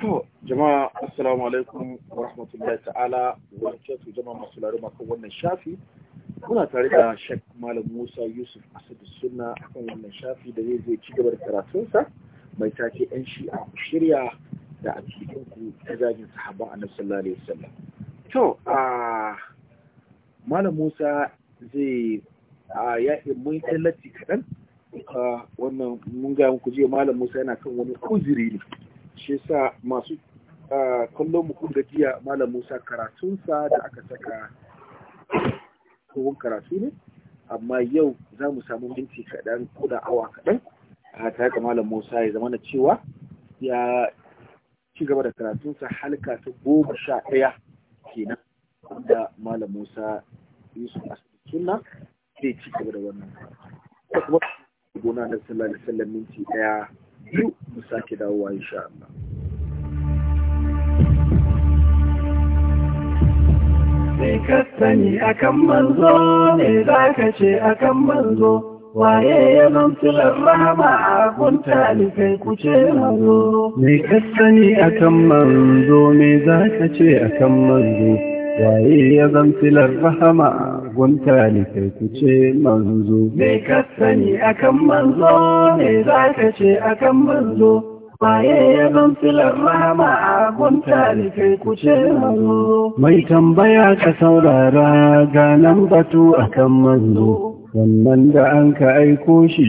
To, jama'a assalamu alaikum wa rahmatullahi ta'ala wa barakatuh jama'a masu laruma kan wannan shafi. Muna tare da Sheikh Malam Musa Yusuf Asadu Sunna akan wannan shafi da zai ci gaba da karatunsa mai take yan shi'a a shirya da a cikin ku ta zagin a nan sallallahu alaihi wasallam. To, a Malam Musa zai ya mun kaɗan wannan mun gaya muku je Malam Musa yana kan wani uzuri ne. shi sa masu kallon mu kun gajiya malam Musa karatunsa da aka saka tsohon karatu ne amma yau za mu samu minti kaɗan ko da awa kaɗan a tare malam Musa ya zama na cewa ya ci gaba da karatunsa halka ta goma sha ɗaya kenan da malam Musa Yusuf Asibiti Sunna zai ci gaba da wannan karatu. Kuma gona na sallallahu alaihi wasallam minti ɗaya biyu mu sake dawowa insha Allah Sai ka sani akan manzo ne za ka ce akan manzo waye ya zamtilar rahama a kunta alifai kuce manzo Sai ka sani akan manzo me za ka ce akan manzo waye ya zamtilar rahama gunta ne ku ce manzo. Me ka sani akan manzo, me za ka ce akan manzo, waye ya ban filar rama a gunta ne ku ce manzo. Mai tambaya ka saurara ga nan batu akan manzo, wannan da an ka aiko shi,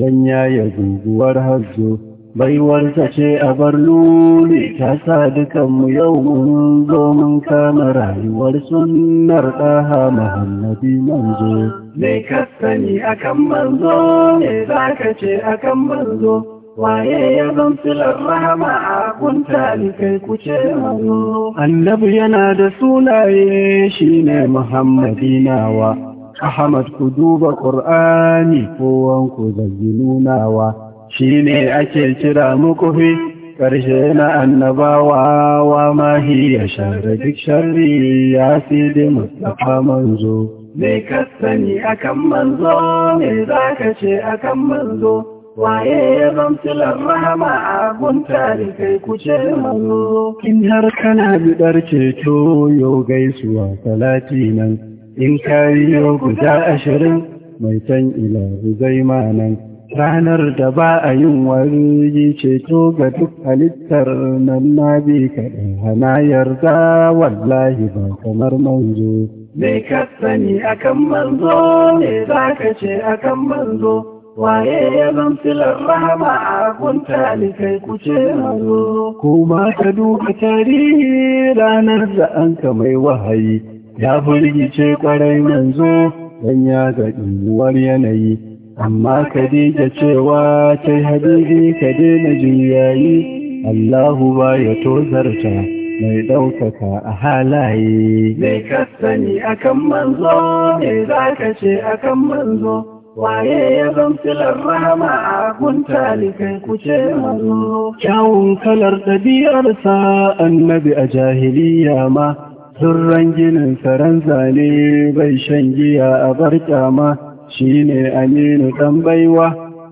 don yaya guguwar hazo. ta ce a bar lule ta sa dukanmu yau mun zo mun kama rayuwar sunnar ɗaha muhammadi manzo me ka sani akan manzo me za ka ce akan manzo waye ya filar rahama a kunta kai kuce manzo annabi yana da sunaye ne muhammadi nawa ahmad ku duba qur'ani kowanku zayyinunawa shi ne ake kira mukufi ƙarshe na annabawa wa mahi ya share duk sharri ya fi da mustapha manzo me ka sani akan manzo mai za ka ce akan manzo waye ya zamtilar rahama a gunta da kai kuce manzo in har kana biɗar ceto yau gaisuwa talati nan in kayi yau guda ashirin mai can ila zai ma nan ranar da ba a yin wari ceto ga duk halittar nan na bi kaɗai hana yarda wallahi ba kamar manzo. Me ka sani akan manzo, me za ka ce akan manzo, waye ya filar rahama a kunta ku kuce manzo. Kuma ka duka tarihi ranar da an ka mai wahayi, ya burgice kwarai manzo, don ya ga yanayi. amma Khadija cewa ta habibi ka daina juyayi Allahu ba ya tozarta mai ɗaukaka a halaye mai ka sani akan manzo mai za ka ce akan manzo waye ya filar rama a kunta likai kuce manzo kyawun kalar ɗabi'arsa annabi a jahiliya ma sun ginin saran zane bai shan giya a bar kyama Shi ne aminu ɗan baiwa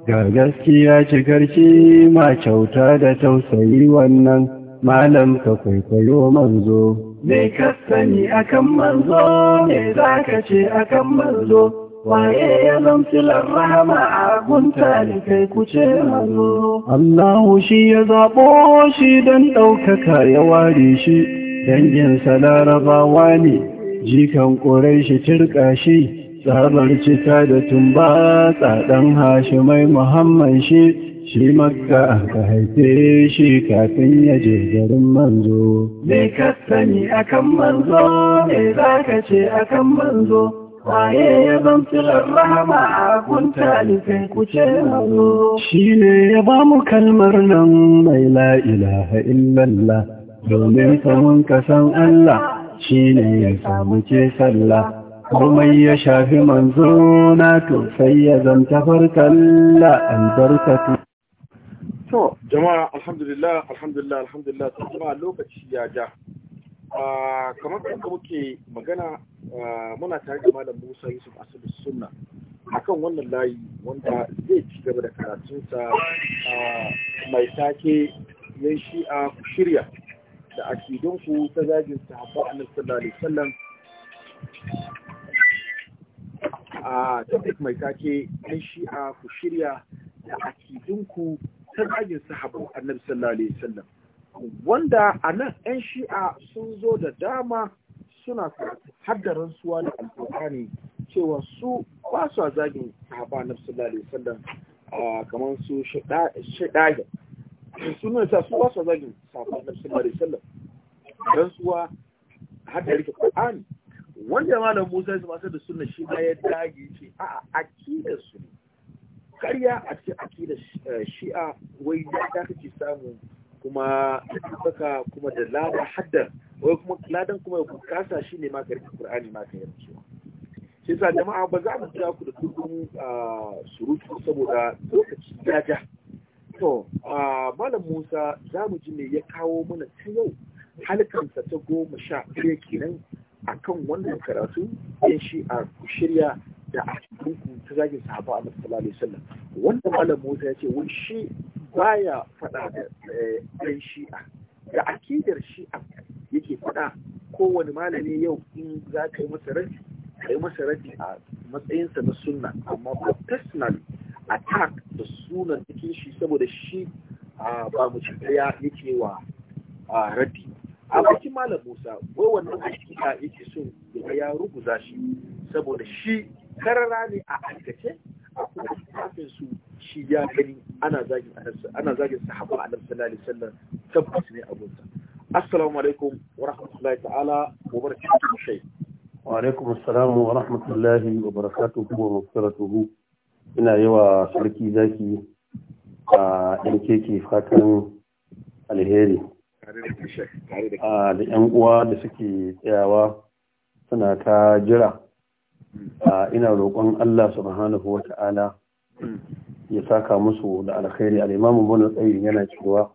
ga gaskiya cikarki ma kyauta da tausayi wannan malam ka kwaikwayo manzo me ka sani akan manzo me za ka ce akan manzo waye ya zamfilar rahama a gunta da kai kuce manzo Allahu shi ya zaɓo shi don ɗaukaka ya ware shi danginsa larabawa ne jikan ƙurai shi turka shi tsabar cika da tumba tsadan Hashi mai muhammad shi shi makka aka haife shi kafin ya je garin manzo me ka sani akan manzo me za ka ce akan manzo waye ya ban filar rahama a kun talifin kuce manzo shi ne ya ba mu kalmar nan mai la ilaha illallah domin samun kasan allah shi ne ya samu ke sallah komai ya shafi manzona, to sai ya zanta farkan la'antarkatu to jama'a alhamdulillah alhamdulillah alhamdulillah jama'a lokaci ya ja ah, kamar kanka muke magana ah, muna tare da malam Musa Yusuf Asadu Sunna akan wannan layi wanda zai ci gaba da karatunsa ah, mai sake yan shi'a shirya da akidunku ta zagin sahabba annabi sallallahu alaihi wasallam a topic mai sake ɗan shi'a ku shirya da akidinku ta zagin sahabban annabi sallallahu alaihi wasallam wanda a nan 'yan shi'a sun zo da dama suna haddaran suwa da alƙur'ani cewa su ba su zagin sahaba na sallallahu alaihi wasallam kamar su shaɗaya sun nuna sa su ba su zagin sahaba na sallallahu alaihi wasallam dan suwa hadda rike qur'ani wanda malam Musa ya samasa da sunna shi ya dage ce a akida su karya a cikin akida eh, shi'a wai da ta kake samu kuma saka kuma da ladan haddar wai kuma ladan kuma bukasa shi ne ma karfi Qur'ani ma kai rantsuwa sai sa jama'a ba za mu jira ku da dukkan ah, surutu saboda lokaci jaja to ah, malam Musa za mu ji me ya kawo mana ta yau halkansa ta goma sha ɗaya kenan a akan wannan karatu yan shi'a ku shirya da a cikin ta zagin sahaba a sallallahu alaihi wasallam wanda malam Musa ya ce wani shi baya faɗa da eh, yan shi'a da akidar shi'a yake faɗa kowane malami yau in za ka yi masa ka yi masa a matsayinsa na sunna amma ba personal attack da sunan cikin shi saboda shi ah, ba mu yake wa ah, rabi a abokin malam musa wai wannan hakika yake so ya ya ruguza shi saboda shi karara ne a aikace a kuma kafin su shi ya gani ana zagin ana zagin sahaba annabi sallallahu alaihi wasallam tabbas ne abun sa assalamu alaikum wa rahmatullahi ta'ala wa barakatuhu shay wa alaikum assalam wa rahmatullahi wa barakatuhu wa maghfiratuhu ina yawa sarki zaki a ɗan fatan alheri da yan ah, uwa da suke tsayawa suna ta jira hmm. ah, ina roƙon Allah subhanahu wa ta'ala hmm. ya saka musu da alkhairi al'imamun bane tsayin yana cewa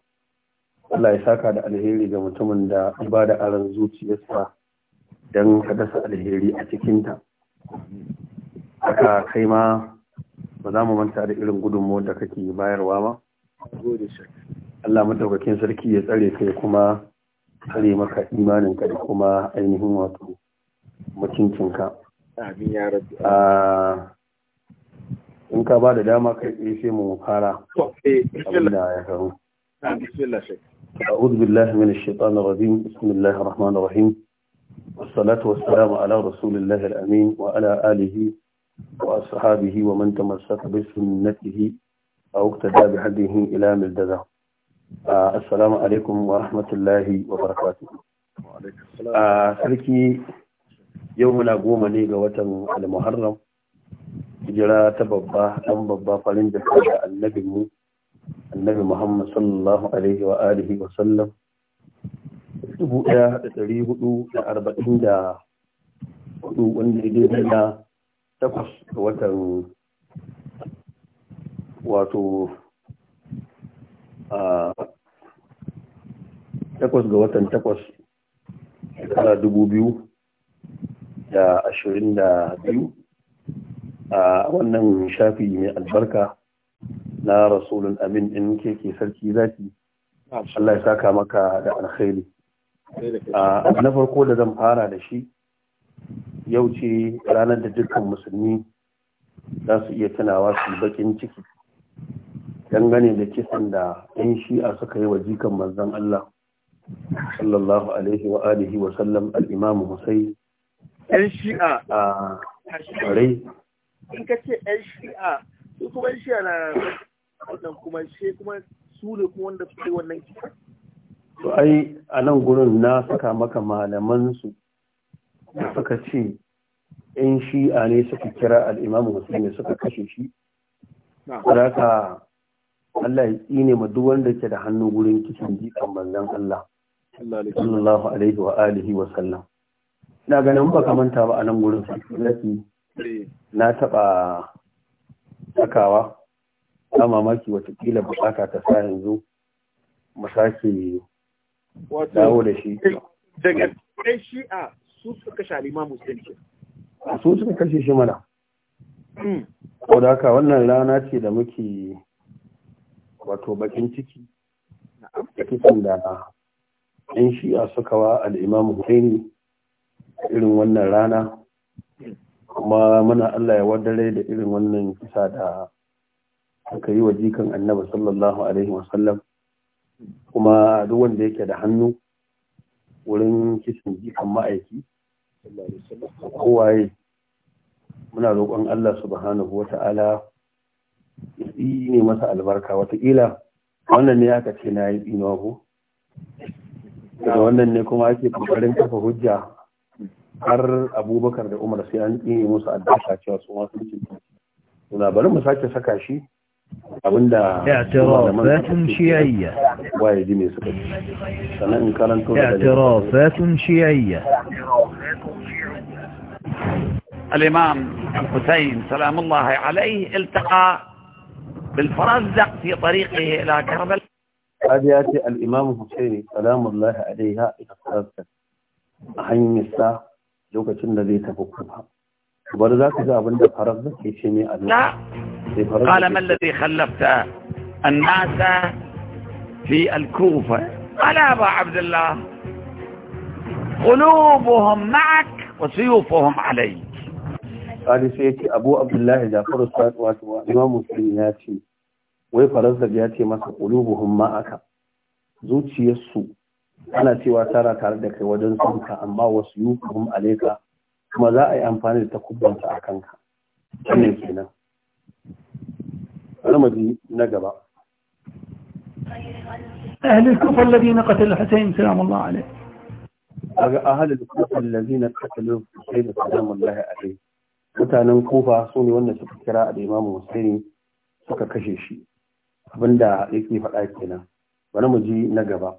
Allah ya saka da alheri ga mutumin da ba da aron zuciyarsa don ka dasa alheri a cikinta haka kai ma ba za mu manta da irin gudunmu da kake bayarwa ba Allah madaukakin sarki ya tsare kai kuma tsare maka imaninka da kuma ainihin wato mutuncinka amin ya rabbi in ka ba da dama kai tsaye sai mu fara abinda ya faru أعوذ بالله من الشيطان الرجيم بسم الله الرحمن الرحيم والصلاة والسلام على رسول الله الأمين وعلى آله وأصحابه ومن تمسك بسنته أو اقتدى بهديه إلى ملدده Uh, assalamu alaikum wa rahmatullahi wa barakatu a uh, sarki yau muna goma ne ga watan al-muharram jira ta babba ɗan babba farin da da annabin mu annabi muhammad sallallahu alaihi wa alihi wa sallam Dubu ɗaya da da da hudu arba'in hudu wanda ya daidai takwas watan wato a takwas ga watan takwas shekara dubu biyu da ashirin da biyu a wannan shafi mai albarka na rasulun amin in keke sarki zaki Allah ya saka maka da alkhairi na farko da zan fara da shi yau ce ranar da dukkan musulmi za su iya tunawa su bakin ciki dangane da kisan da 'yan shi'a suka yi wajikan manzan Allah sallallahu alaihi wa alihi wa sallam Al'imamu imam 'yan shi'a a kwarai in ka ce 'yan shi'a su kuma shi'a na wannan kuma shi kuma su ne kuma wanda suke wannan kisan to ai a nan gurin na saka maka malaman su suka ce ‘yan shi'a ne suka kira al'imamu ne suka kashe shi, raka Allah ya tsine ma duk wanda ke da hannu gurin kishin jikan manzon Allah sallallahu alaihi wa alihi wa sallam na ganin baka manta ba a nan gurin sarki eh. na taba sakawa ta mamaki watakila bukata ta sa yanzu mu sake dawo da shi eh, daga kai shi'a su suka sha musulunci su suka kashe shi mana ko hmm. da haka wannan rana ce da muke wato bakin ciki da kisan da ɗan shi'a suka wa al'imam Husaini irin wannan rana kuma muna Allah ya wadare da irin wannan kisa da aka yi wa jikan annaba sallallahu alaihi wasallam kuma duk wanda yake da hannu wurin kisan jikan ma'aiki kowaye muna roƙon Allah subhanahu wa ta'ala yi ne masa albarka watakila wannan ne aka ce na yi tsinuwa ko da wannan ne kuma ake kokarin kafa hujja har abubakar da umar sai an tsine musu albarka cewa su masu cikin suna bari mu sake saka shi abinda ya shiyayya waye ji suka sannan in ya شيعية اعترافات shiyayya الإمام الحسين سلام الله عليه التقى بالفرزدق في طريقه إلى كربلاء قد يأتي الإمام الحسيني سلام الله عليها إلى الصلاة أحيان الساعة لوكة الذي تفكها وبرزاك إذا أبند فرزدق في شميع لا قال ما الذي خلفت الناس في الكوفة قال أبا عبد الله قلوبهم معك وسيوفهم عليك قال سيتي أبو عبد الله جعفر الصادق وإمام مسلم ياتي wai faransa ya ce masa ƙulubuhun ma'aka zuciyarsu ana cewa tara tare da kai wajen sunka amma wasu yi kuhun aleka kuma za a yi amfani da takubbanta a kanka wannan kenan alamaji na gaba أهل الكوفة الذين قتلوا الحسين سلام الله عليه أهل الكوفة الذين قتلوا الحسين سلام الله عليه mutanen kufa su ne wanda suka kira a imamu musulmi suka kashe shi abinda yake faɗa kenan bari mu ji na gaba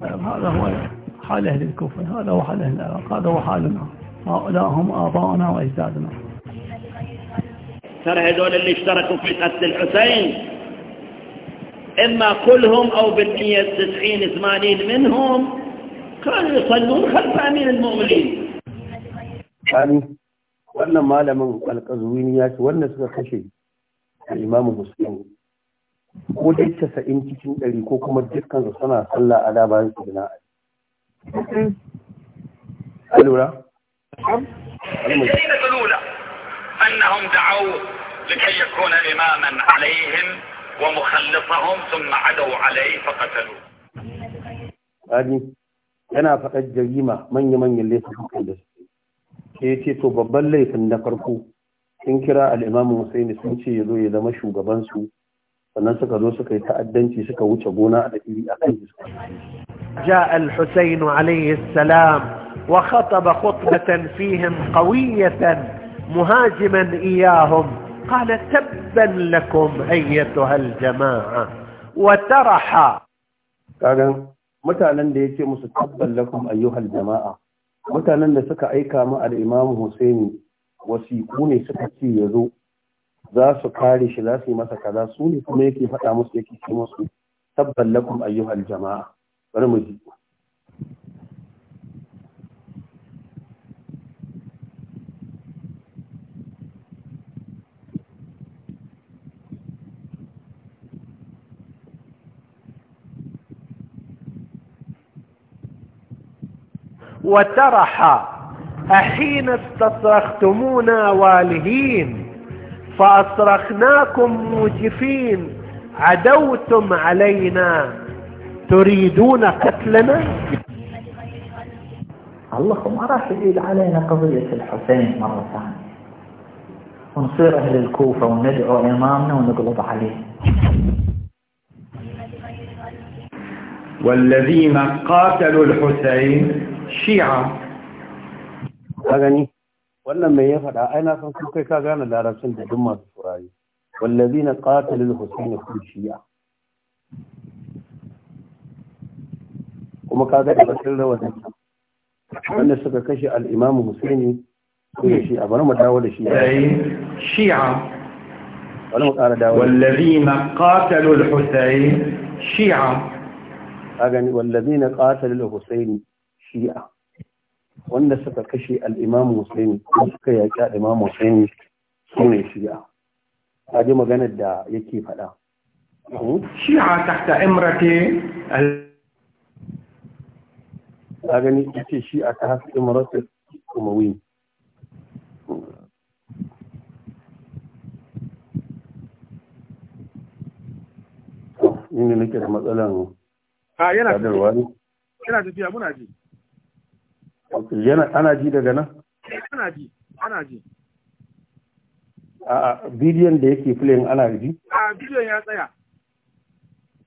هذا هو حال أهل الكوفة هذا هو حال أهل العراق هذا هو حالنا هؤلاء هم آباؤنا وأجدادنا ترى هذول اللي اشتركوا في قتل الحسين إما كلهم أو بالمية تسعين ثمانين منهم كانوا يصلون خلف أمير المؤمنين wannan malamin alƙazuwini ya ce wannan suka kashe imamu musulmi ko dai casa'in cikin ɗari ko kuma dukkan suna sallah a da bayan su na alura الذين تلولا أنهم دعوا لكي يكون إماما عليهم ومخلصهم ثم عدوا عليه فقتلوه هذه أنا فقد جريمة من يمن اللي تفكر sai ya ce to babban laifin na farko sun kira al'imamu Hussein sun ce ya zo ya zama shugabansu sannan suka zo suka yi ta'addanci suka wuce gona a ɗaɗiri a kan jiska. Ja al-Husain alayhi salam wa khataba khutbatan fihim qawiyatan muhajiman iyahum qala tabban lakum ayyatuha al-jama'a wa taraha kagan mutanen da yake musu tabban lakum ayyuha al-jama'a mutanen da suka aika mu al'imam Husaini wasiku ne suka ce ya zo za su kare shi za su yi masa kaza su ne kuma yake faɗa musu yake ce musu tabballakum ayyuhal jama'a bari mu ji وترحا أحين استصرختمونا والهين فأصرخناكم موجفين عدوتم علينا تريدون قتلنا الله ما راح يعيد علينا قضية الحسين مرة ثانية ونصير أهل الكوفة وندعو إمامنا ونقلب عليه والذين قاتلوا الحسين shi'a ka gani wannan mai ya faɗa ai na san kun kai ka gane larabcin da duk masu turare wallazina qatalul husayn fi shi'a kuma ka ga da bakin rawatin wanda suka kashe al-imam husaini ko da shi'a bari mu dawo da shi'a shi'a bari mu ƙara dawo wallazina qatalul husayn shi'a ka gani wallazina qatalul husaini shi'a wanda suka kashe al'imam musulmi ko suka yaƙi al'imam musulmi su ne shi'a ta ji maganar da yake faɗa hmm? shi'a tahta imrati ta gani ita shi'a ta haka imrati umawi hmm. ni ne nake da matsalan ah, sadarwa ne yana tafiya muna ji yana ana ji daga nan ana ji ana ji a bidiyon da yake playing ana ji a bidiyon ya tsaya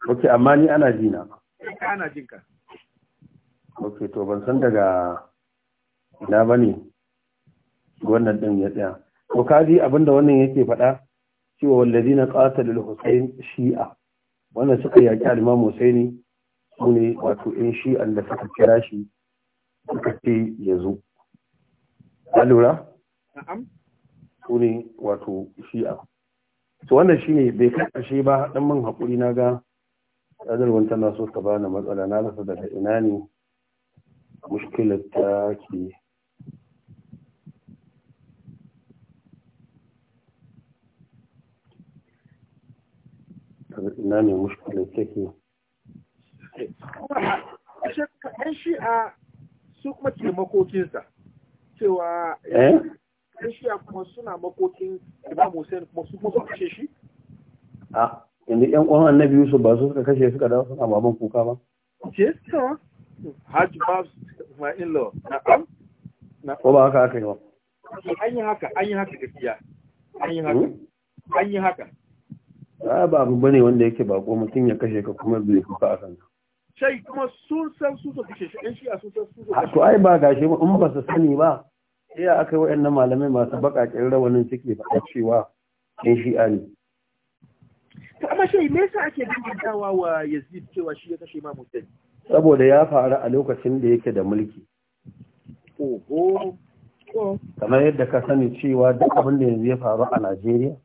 ok amma ni ana ji na ana jin ok to ban san daga ina ba ne wannan din ya tsaya ko ka ji abinda wannan yake faɗa cewa ƙasa da husayn shi'a wannan suka yaki al-imam husaini su ne wato in shi'an da suka kira shi suka ce ya zo a lura? su ne wato shi'a to wannan shi ne bai kashe ba dan man haƙuri na ga sadarwar tana so ta bani matsala na rasa daga ina ne mushkilar ta ke ina ne mushkilar take shi a su kuma ke makokinsa cewa eh, eh? yan shiya kuma suna makokin imam hussein kuma su kuma suka kashe shi a inda yan annabi yusuf ba su suka kashe suka dawo suna baban kuka ba ce ta hajj babs my in na ko ba haka aka yi ba an yi haka an yi haka gaskiya an yi haka hmm? an yi haka ba abu bane wanda yake bako ya kashe ka kuma bai kuka a kanka shai kuma sun san su suka kashe shi ɗan shi'a sun san su suka kashe to ai ba shi in ba su sani ba sai aka yi waɗannan malamai masu baƙaƙen rawanin suke faɗa cewa in shi ne to amma shai me yasa ake dangantawa wa Yazid cewa shi ya kashe Imam Hussein saboda ya faru a lokacin da yake da mulki oho kamar yadda ka sani cewa duk abin da yanzu ya faru a Najeriya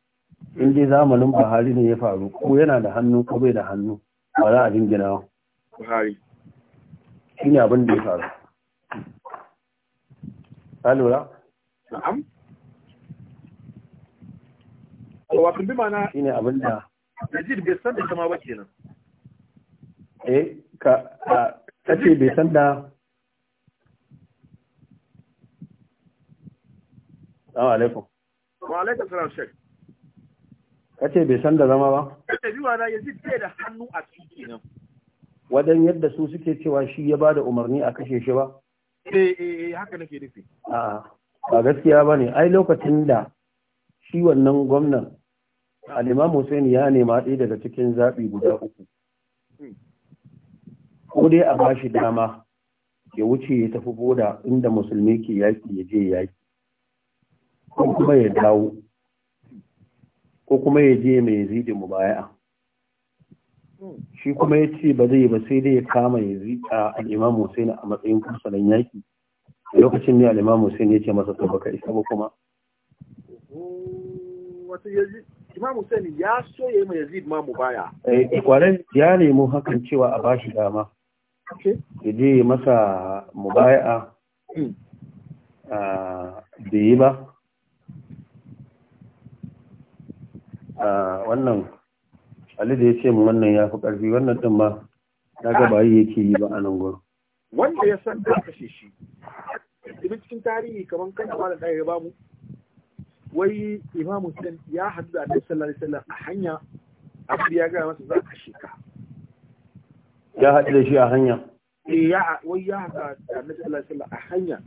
in dai zamanin Buhari ne ya faru ko yana da hannu ko bai da hannu ba za a jingina Buhari shine abin da ya faru ka lura na'am wato bi mana shine abin da Najib bai san da sama ba nan eh ka kace bai san da Assalamu alaikum. Wa alaikum salam shek Kace bai san da zama ba? Kace biwa na yanzu bai da hannu a cikin nan wadan yadda su suke cewa shi ya bada umarni a kashe shi ba eh eh, eh haka nake nufi a'a ba gaskiya bane ai lokacin da shi wannan gwamnan Alima Hussein ya nema ɗaya daga cikin zabi guda uku hmm. ko dai a bashi dama ya wuce ya tafi boda inda musulmi ke yaki ya je yaki ko kuma ya dawo ko kuma ya je mai zidi mubaya'a shi kuma ya ce ba zai ba sai dai ya kama ya zika al'imam Hussein a matsayin kursalan yaki lokacin ne al'imam Hussein ya ce masa to baka isa ba kuma Imam Hussein ya so ya yi ma Yazid ma mu baya. Eh, kwarai ya nemi hakan cewa a ba shi dama. Ya je masa mubaya'a hmm. bai yi ba. Wannan Ali da ya ce mu wannan ya fi ƙarfi wannan ɗin ma ta ga bayi ke yi ba a nan gwaro. Wanda ya san da kashe shi. Ibi cikin tarihi kamar kan da ɗaya ya bamu. Wai Imam Hussein ya haɗu da Annabi sallallahu alaihi wasallam a hanya a ya gaya masa za a kashe ka. Ya haɗu da shi a hanya. Eh ya wai ya haɗu da Annabi sallallahu alaihi wasallam a hanya.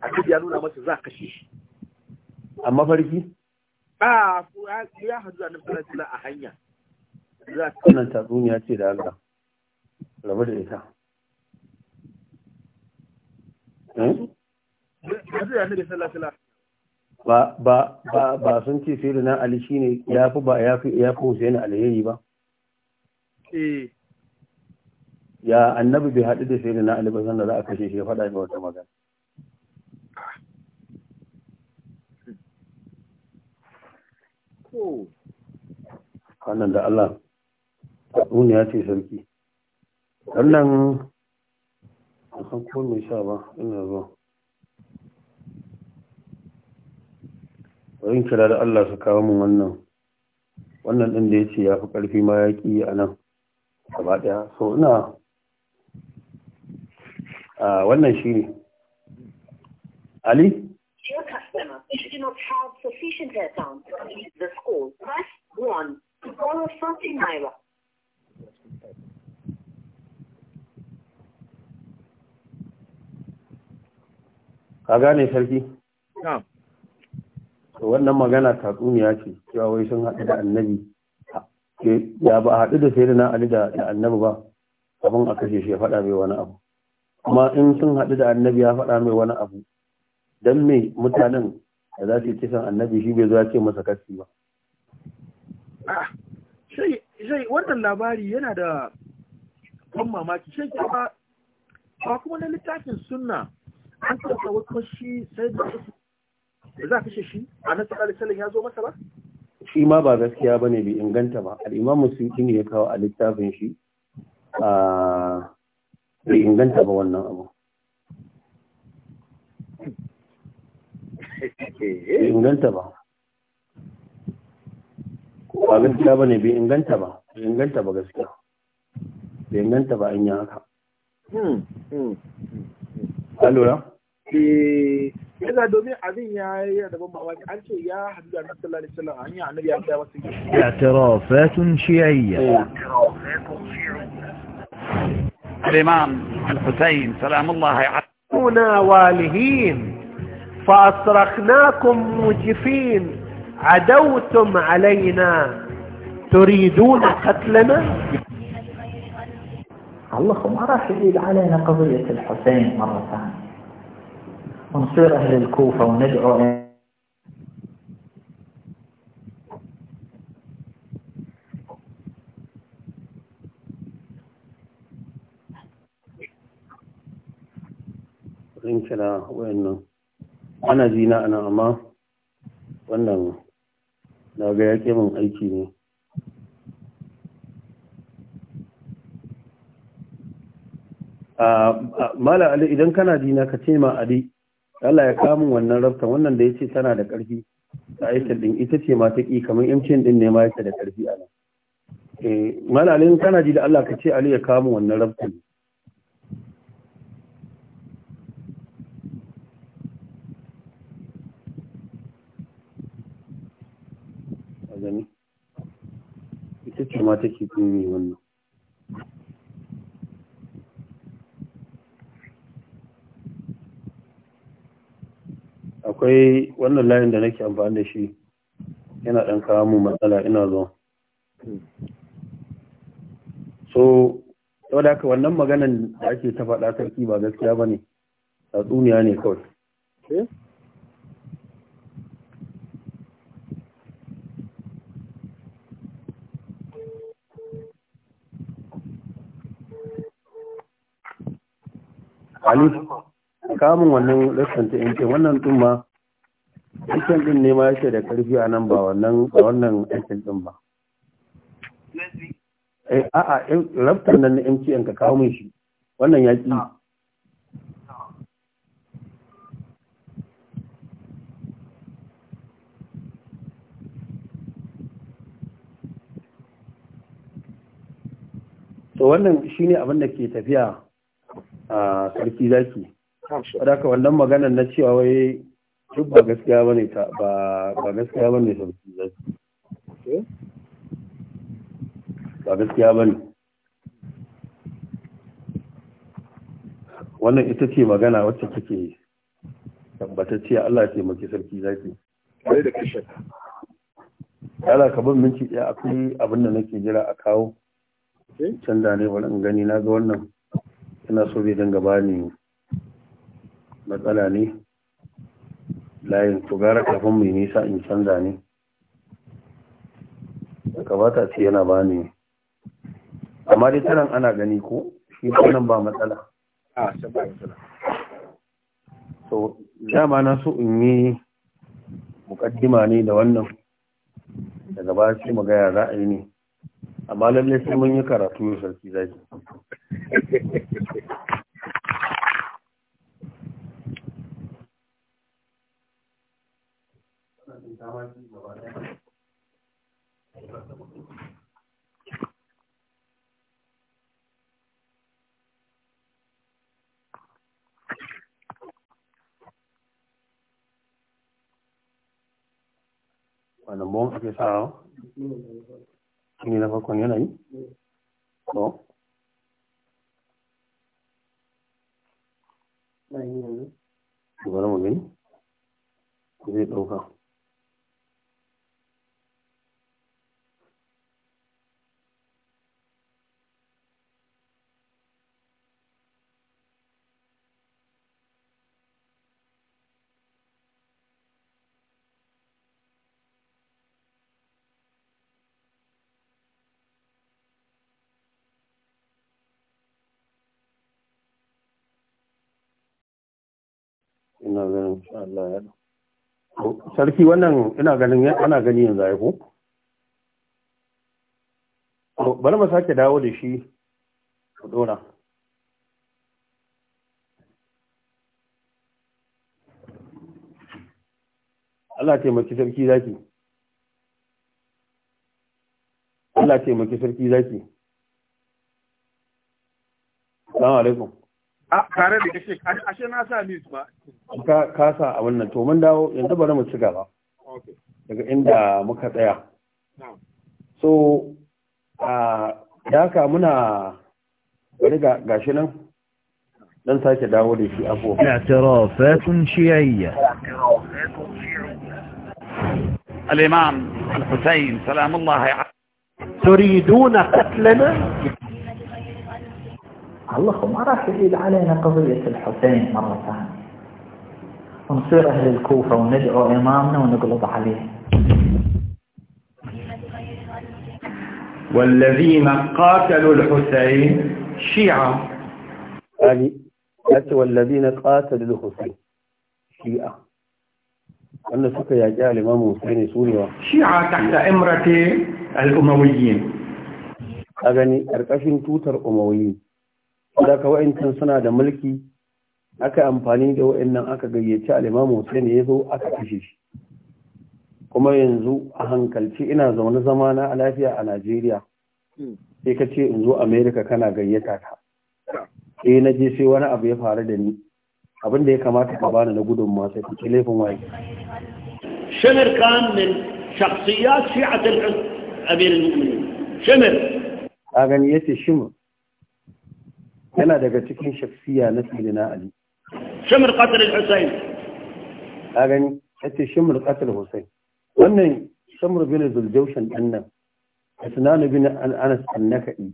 Annabi ya nuna masa za a kashe shi. A mafarki? Ah, ya haɗu da Annabi sallallahu alaihi wasallam a hanya. za ta wannan tatsuniya ce da Allah rabu da ita eh? ba sun ce sai da na Ali shine yafi ba yafi yafi Hussein alheri ba eh. ya annabi bai haɗu da sai da na Ali ba sannan za a kashe shi ya faɗa ga wata magana wannan da Allah duniya ce sarki wannan a san ko mai sha ba ina zuwa bari kira da Allah su kawo min wannan wannan din da yace ya fi karfi ma ya ki a nan gaba daya so ina a wannan shi ne Ali Your customer, if you do not have sufficient airtime to leave press ka gane sarki to wannan magana tatsuniya ce cewa wai sun haɗu da annabi ya ba a haɗu da sai na ali da annabi ba abin a kashe shi ya faɗa mai wani abu kuma in sun haɗu da annabi ya faɗa mai wani abu don me mutanen da za su yi kisan annabi shi bai zo ya ce masa kasi ba ah, shai wannan labari yana da ban mamaki shai ba kuma na littafin sunna an tsaka wasu shi sai da su za ka shi a nan sallallahu ya zo masa ba shi ma ba gaskiya bane bai inganta ba al-imam ne ya kawo a littafin shi a ah, bai inganta ba wannan abu bai inganta ba ba gaskiya bane bai inganta ba bai inganta ba gaskiya bai inganta ba an yi haka hmm, hmm, hmm. Ka lura? Eh, yana domin abin ya yi daban mamaki an ce ya hadu da Annabi sallallahu alaihi wasallam an yi Annabi ya ga wasu. I'tirafatun shi'iyya. I'tirafatun shi'iyya. الإمام الحسين سلام الله عليه كنا والهين فأصرخناكم موجفين عدوتم علينا تريدون قتلنا الله ما راح يزيد علينا قضية الحسين مرة ثانية ونصير أهل الكوفة وندعو شاء الله وإنه أنا زيناء نعمة وإنه لا ya min أي شيء mala ali idan kana dina ka ce ma ali Allah ya kamu wannan rafta wannan da ya ce tana da ƙarfi ta aikin din ita ce ma ta ƙi kamar imcin din ne ma yake da ƙarfi a nan eh, mala ali idan kana ji da Allah ka ce ali ya kamu wannan rafta ita ce ma take ƙi wannan akwai wannan layin da nake amfani da shi yana ɗan kawo mu matsala ina zo so yau da wannan maganan da ake ta faɗa sarki ba gaskiya ba ne duniya ne kawai eh? Ali. kamun wannan ta yanke wannan tun ma cikin din ne ma yake da karfi a nan ba wannan ba wannan yankin din ba eh a'a raftar nan na mcn ka kawo min shi wannan ya ƙi to wannan shine abin da ke tafiya a ah, sarki zaki da ka wannan maganar na cewa wai duk ba gaskiya bane ta ba ba gaskiya bane ta ba gaskiya bane wannan ita ce magana wacce take ce Allah ya taimaki sarki zaki kai da kashe Allah ka bin minti ɗaya akwai abin da nake jira a kawo eh? canza ne wani in gani na ga wannan ina so bai dinga bani matsala ne layin ku gara kafin mai nisa in canza ne da ta ce yana ba ne amma dai tanan ana gani ko shi nan ba matsala a ba matsala so dama na so in yi mukaddima ne da wannan daga baya sai mu gaya za a yi ne amma lallai sai mun yi karatu sarki zaki Bueno, vamos a empezar. Mira, ¿cuál coño ahí? ¿No? Ahí, ahí. Igual, muy bien. Cuidado, ina ganin Allah ya oh, sarki wannan ina ganin ana gani yanzu ai ko oh, bari mu sake dawo da shi ku dora Allah maki sarki zaki Allah maki sarki zaki Assalamu alaikum a tare da kashe ashe na sa news ba ka ka sa a wannan to mun dawo yanzu bari mu ci gaba daga inda muka tsaya so a daka muna bari ga gashi nan dan sake dawo da shi afo i'tirafatun shi'iyya الإمام الحسين سلام الله عليه تريدون قتلنا الله ما راح يعيد علينا قضية الحسين مرة ثانية ونصير أهل الكوفة وندعو إمامنا ونقلب عليه والذين قاتلوا الحسين شيعة علي والذين قاتلوا الحسين شيعة أن يا يجاء الإمام حسين سوريا شيعة تحت إمرة الأمويين أغني أركشن توتر أمويين da ka suna da mulki aka amfani da wa'innan aka gayyaci alimamu hussein ya zo aka kashe shi kuma yanzu a hankalci ina zaune zama na lafiya a najeriya sai ka ce in zo america kana gayyata ta eh na je sai wani abu ya faru da ni abin da ya kamata ka bani na gudun masu fi laifin waye شمر كان من شخصيات شيعة mu'minin أمير المؤمنين gani yace شمر yana daga cikin shafiya na sayyidina ali Shimir qatl al-husayn a gani yace Shimir qatl husayn wannan shamr bin zuljawshan din nan asnan bin anas annaka'i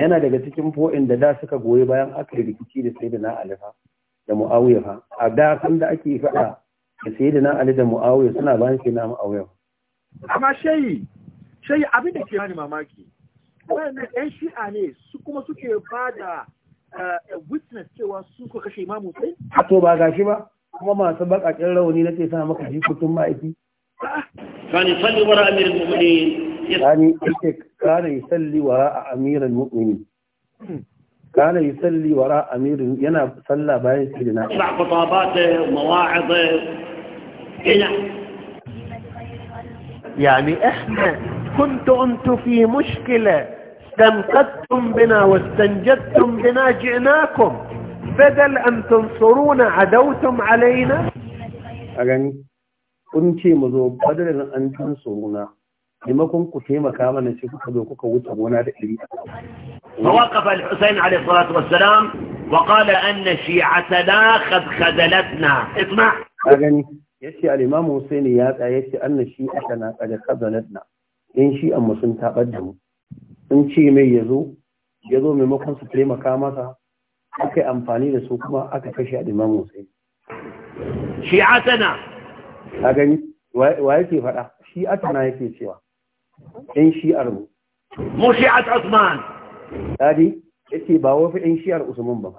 yana daga cikin fo'in da da suka goyi bayan aka rikici da sayyidina ali fa da muawiya fa a da kan da ake faɗa da sayyidina ali da muawiya suna bayan sayyidina muawiya amma shayi shayi abin da ke hani mamaki wannan yan shi'a ne su kuma suke ba da eh, witness cewa su suka kashe imamu sai a to ba gashi ba kuma masu bakakin rauni na ce sa maka jikutun ma'aiki kani salli wara amirin mu'mini kani ake kana yi salli wara amirin mu'mini hmm. kana yi salli wara amirin yana salla bayan shi da na ba khutabat mawa'id ina يعني احنا كنت انت في مشكله استنقذتم بنا واستنجدتم بنا جئناكم بدل أن تنصرونا عدوتم علينا أغني انتي مذوب بدل أن تنصرونا لمكن كتيمة كامنا شكوك دوكوك وتبونا دئلي فوقف الحسين عليه الصلاة والسلام وقال أن شيعتنا قد خذلتنا اسمع أغني يشي الإمام حسين ياتي يشي أن شيعتنا قد خذلتنا إن شيئا مسلم تقدم sun ce mai ya zo ya zo maimakon su taimaka masa aka yi amfani da su kuma aka kashe al'imam Shi shi'atana a gani wa yake faɗa shi'atana yake cewa shi'ar mu mu Usman dadi ba wafi shi'ar Usman ba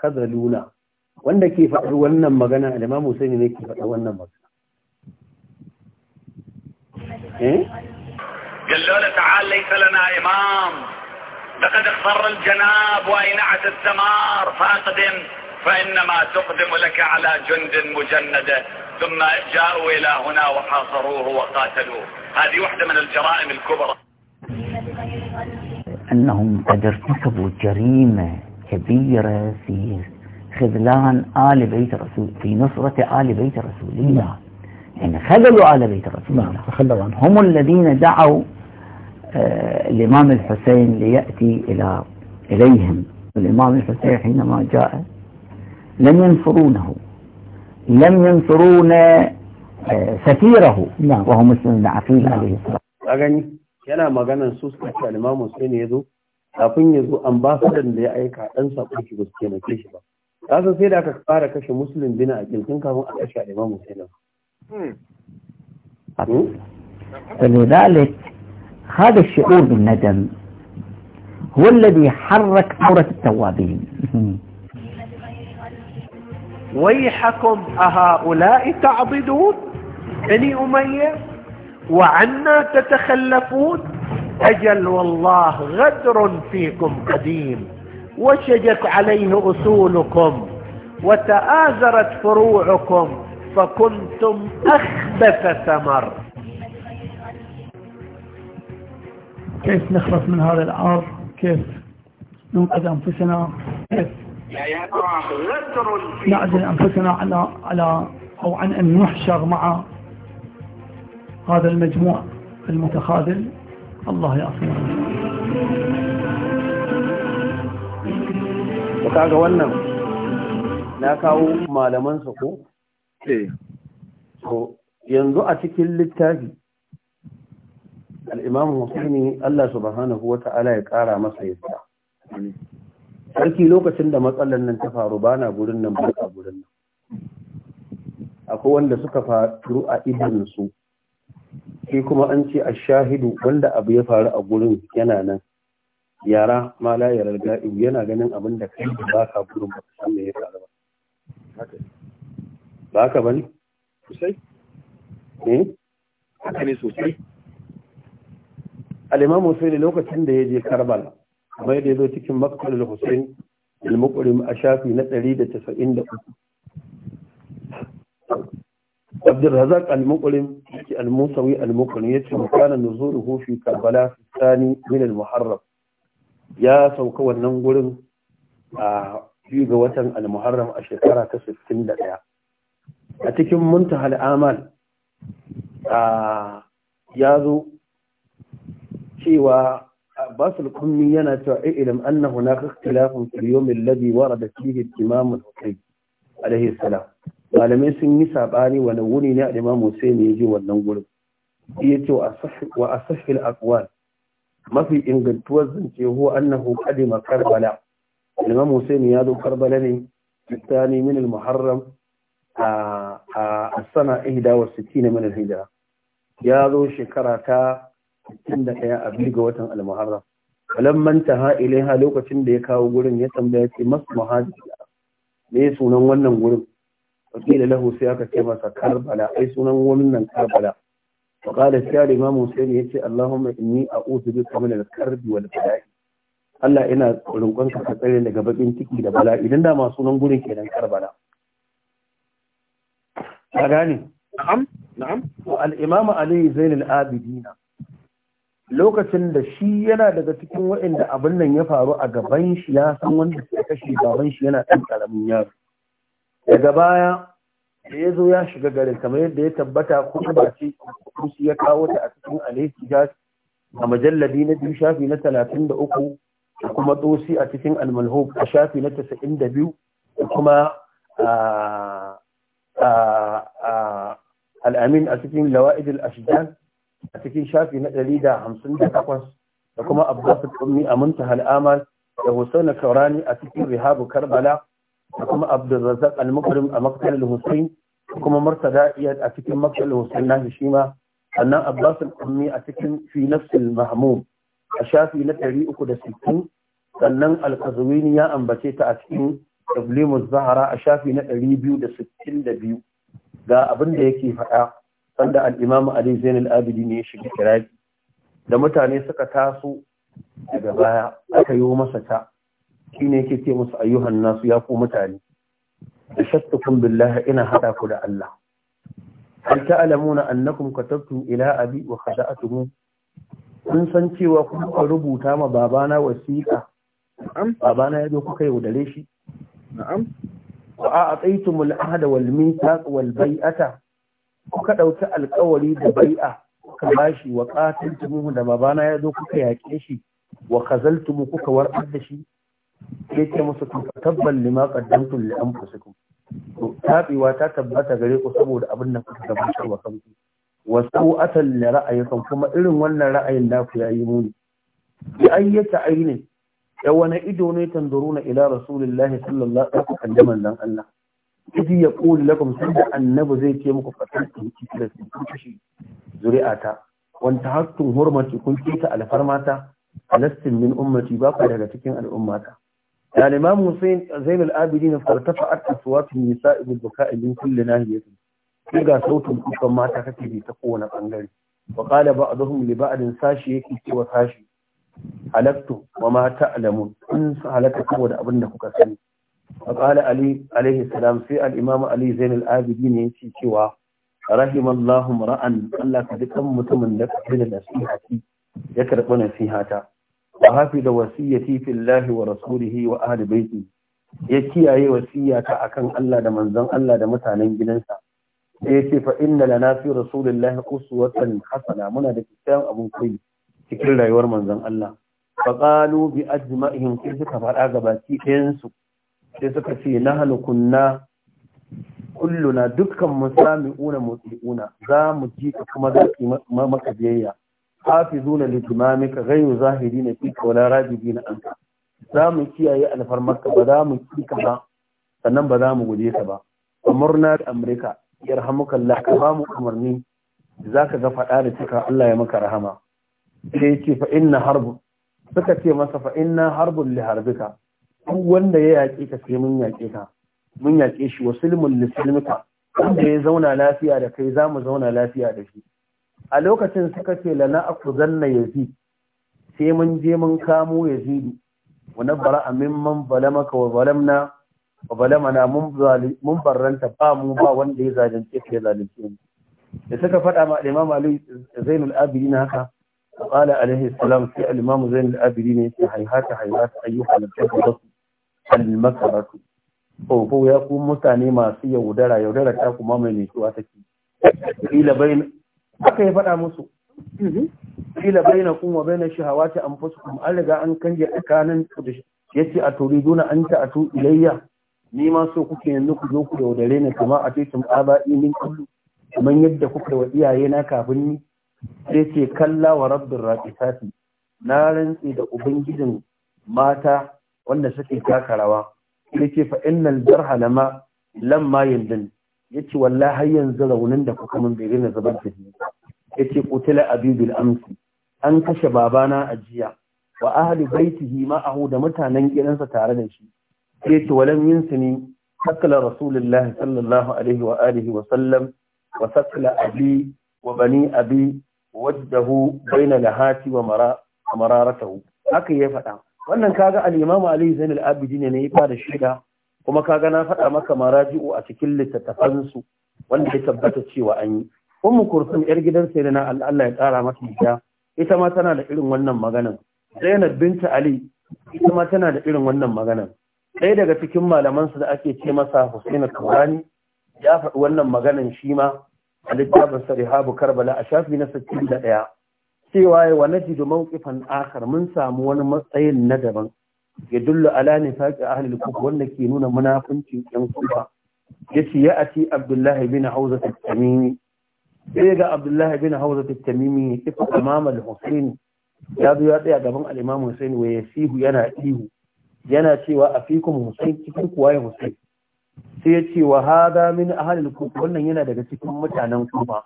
kaga wanda ke faɗi wannan magana al'imam ne ke faɗa wannan magana إيه؟ قال له تعال ليس لنا إمام لقد اخضر الجناب وأينعت الثمار فأقدم فإنما تقدم لك على جند مجندة ثم جاءوا إلى هنا وحاصروه وقاتلوه هذه واحدة من الجرائم الكبرى أنهم قد ارتكبوا جريمة كبيرة في خذلان آل بيت رسول في نصرة آل بيت رسول الله يعني خذلوا على بيت الرسول رسول نعم، الله هم الذين دعوا آه، الإمام الحسين ليأتي إلى إليهم الإمام الحسين حينما جاء لم ينصرونه لم ينصرون آه، سفيره نعم وهو مسلم بن عقيل نعم. عليه الصلاة والسلام كنا ما كان نصوص كتا الإمام حسين يدو أفن يدو أنباسر اللي أيكا أنسى قوش بسكينة كيشبا هذا سيدا كفارة كش مسلم بنا أجل كنكا أشعر الإمام حسين فلذلك أمم. هذا الشعور بالندم هو الذي حرك ثورة التوابين ويحكم أهؤلاء تعبدون بني أمية وعنا تتخلفون أجل والله غدر فيكم قديم وشجت عليه أصولكم وتآزرت فروعكم فكنتم أخبث ثمر كيف نخلص من هذا العار كيف ننقذ أنفسنا كيف نعزل أنفسنا على على أو عن أن نحشر مع هذا المجموع المتخاذل الله يعصينا kaga wannan na kawo malaman su Eh. to yanzu a cikin littafi al'imam Hussaini Allah subhanahu wa ta'ala ya kara masa yadda sarki lokacin da matsalar nan ta faru ba na gurin nan ba a gurin nan akwai wanda suka faru a idinsu shi kuma an ce a shahidu wanda abu ya faru a gurin yana nan yara ma la yarar yana ganin abin da kai ba ka gurin ba ka san me ya faru ba ba haka ba ne? sosai? ne? Eh? haka ne sosai? alimamu sai da lokacin da ya je karbala kamar yadda ya zo cikin makon hussein ilmukurim a shafi na 193 abdulrazak almukurim yake almusawi almukurim ya ce mukanan da zo rufi karbala sani min almuharram ya sauka wannan gurin a fi ga watan almuharram a shekara ta ɗaya. a cikin muntahal amal ya zo cewa Abbas al-Kummi yana cewa ilm anna hunaka ikhtilafun fil labi wara da fihi al-Imam al-Husayn alayhi salam malamai sun yi saɓani wani wuni ne al-Imam Husayn ya ji wannan gurin yace wa asah wa asah al-aqwal mafi ingantuwar zance huwa annahu qadima Karbala al-Imam Husayn ya zo Karbala ne الثاني من المحرم a sana ihda wa sittina min al-hijra ya zo shekara ta 61 a biyu ga watan al-muharram ha taha ilaiha lokacin da ya kawo gurin ya tambaya ce mas muhajir me sunan wannan gurin wakila lahu sai aka ce masa karbala ai sunan wannan karbala فقال سيار yace allahumma inni a'udhu bika min al-karbi wal bala'i Allah ina roƙonka ka tsare daga bakin ciki da bala idan da sunan sunan gurin kenan karbala a gane na'am na'am to al ali abidina lokacin da shi yana daga cikin waɗanda abin nan ya faru a gaban shi ya san wanda suka kashe gaban shi yana ɗan ƙaramin yaro daga baya da ya zo ya shiga garin kamar yadda ya tabbata kuma ba ce shi ya kawo ta a cikin Alayhi jas a majalladi na biyu shafi na talatin da uku da kuma tsosi a cikin almalhob a shafi na casa'in da biyu da kuma ah, al'amin a cikin lawa'idul ashdan a cikin shafi na ɗari da hamsin da takwas da kuma abbasu ƙummi a munta al'amal da husain kaurani a cikin rihabu karbala da kuma abdulrazak al-mukrim a maktal al-husain da kuma martada iyad a cikin maktal al na Hishima, sannan abbasu ƙummi a cikin fi nafsul a shafi na ɗari uku da sittin sannan al ya ambace ta a cikin Tablimu Zahara a shafi na 262 ga abin da yake faɗa sanda Al'imamu Ali Zain Abidi ne ya shiga Iraq da mutane suka taso daga baya aka yi masa ta shine yake ce musu ayyuhan nasu ya ku mutane ashattukum billahi ina haɗa ku da Allah hal ta'lamuna annakum katabtum ila abi wa khada'tuhu kun san cewa kun rubuta ma babana wasiƙa babana ya zo kuka yaudare shi na'am wa a'taytumul ahda wal mithaq wal bai'ata kuka dauki alƙawari da bai'a kuka bashi wa qatiltumuhu da babana ya zo kuka yaƙe shi wa khazaltumu kuka warar da shi yake musu tabban lima qaddamtum li anfusikum to tabewa ta tabbata gare ku saboda abin da kuka gabatar wa kanku wa sau'atan li ra'ayikum kuma irin wannan ra'ayin naku yayi muni bi ayyata ainin ya wani ido ne na ila rasulillahi sallallahu alaihi wasallam da manzon Allah idi ya qul lakum sanda annabi zai ce muku fatantu ki da ku kashi zuri'ata wanta hattun hurmati kun kita alfarmata alastin min ummati ba ku daga cikin al'ummata ya imam Hussein Zainul Abidin fartafa'at aswatu nisa'i bil buka'i min kulli nahiyatin sai ga sautin kukan mata kake bi ta kowane bangare wa qala ba'dhum li ba'din sashi yake cewa sashi halattu wa ma alamu, in su halaka saboda abin da kuka sani wa qala ali alaihi sai al imam ali zain al abidi ne yace cewa rahimallahu ra'an Allah ka dukan mutumin da kake da nasiha ki ya karbi nasiha ta wa hafiza wasiyati fi Allah wa rasulihi wa ahli ya kiyaye wasiya ta akan Allah da manzon Allah da mutanen gidansa E, ya ce fa inna lana fi rasulillahi uswatan Hassana, muna da kyakkyawan abun koyi cikin rayuwar manzon Allah faqalu bi ajma'ihim sai suka faɗa gabaki baki su sai suka ce na kunna kulluna dukkan musami'una muti'una za mu ji ka kuma za ki maka biyayya hafizuna na imamika ghayru na fi wala na anka za mu kiyaye alfarmarka ba za mu ka ba sannan ba za mu guje ka ba amurna da amurka yarhamukallah ka ba mu umarni zaka ga faɗa da cika Allah ya maka rahama sai ya ce harbun suka ce masa fa inna harbun li harbika wanda ya yaƙe ka sai mun yaƙe ka mun yaƙe shi wa sulmun li wanda ya zauna lafiya da kai za mu zauna lafiya da shi a lokacin suka ce lana aku zanna yazid sai mun je mun kamo yazid wa nabara mimman zalamaka wa zalamna wa zalamana mun barranta ba mu ba wanda ya zalunce ka ya zalunce mu da suka faɗa ma Imam Ali Zainul Abidin haka فقال عليه السلام في الإمام زين الآبدين يقول هيهات هيهات أيها الكفرة المكرة فوفو يقوم متاني ما سي يودرا يودرا تاكو ما من يتواتكي إلى بين haka ya faɗa musu ila baina kuma wa baina shahawati anfusukum an riga an kanje tsakanin ku yace a turiduna an ta atu ni ma so kuke yanzu ku zo ku yaudare ni kuma a titin aba min kullu kamar yadda kuka yi wa iyaye na kafin ni sai ce kalla wa rabbin raƙisati na rantsi da ubangijin mata wanda suke taka rawa sai ce fa innal jarha lama lamma yandin yace wallahi har yanzu raunin da kuka mun bai rina zubar da shi yace qutila abibil amsi an kashe babana a jiya wa ahli baitihi ma'ahu da mutanen gidansa tare da shi sai ce walam yinsini sakala rasulullahi sallallahu alaihi wa alihi wa sallam wa sakala abi wa bani abi waddahu baina lahati wa mararatahu haka ya faɗa wannan kaga al-imamu ali al abidin ne ba da shida kuma kaga na faɗa maka maraji'u a cikin littafan su wanda ya tabbata cewa an yi ummu kursun yar gidan sayyidina Allah ya tsara maka ita ita ma tana da irin wannan maganan Zainab binta Ali ita ma tana da irin wannan maganan ɗaya daga cikin malaman su da ake ce masa Husainu Kaurani ya faɗi wannan maganan shi ma a littafin sarihabu karbala a shafi na ɗaya. cewa ya wa najidu mawqifan akhar mun samu wani matsayin na daban ya dullu ala nifaqi a halin kufr wanda ke nuna munafincin yan kufa yace ya ati abdullahi bin hauza at-tamimi sai ga abdullahi bin hauza at ya tafi amama husaini ya zo ya tsaya gaban al-imam husaini wa yasihu yana ihu yana cewa kuma husain cikin kuwa ya husain sai ya ce wa hada min ahalil kufa wannan yana daga cikin mutanen kuma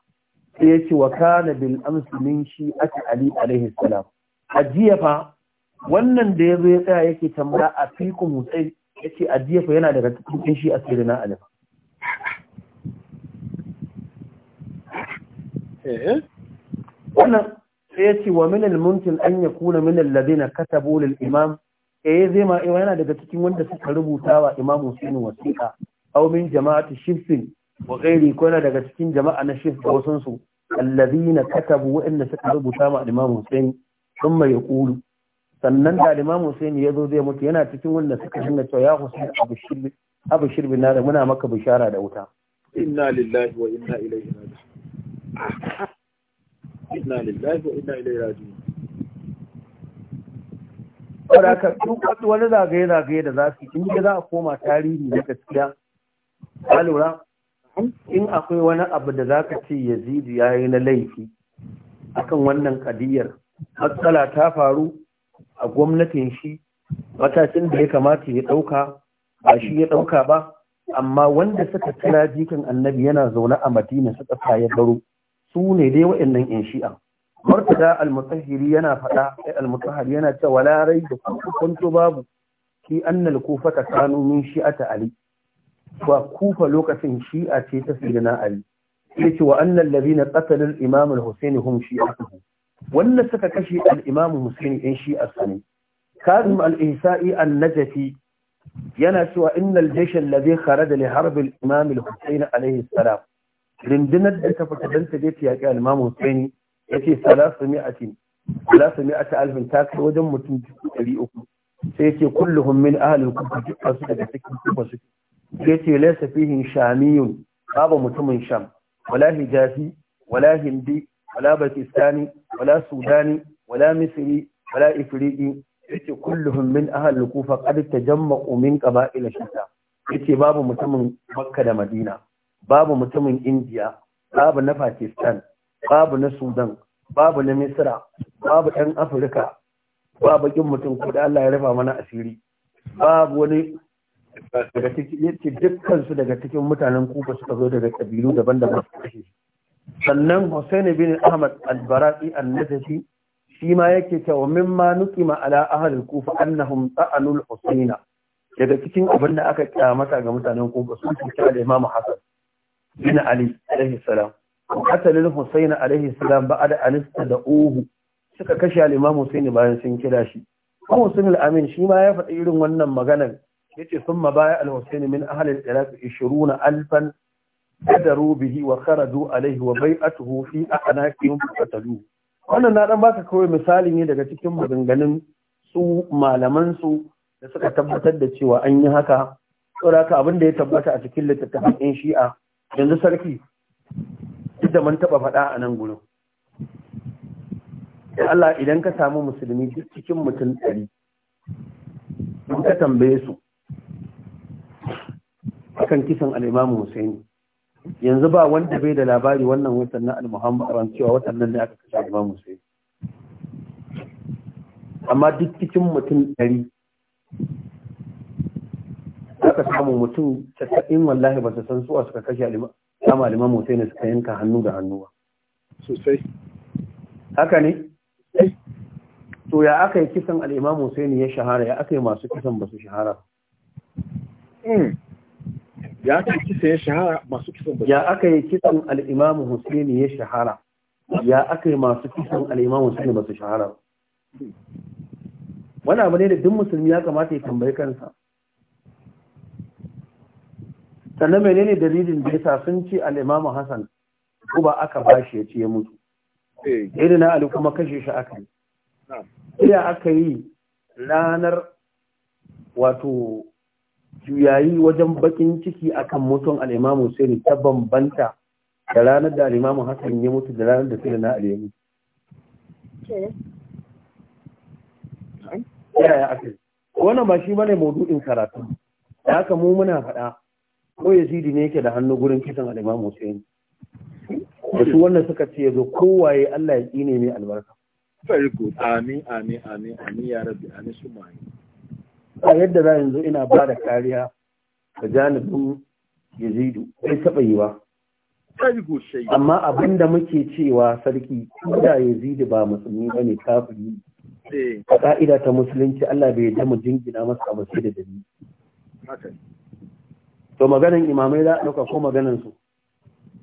sai ya ce wa kana bil amsu min shi ati ali alaihi salam ajiya fa wannan da yazo ya tsaya yake tambaya a ya ce yace ajiya fa yana daga cikin shi asirina alif eh? wannan sai ya ce wa min al mumkin an yakuna min alladhina katabu lil imam eh zai ma eh, yana daga cikin wanda suka rubuta wa Imam Hussein wasiqa aw min jama'ati shifsin wa ghairi ko yana daga cikin jama'a na shifs da sun su alladhina katabu inna suka rubuta ma Imam Hussein thumma yaqulu sannan da Imam Hussein ya zo zai mutu yana cikin wanda suka dinga cewa ya Hussein abu shirbi abu shirbi na da muna maka bishara da wuta inna lillahi wa inna ilaihi raji'un inna lillahi wa inna ilaihi raji'un Saboda duk wani zagaye-zagaye da za su in za a koma tarihi na gaskiya, ka lura in akwai wani abu da za ka ce yazidu ya yi na laifi akan wannan kadiyar matsala ta faru a gwamnatin shi matakin da ya kamata ya ɗauka ba shi ya ɗauka ba amma wanda suka kira jikin annabi yana zaune a madina suka sa baro su ne dai waɗannan yan shi'a murtada al-mutahhiri yana fada eh, al-mutahhari yana cewa la da kuntu babu ki annal kufata kanu min shi'ata ali wa kufa lokacin shi'a ce ta sayyidina ali yace wa annal ladina qatala al-imam al-husayn hum shi'atuhu wanda suka kashe al-imam husayn in shi'a sani kazim al-ihsa'i an-najfi yana cewa innal jaysh alladhi kharaja li harb al-imam al-husayn alayhi salam rindinar da ta fita don ta je ta yaki al-imam husayn ya ce salasami'ata alfin ta kai wajen mutum ɗari uku sai ce kulluhum min ahalin kuka dukkan daga cikin kuka su ya ce laisa fihin shamiyun babu mutumin sham wala hijazi wala hindi wala bakistani wala sudani wala misri wala ifriqi yace kulluhum min ahli kufa qad tajamma'u min qaba'il shita yace babu mutumin makka da madina babu mutumin indiya babu na pakistan babu na sudan babu na misira babu ɗan afirka babu ƙin mutum kuɗi allah ya rufa mana asiri babu wani daga cikin dukkansu daga cikin mutanen kuka suka zo daga ƙabilu daban-daban sannan Hussein bin Ahmad al-Baraqi al nasafi shi ma yake cewa mimma nuqima ala ahli kufa annahum ta'anul Husaina daga cikin abin da aka kyamata ga mutanen kuka su cuta da Imam Hassan bin Ali alaihi salam qatalil Hussain alaihi salam anista da uhu suka kashe al-imam bayan sun kira shi kuma husayn al-amin shi ma ya faɗi irin wannan maganar yace summa baya al-husayn min ahli al-iraq 20000 kadaru bihi wa kharaju alaihi wa bai'atuhu fi aqnaqihim qataluhu wannan na dan baka kawai misali ne daga cikin maganganun su malaman su da suka tabbatar da cewa an yi haka saboda haka abin da ya tabbata a cikin littattafan shi'a yanzu sarki duk da man taɓa faɗa a nan gurin Allah idan ka samu musulmi duk cikin mutum ɗari in ka tambaye su akan kisan al'imamu Hussein yanzu ba wanda bai da labari wannan watan na al-Muhammad cewa watan nan ne aka kashe al'imamu Hussein amma duk cikin mutum ɗari aka samu mutum casa'in wallahi ba su san suwa suka kashe al'imamu mu sai ne suka yanka hannu da hannuwa sosai haka ne eh. to ya aka yi kisan sai ne ya shahara ya aka yi masu kisan ba su shahara hmm. ya aka yi kisan ya shahara ba ya aka yi kisan ya shahara ya aka yi masu kisan sai ne ba su shahara hmm. wani abu ne da duk musulmi ya kamata ya tambayi kansa sannan menene dalilin da yasa sun ce al'imamu hassan Hassan ba aka bashi ya ce ya mutu eh. irin na Ali kuma kashe shi aka yi iya aka yi ranar wato juyayi wajen bakin ciki akan mutum al'imamu sai ne ta bambanta da ranar da al'imamu Hassan ya mutu da ranar da na Ali ya mutu yi wannan ba shi bane maudu'in karatu da haka mu muna faɗa ko yazidi ne yake da hannu gurin kisan al'imam Hussein da su wannan suka ce yazo kowaye Allah ya ne mai albarka very good amin amin amin amin ya rabbi amin su mai a yadda za yanzu ina ba da kariya ga janibin yazidu bai taɓa yi ba amma abin da muke cewa sarki da yazidu ba musulmi ba ne kafiri eh. a ƙa'ida ta musulunci Allah bai yadda mu jingina masa abu sai da dalili to maganan imamai za a ɗauka ko maganan su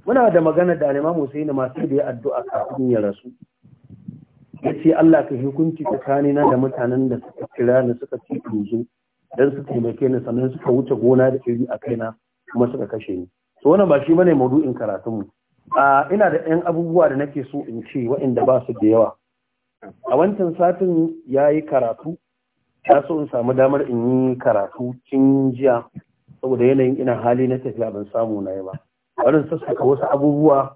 muna da maganar da Imam Na masu da ya addu'a kafin ya rasu yace Allah ka hukunci na da mutanen da suka kira ni suka ci tuzu dan su taimake ni sannan suka wuce gona da iri a kaina kuma suka kashe ni to wannan ba shi bane maudu'in karatun a ina da ɗan abubuwa da nake so in ce waɗanda ba su da yawa a wancan satin ya yi karatu ya so in samu damar in yi karatu cin jiya saboda yanayin ina hali na tafiya ban samu na yi ba bari sassaka wasu abubuwa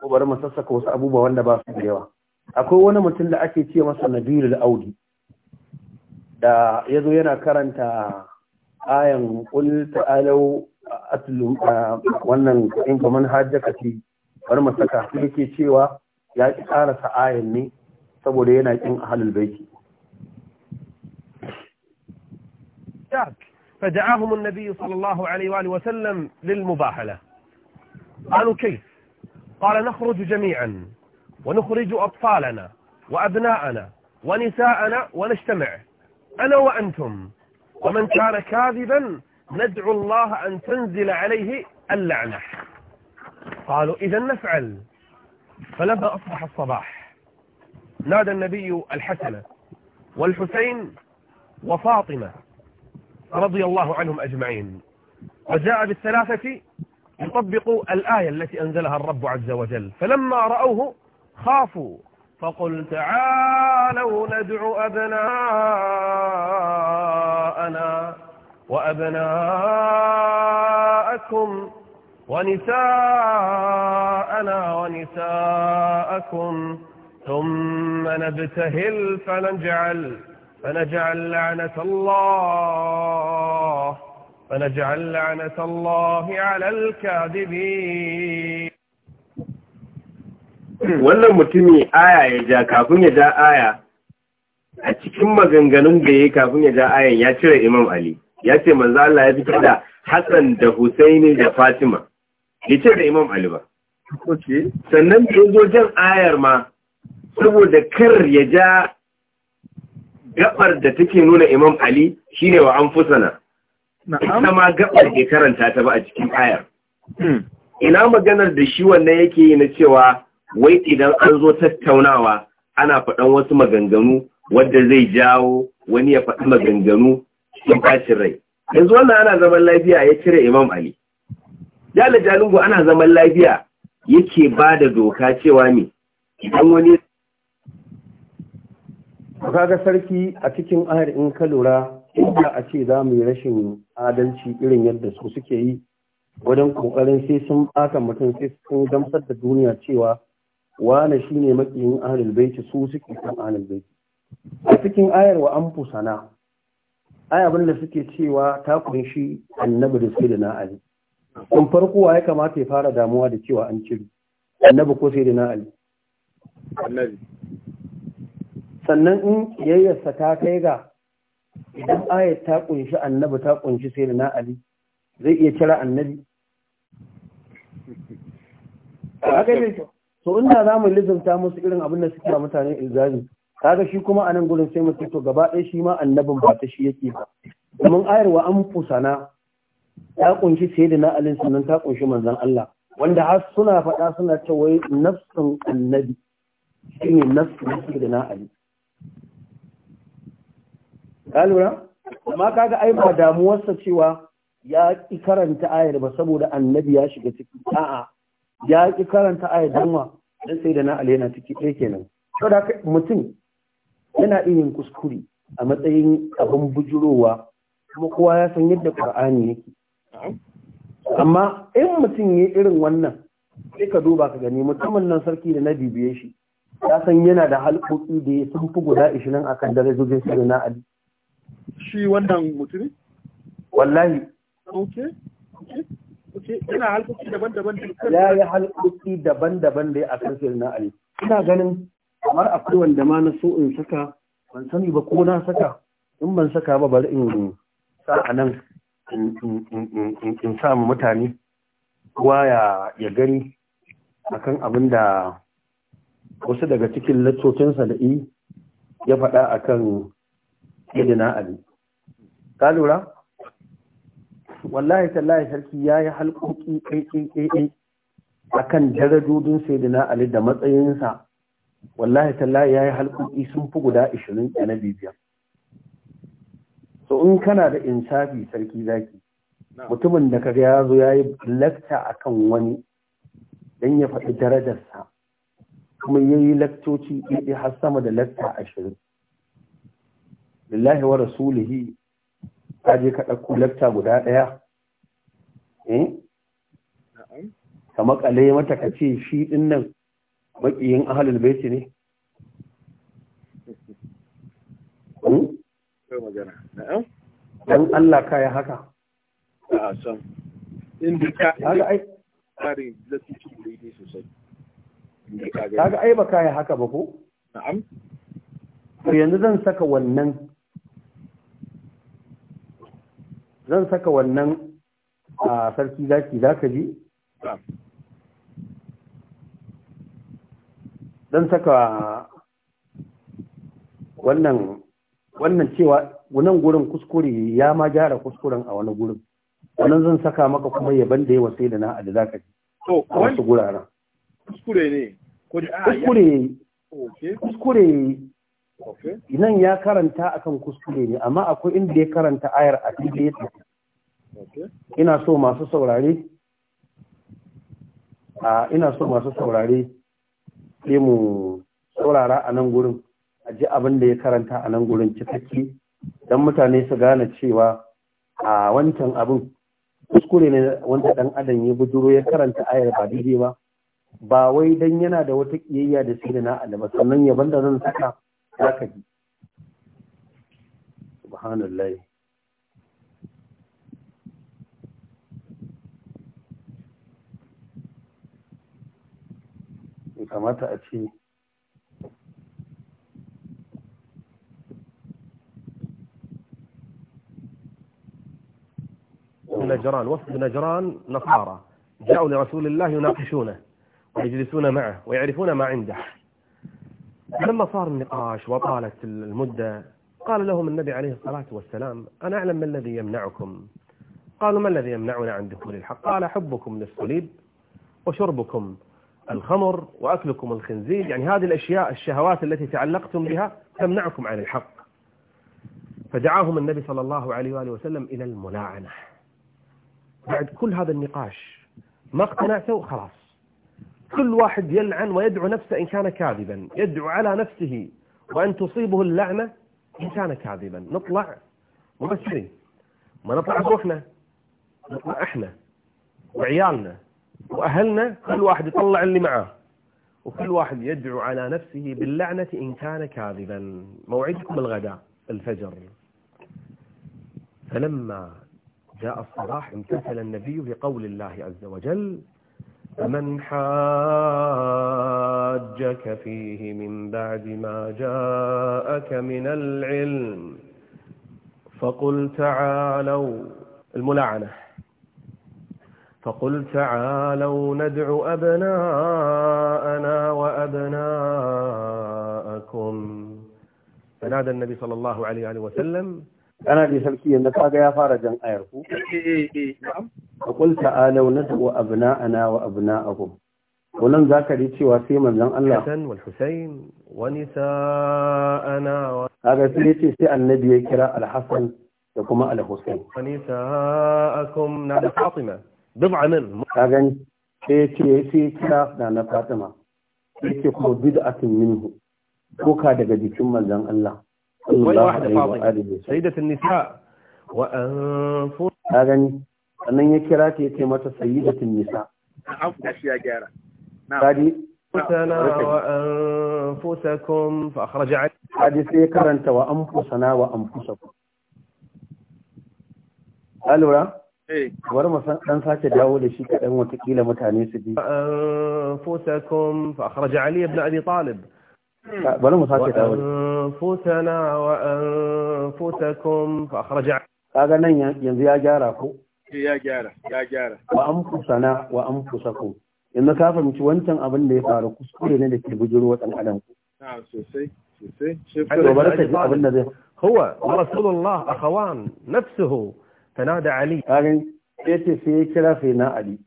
ko bari mu sassaka wasu abubuwa wanda ba su da yawa akwai wani mutum da ake ce masa da Audi da ya zo yana karanta ayan qul a atlu wannan in kaman hajjaka ce bari mu saka shi yake cewa ya ki karasa ayan ne saboda yana kin ahlul baiti Yeah. فدعاهم النبي صلى الله عليه وآله وسلم للمباحلة قالوا كيف قال نخرج جميعا ونخرج أطفالنا وأبناءنا ونساءنا ونجتمع أنا وأنتم ومن كان كاذبا ندعو الله أن تنزل عليه اللعنة قالوا إذا نفعل فلما أصبح الصباح نادى النبي الحسنة والحسين وفاطمة رضي الله عنهم أجمعين وجاء بالثلاثة يطبق الآية التي أنزلها الرب عز وجل فلما رأوه خافوا فقل تعالوا ندعو أبناءنا وأبناءكم ونساءنا ونساءكم ثم نبتهل فنجعل فنجعل لعنة الله فنجعل لعنة الله على الكاذبين wannan mutumi aya ya ja kafin ya ja aya a cikin maganganun da ya kafin ya ja ayan ya cire imam ali ya ce manzo Allah ya fitar da Hassan da Husaini da Fatima ya ce da imam ali ba sannan da zo jan ayar ma saboda kar ya ja gabar da take nuna imam ali shine wa anfusana ita ma gabar da karanta ta ba a cikin ayar hmm. ina maganar da shi wannan yake yi na cewa wai idan an zo tattaunawa ana faɗan wasu maganganu wadda zai jawo wani ya faɗi maganganu cikin bacin rai yanzu wannan ana zaman lafiya ya cire imam ali jala jalingo ana zaman lafiya yake ba da doka cewa ne idan wani ga sarki a cikin ayar in ka lura inda a ce za mu yi rashin adalci irin yadda su suke yi wajen kokarin sai sun baka mutum sai sun gamsar da duniya cewa wane shine makiyin ahlul baiti su suke kan ahlul baiti a cikin ayar wa an fusana ai da suke cewa ta kunshi annabi da sai da na ali kun farko ya kamata ya fara damuwa da cewa an ciri annabi ko sai da na ali sannan in yayyarsa ta kai ga idan ayat ta kunshi annabi ta kunshi sai na ali zai iya kira annabi so inda za mu lizanta musu irin abin da suke mutane ilzami kaga shi kuma a nan gurin sai mu to gaba ɗaya shi ma annabin ba ta shi yake ba domin ayar wa an fusana ta kunshi sai da na alin sannan ta kunshi manzon Allah wanda har suna faɗa suna cewa nafsin annabi ne nafsin da na alin Kalura, amma kaga ai ba damuwarsa cewa ya ki karanta ayar ba saboda annabi ya shiga ciki a'a ya ki karanta ayar danwa dan sai da na alena ciki ɗaya kenan saboda mutum yana yin kuskure a matsayin abin bujurowa kuma kowa ya san yadda qur'ani yake amma in mutum ya irin wannan sai ka duba ka gani mutumin nan sarki da na bibiye shi ya san yana da halƙoƙi da ya sun fi guda ishirin akan darajojin sirri na ali shi wannan mutum? wallahi Oke? Oke, yana halkoki daban-daban da ya yi halkuki daban-daban da ya na ali ina ganin kamar akwai wanda ma na so in saka ban sani ba ko na saka in ban saka ba bari in sa a nan in sa mutane kowa ya gani akan abin da wasu daga cikin lattocinsa da yi ya faɗa akan sayyidina ali ka lura wallahi sallahi sarki ya yayi halƙoƙi a kan darajodin sayyidina ali da matsayinsa wallahi ya yi halƙoƙi sun fi guda 20 a na bibiyar so in kana da insafi sarki zaki mutumin da kaga ya zo ya yi lakta akan wani don ya faɗi darajarsa kuma yi laktoci ɗaya har sama da lakta ashirin lillahi wa rasulihi ka je ka ɗauko lakta guda ɗaya eh? ka makale mata ka ce shi ɗin nan maƙiyin ahalul baiti ne hmm? Dan Allah ka yi haka san ka ai ba ka yi haka ba ko na'am yanzu zan saka wannan zan saka wannan a sarki zaki za ka ji? zan saka wannan wannan cewa wannan gurin kuskure ya ma gyara kuskuren a wani gurin wannan zan saka maka kuma yaban da yawa sai da na da zaka ji a wasu kuskure ne kuskure kuskure nan ya karanta akan kuskure ne amma akwai inda ya karanta ayar a cikin ina so masu saurare a ina so masu saurare sai mu saurara a nan gurin a ji abin da ya karanta a nan gurin cikakke don mutane su gane cewa a wancan abin kuskure ne wanda ɗan adam ya buduro ya karanta ayar ba daidai ba ba wai don yana da wata ƙiyayya da sirri na Allah sannan ya banda zan saka سبحان الله subhanallah kamata نجران وفد نجران نصارى جاءوا لرسول الله يناقشونه ويجلسون معه ويعرفون ما عنده لما صار النقاش وطالت المدة قال لهم النبي عليه الصلاة والسلام أنا أعلم ما الذي يمنعكم قالوا ما الذي يمنعنا عن دخول الحق قال حبكم للصليب وشربكم الخمر وأكلكم الخنزير يعني هذه الأشياء الشهوات التي تعلقتم بها تمنعكم عن الحق فدعاهم النبي صلى الله عليه وآله وسلم إلى الملاعنة بعد كل هذا النقاش ما اقتنعتوا خلاص كل واحد يلعن ويدعو نفسه إن كان كاذبا يدعو على نفسه وأن تصيبه اللعنة إن كان كاذبا نطلع ممثلين ما نطلع بروحنا نطلع إحنا وعيالنا وأهلنا كل واحد يطلع اللي معاه وكل واحد يدعو على نفسه باللعنة إن كان كاذبا موعدكم الغداء الفجر فلما جاء الصباح امتثل النبي بقول الله عز وجل فمن حاجك فيه من بعد ما جاءك من العلم فقل تعالوا الملعنة فقل تعالوا ندع أبناءنا وأبناءكم فنادى النبي صلى الله عليه وسلم أنا دي سلكي أنك يا فارجا أيركو إيه، إيه، إيه، نعم Akwai aqul ta'alu nad'u abna'ana wa abna'akum wannan zaka ji cewa sai manzon Allah Hassan wal Hussein wa nisa'ana kaga sai ce sai annabi ya kira al-Hassan da kuma al-Hussein wa nisa'akum na da Fatima bid'a min kaga sai yace sai kira da na Fatima yace ko bid'atun minhu ka daga jikin manzon Allah sallallahu alaihi wa alihi sayyidatun nisa' wa anfu kaga أنا يكرا كي تسيدة النساء أفضل جارة هذه أنفسنا وأنفسكم فأخرج علي هذه سيكرا أنت وأنفسنا وأنفسكم ألو أنفسكم فأخرج علي بن أبي طالب ولم فأخرج هذا نين ينزل جاركم ya gyara ya gyara wa anfusana wa anfusakum yanzu ka fahimci wancan abin da ya faru kuskure ne da ke bujiro dan adam ku na'am sosai sosai abin da zai huwa rasulullah akhawan nafsuhu tanada ali kagan yace sai ya kira sai na ali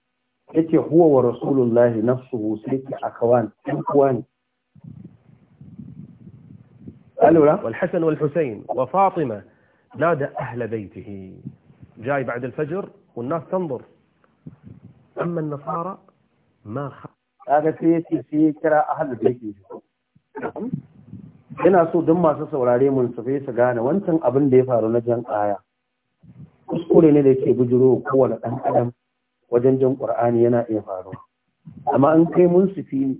yace huwa wa rasulullah nafsuhu sai ki akhawan ɗan uwa والحسين وفاطمة نادى أهل بيته جاي بعد الفجر والناس تنظر أما النصارى ما هذا في في في ترى أهل البيت هنا سو دم ما سو ولادي من سفيه سجانا وان أبن ديفا رنجان آية كسكولي نديك بجرو كولا أن أدم وجنجم قرآن ينا إفارو أما أن كي من سفيه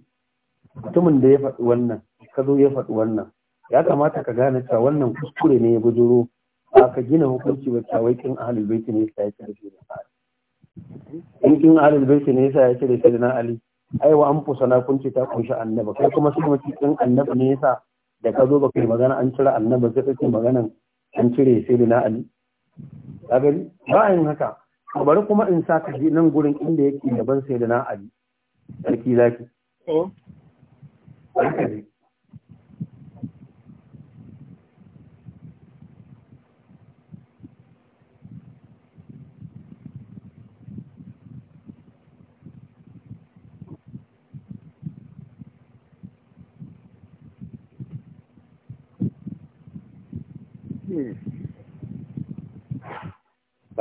تمن ديفا ونن كذو يفت ونن يا كما تكجانا تا ونن كسكولي نديك بجرو aka gina hukunci wa kin ahlul baiti ne sai ya ce da shi in kin ahlul baiti ne sai ya ce da shi na ali ai wa an fusana kunci ta kunshi annaba kai kuma shi mutum kin annaba ne yasa da ka zo baka yi magana an cire annaba sai kake maganan an cire sai na ali ka gani ba in haka bari kuma in sa ka nan gurin inda yake gaban sai da na ali sarki zaki eh.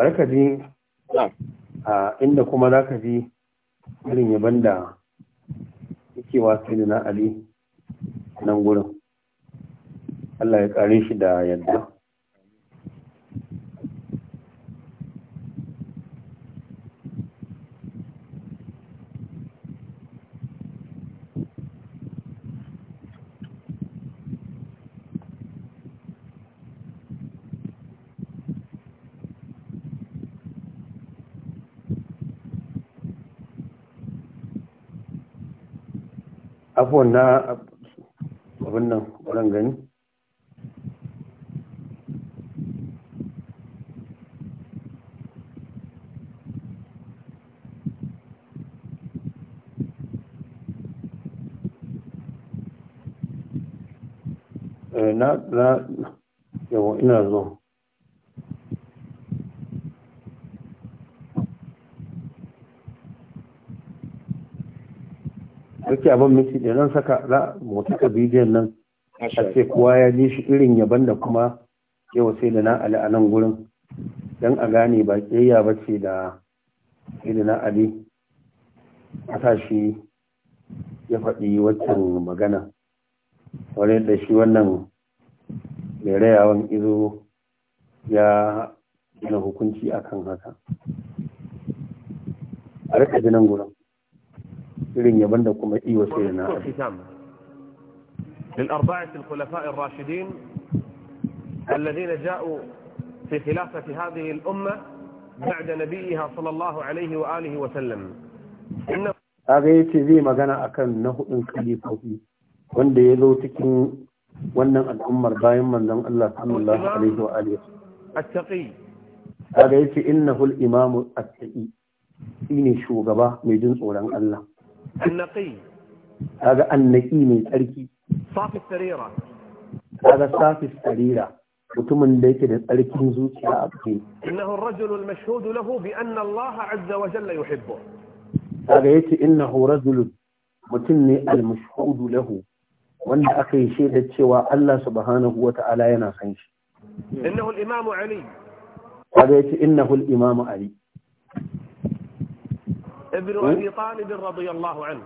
bari ji a inda kuma za ka ji irin yaban da yake wasu na ali nan gurin Allah ya kare shi da yadda abubuwan na abin nan wurin gani eh, na na yawon ina zuwa ce abin minti da nan saka za mu ka bidiyon nan a ce kowa ya ji shi irin yaban da kuma yau sai da na ali a nan gurin don a gane ba ƙiyayya ba ce da sai da na ali a sa shi ya faɗi waccan magana wani da shi wannan mai rayawan izo ya gina hukunci akan haka a rika jinan gurin irin yaban da kuma iwa sai na للاربعه الخلفاء الراشدين الذين جاءوا في خلافه هذه magana akan na hudun khalifofi wanda yazo cikin wannan al'ummar bayan manzon Allah sallallahu alaihi wa alihi at-taqi اغيتي انه الامام at-taqi shine shugaba mai jin tsoron Allah النقي هذا النقي من أركي صافي السريرة هذا صافي السريرة وتم ليك أركي نزوك يا أبي إنه الرجل المشهود له بأن الله عز وجل يحبه هذا يتي إنه رجل متني المشهود له وأن أخي شيد سوى الله سبحانه وتعالى ينا إنه الإمام علي هذا يتي إنه الإمام علي ابن أبي طالب رضي الله عنه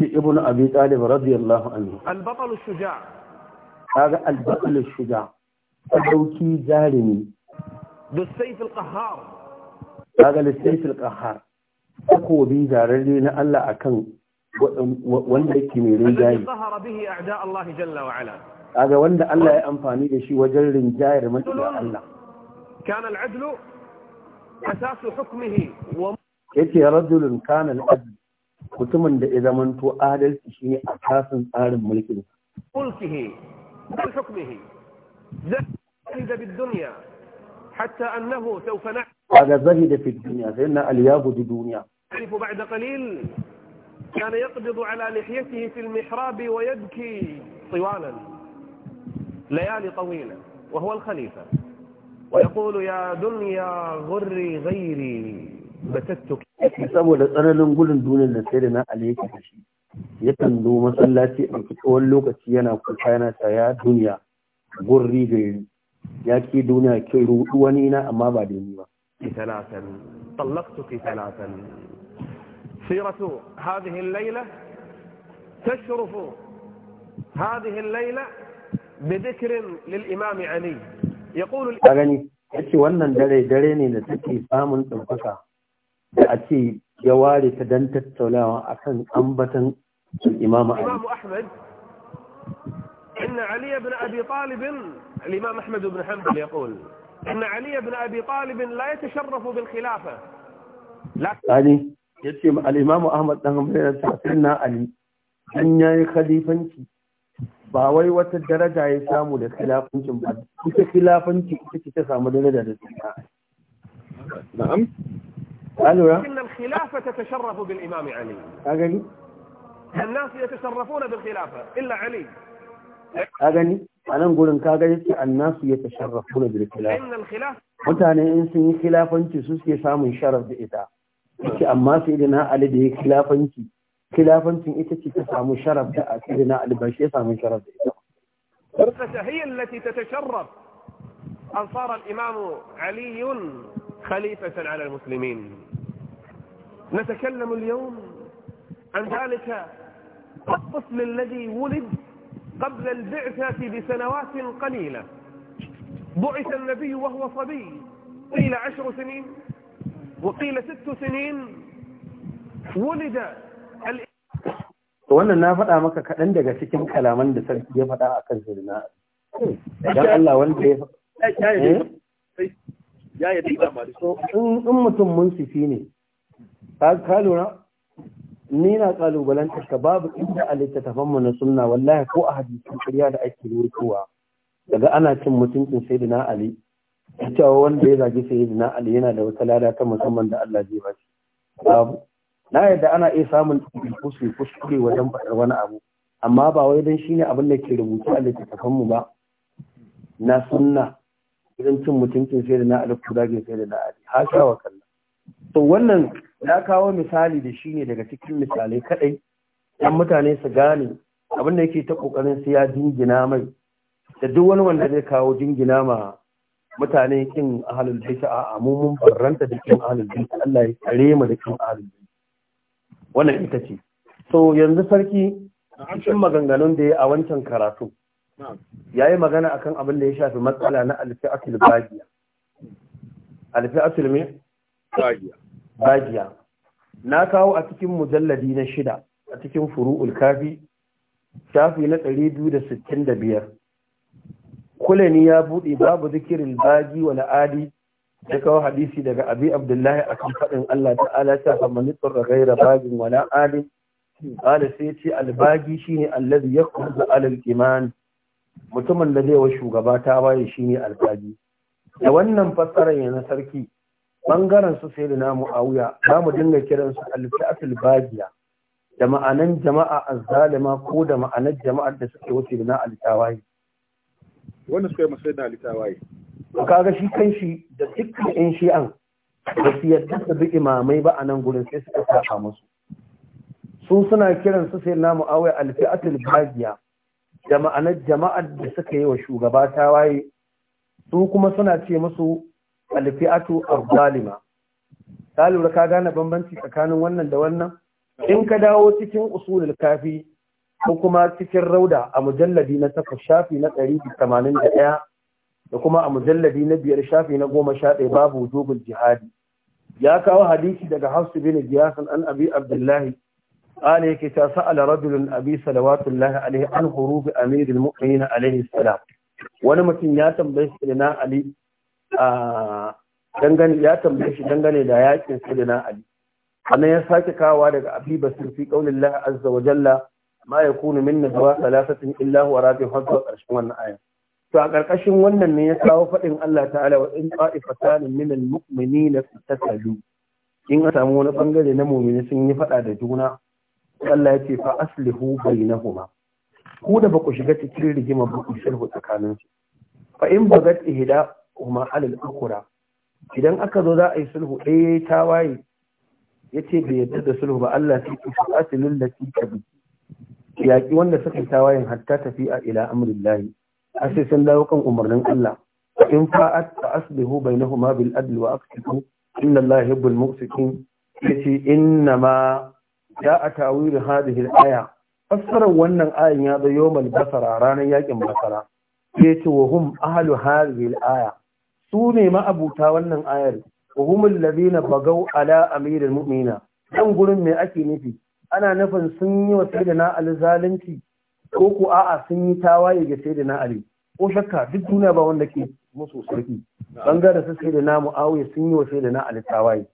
ابن أبي طالب رضي الله عنه البطل الشجاع هذا البطل الشجاع الدوكي جارمي ذو السيف القهار هذا السيف القهار أقوى بي جارلين ألا أكن wanda yake mai rinjaye kaga wanda Allah ya amfani da shi wajen rinjayar makiya Allah kana al'adlu asasu hukmihi wa yake rajulun kana al-adl mutumin da ya zamanto adalci shine a kasan tsarin mulkin sa mulkihi bal hukmihi zahida bid dunya hatta annahu sawfa na hada zahida fi dunya sayyidina al-yabud dunya يعرف بعد قليل كان يقبض على لحيته في المحراب ويبكي طوالا ليالي طويلة وهو الخليفة ويقول يا دنيا غري غيري batattu saboda tsananin gudun duniyar da sai da na alayyaki da shi yakan zo masallaci a tsawon lokaci yana kuka yana tsaya duniya gurri gari ya ke duniya ke rudu wani na amma ba da ni ba ثلاثا طلقتك ثلاثا سيرة هذه الليلة تشرف هذه الليلة بذكر للإمام علي يقول الإمام أغني أتي وانا دري دري نتكي سامن تنفكا da a ce ya ware ta don tattaunawa akan ambatan الإمام أحمد أحمد إن علي بن أبي طالب الإمام أحمد بن حنبل يقول إن علي بن أبي طالب لا يتشرف بالخلافة لا يعني yace al-Imam Ahmad dan Hanbali ta sunna Ali an yayi khalifanci ba wai wata daraja ya samu da khilafancin ba ita khilafanci ita ce ta samu daraja da sunna na'am قالوا لكن الخلافة تتشرف بالإمام علي أغني الناس يتشرفون بالخلافة إلا علي أغني أنا أقول إن كأغني الناس يتشرفون بالخلافة إن الخلافة وانت أنا إنسي خلافة أنت سوسي سامن شرف بإتا إنتي أما سيدنا علي دي خلافة أنت خلافة أنت إنتي سامن شرف بإتا سيدنا علي بشي سامن شرف بإتا هي التي تتشرف أن صار الإمام علي خليفة على المسلمين نتكلم اليوم عن ذلك الطفل الذي ولد قبل البعثة بسنوات قليلة بعث النبي وهو صبي قيل عشر سنين وقيل ست سنين ولد wannan na faɗa maka kaɗan daga cikin kalaman da sarki ya faɗa a kan zirna don Allah wanda ya Eh? in mutum mun sifi ne ka lura ni na kalubalantar ka babu inda a littattafan mu na sunna wallahi ko a hadisin kariya da ake rutuwa daga ana cin mutuncin sai na ali cewa wanda ya zagi sai na ali yana da wata lada ta musamman da Allah zai bashi babu na yadda ana iya samun kusuri kusuri wajen faɗar wani abu amma ba wai don ne abin da ke rubutu a littattafan mu ba na sunna idan cin mutuncin sai da na alifu ko zagin sai da na ali hasha wa kalla to wannan ya kawo misali da shi ne daga cikin misalai kadai 'yan mutane su gane abin da yake ta kokarin su ya jingina mai da duk wani wanda zai kawo jingina ma mutane kin ahalul baiti a mu mun da kin ahalul baiti Allah ya kare mu da kin ahalul baiti wannan ita ce so yanzu sarki cikin maganganun da ya a wancan karatu ya yi magana akan abin da ya shafi matsala na alfi'atul bagiya alfi'atul me bagiya na kawo a cikin mujalladi na shida a cikin furu'ul kafi shafi na ɗari da da sittin biyar. 265 ni ya buɗe babu zikirin bagi wa adi ya kawo hadisi daga abi abdullahi akan faɗin Allah ta'ala ta nitsar da gaira bagin wala adi قال سيتي الباقي شيني ya kuma za'alar الإيمان mutumin da zai wa shugaba ta baye shi ne alƙali da wannan fassarar na sarki bangaren su sai da namu auya za mu dinga kiran su alfi'atul bagiya da ma'anan jama'a azzalima ko da ma'anan jama'ar da suke wuce da na alitawaye wannan suka yi masai da alitawaye kaga shi kan shi da dukkan yan shi'an da su yadda su bi imamai ba a nan gurin sai suka saka musu sun suna kiran su sai namu auya alfi'atul bagiya da jama'ar da suka yi wa shugaba waye, su kuma suna ce musu alfi'atu arzalima ta lura ka gane bambanci tsakanin wannan da wannan in ka dawo cikin usulul kafi ko kuma cikin rauda a mujalladi na takwas shafi na ɗari tamanin da ɗaya da kuma a mujalladi na biyar shafi na goma sha babu wujubul jihadi ya kawo hadisi daga hafsu bin giyasan an abi abdullahi قال يكتا سأل رجل أبي صلوات الله عليه عن حروب أمير المؤمنين عليه السلام ونمتن ياتم بيس لنا علي دنغن ياتم بيش دنغن لا ياتم لنا علي أنا يساك كاوالك أبي بسر في قول الله عز وجل ما يكون من نجوى ثلاثة إلا هو راضي حظ أشوان آية فأقرقشن ونن يساو فإن الله تعالى وإن طائفتان من المؤمنين فتتلو in a samu wani bangare na mumini sun yi faɗa da juna Allah ya ce fa aslihu bainahuma ku da ba ku shiga cikin rigima ba ku sulhu tsakanin su fa in bagat ihda huma alal ukura idan aka zo za a yi sulhu ɗaya ta waye yace bai yarda da sulhu ba Allah sai ku asilul lati tabi yaki wanda suka yi tawayen hatta tafi'a ila amrillahi sai sun dawo kan umarnin Allah in fa'at fa aslihu bainahuma bil adl wa aqsitu inna Allah yuhibbul muqsitin yace inna ma ya a tawiri hadhihi aya fassarar wannan ayin ya zo yawmal basara ranar yakin basara ya ce wa hum ahlu hadhihi aya su ne ma'abuta wannan ayar wa hum alladhina bagaw ala amiril mu'mina dan gurin me ake nufi ana nufin sun yi wa sayyidina ali zalunci ko ko a'a sun yi tawaye ga sayyidina ali ko shakka duk duniya ba wanda ke musu sarki bangare su sayyidina muawiya sun yi wa sayyidina ali tawaye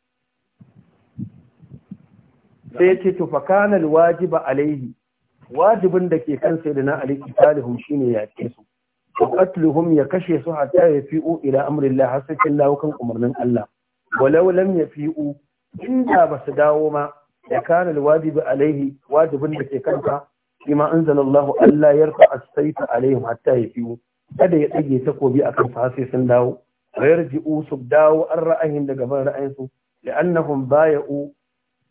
sai ya ce to fa alaihi wajibin da ke kan sayyidina ali kitalihum shine ya ce su qatluhum ya kashe su hatta yafi'u ila amrillah har sai kin dawo kan umarnin Allah walau lam yafi'u inda ba su dawo ma ya kana alwajiba alaihi wajibin da ke kanka bima anzalallahu Allah yarfa as asaita alaihim hatta yafi'u kada ya tsage takobi akan fa sai sun dawo dawo ويرجئوا سبداو الرأيهم ban ra'ayinsu لأنهم bayau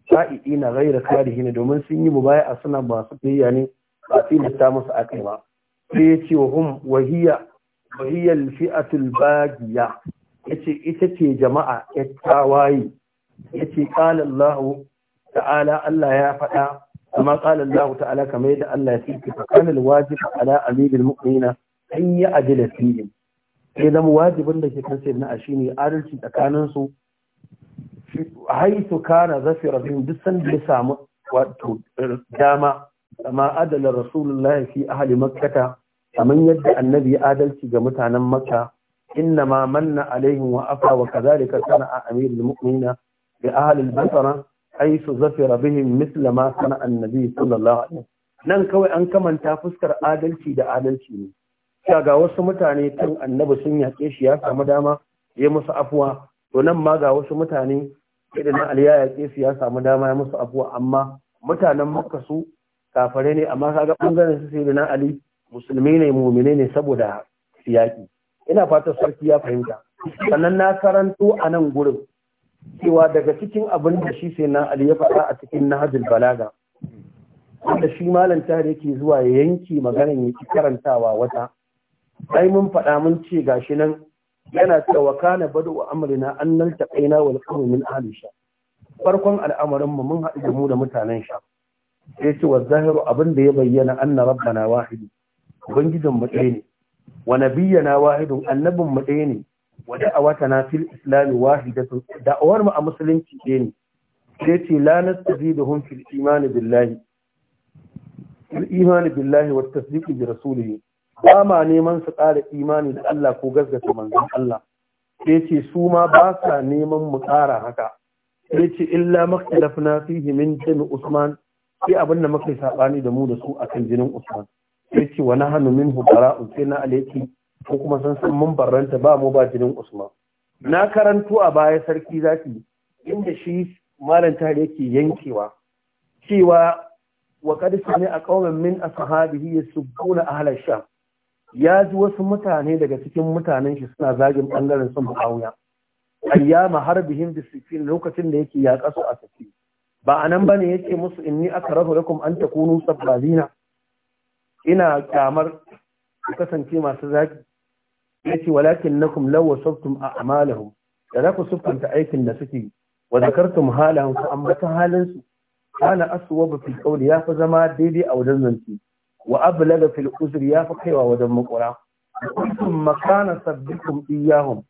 sa'i'i na da karihi ne domin sun yi mubaya a suna masu biyayya ne ba tilasta musu a kai ba sai ya ce wa hum wahiya fi'atul bagiya yace ita ce jama'a Ya ce, qala Allah ta'ala Allah ya faɗa amma qala Allah ta'ala kamar yadda Allah ya ce kana alwajib ala amilil mu'minina an yi adila fihim sai zama wajibin da ke kan sayyidina ne adalci tsakanin su haitu kana zafira bihim duk sanda ya samu wato eh, dama kama adala rasulullahi fi ahli makkata kamar yadda annabi ya adalci ga mutanen makka inna ma manna alaihim wa afa wa kadhalika sana'a amirul mu'minina bi ahli al-basra haitu zafira bihim misla ma sana'a annabi sallallahu alaihi nan kawai an kamanta fuskar adalci da adalci ne ga wasu mutane tun annabi sun yaƙe shi ya samu dama ya musu afuwa to nan ma ga wasu mutane idan Ali ya yaƙe su ya samu dama ya musu abuwa amma mutanen maka su kafare ne amma kaga bangaren su sai na Ali musulmi ne mu'mine ne saboda siyaki ina fatan sarki ya fahimta sannan na karanto a nan gurin cewa daga cikin abin da shi sai na Ali ya faɗa a cikin nahajul Balaga wanda shi malam tahir yake zuwa ya yanki maganan yake karantawa wata ai mun faɗa mun ce gashi nan yana cewa wa kana badu amrina an naltaqaina wal qawmi min ahli sha farkon al'amarin mu mun haɗu da mu da mutanen sha sai ce wa zahiru abin da ya bayyana anna rabbana wahidi ubangijin mu ɗaya ne wa nabiyyana wahidun annabin mu ɗaya ne wa da'awatana fil islam wahidatu da'awar mu a musulunci ɗaya ne sai ce la nastaziduhum fil imani billahi fil imani billahi wat tasdiqi bi rasulihi ba neman su ƙara imani da Allah ko gasgata manzon Allah sai ce su ma ba sa neman mu ƙara haka sai ce illa makhtalafna fihi min jami Usman sai abin da muka sabani da mu da su akan jinin Usman sai ce wa nahnu minhu bara'un sai na alayki ko kuma san san mun barranta ba mu ba jinin Usman na karanto a baya sarki zaki inda shi malam tare yake yankewa cewa wa ne sami a ƙaunar min ashabihi yasubbuna ahla sham ya ji wasu mutane daga cikin mutanen shi suna zagin bangaren sun muawiya ayyama bihin bisifin lokacin da yake ya kaso a saki. ba a nan bane yake musu inni akrahu lakum an takunu sabbazina ina kyamar ku kasance masu zagi yace walakinnakum law a a'malahum da za ku sufanta aikin da suke wa zakartum halahum ku ambata halin su kana aswabu fi qawli ya fi zama daidai a wajen zance wa ablaga fil uzri ya fi kaiwa wajen makura kuntum makana sabbikum iyahum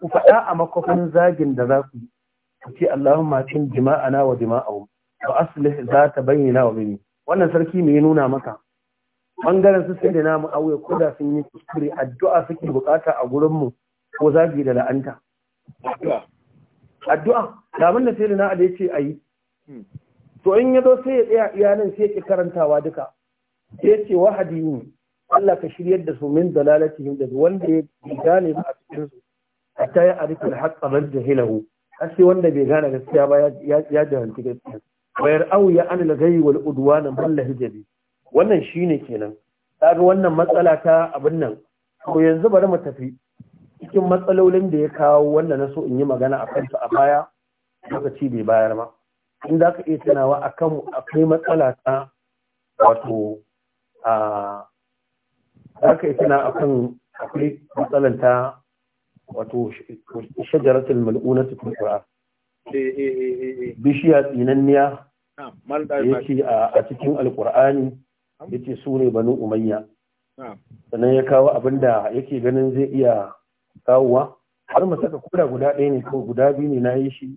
ku faɗa a makofin zagin da za ku ku ce Allahumma tin na wa jima'ahum wa aslih za ta bayyana wa mini wannan sarki me ya nuna maka bangaren su sai da mu auye ko da sun yi kuskure addu'a suke bukata a gurin mu ko zagi da la'anta addu'a da abin da sai da na ya ce ayi hmm. to in ya zo sai ya tsaya iyalin sai ya ki karantawa duka sai ce wahadihim Allah ka shiryar da su min dalalatihim da wanda ya gane ba a cikin su Ta yi a al-haqqa jahilahu har sai wanda bai gane gaskiya ba ya jahanci gaskiya Bayar au ya an lagayi wal udwana man lahijabi wannan shine kenan kaga wannan matsala ta abin nan to yanzu bari mu tafi cikin matsalolin da ya kawo wanda na so in yi magana a kansu a baya lokaci bai bayar ma in za ka iya tunawa akan akwai matsala ta wato a haka yi suna akan akwai matsalan ta wato shajaratul mal'una ta tukura bishiya tsinanniya yake a cikin alkur'ani ce su ne banu umayya sannan ya kawo abin da yake ganin zai iya kawowa har mu saka kuda guda ɗaya ne ko guda biyu ne na yi shi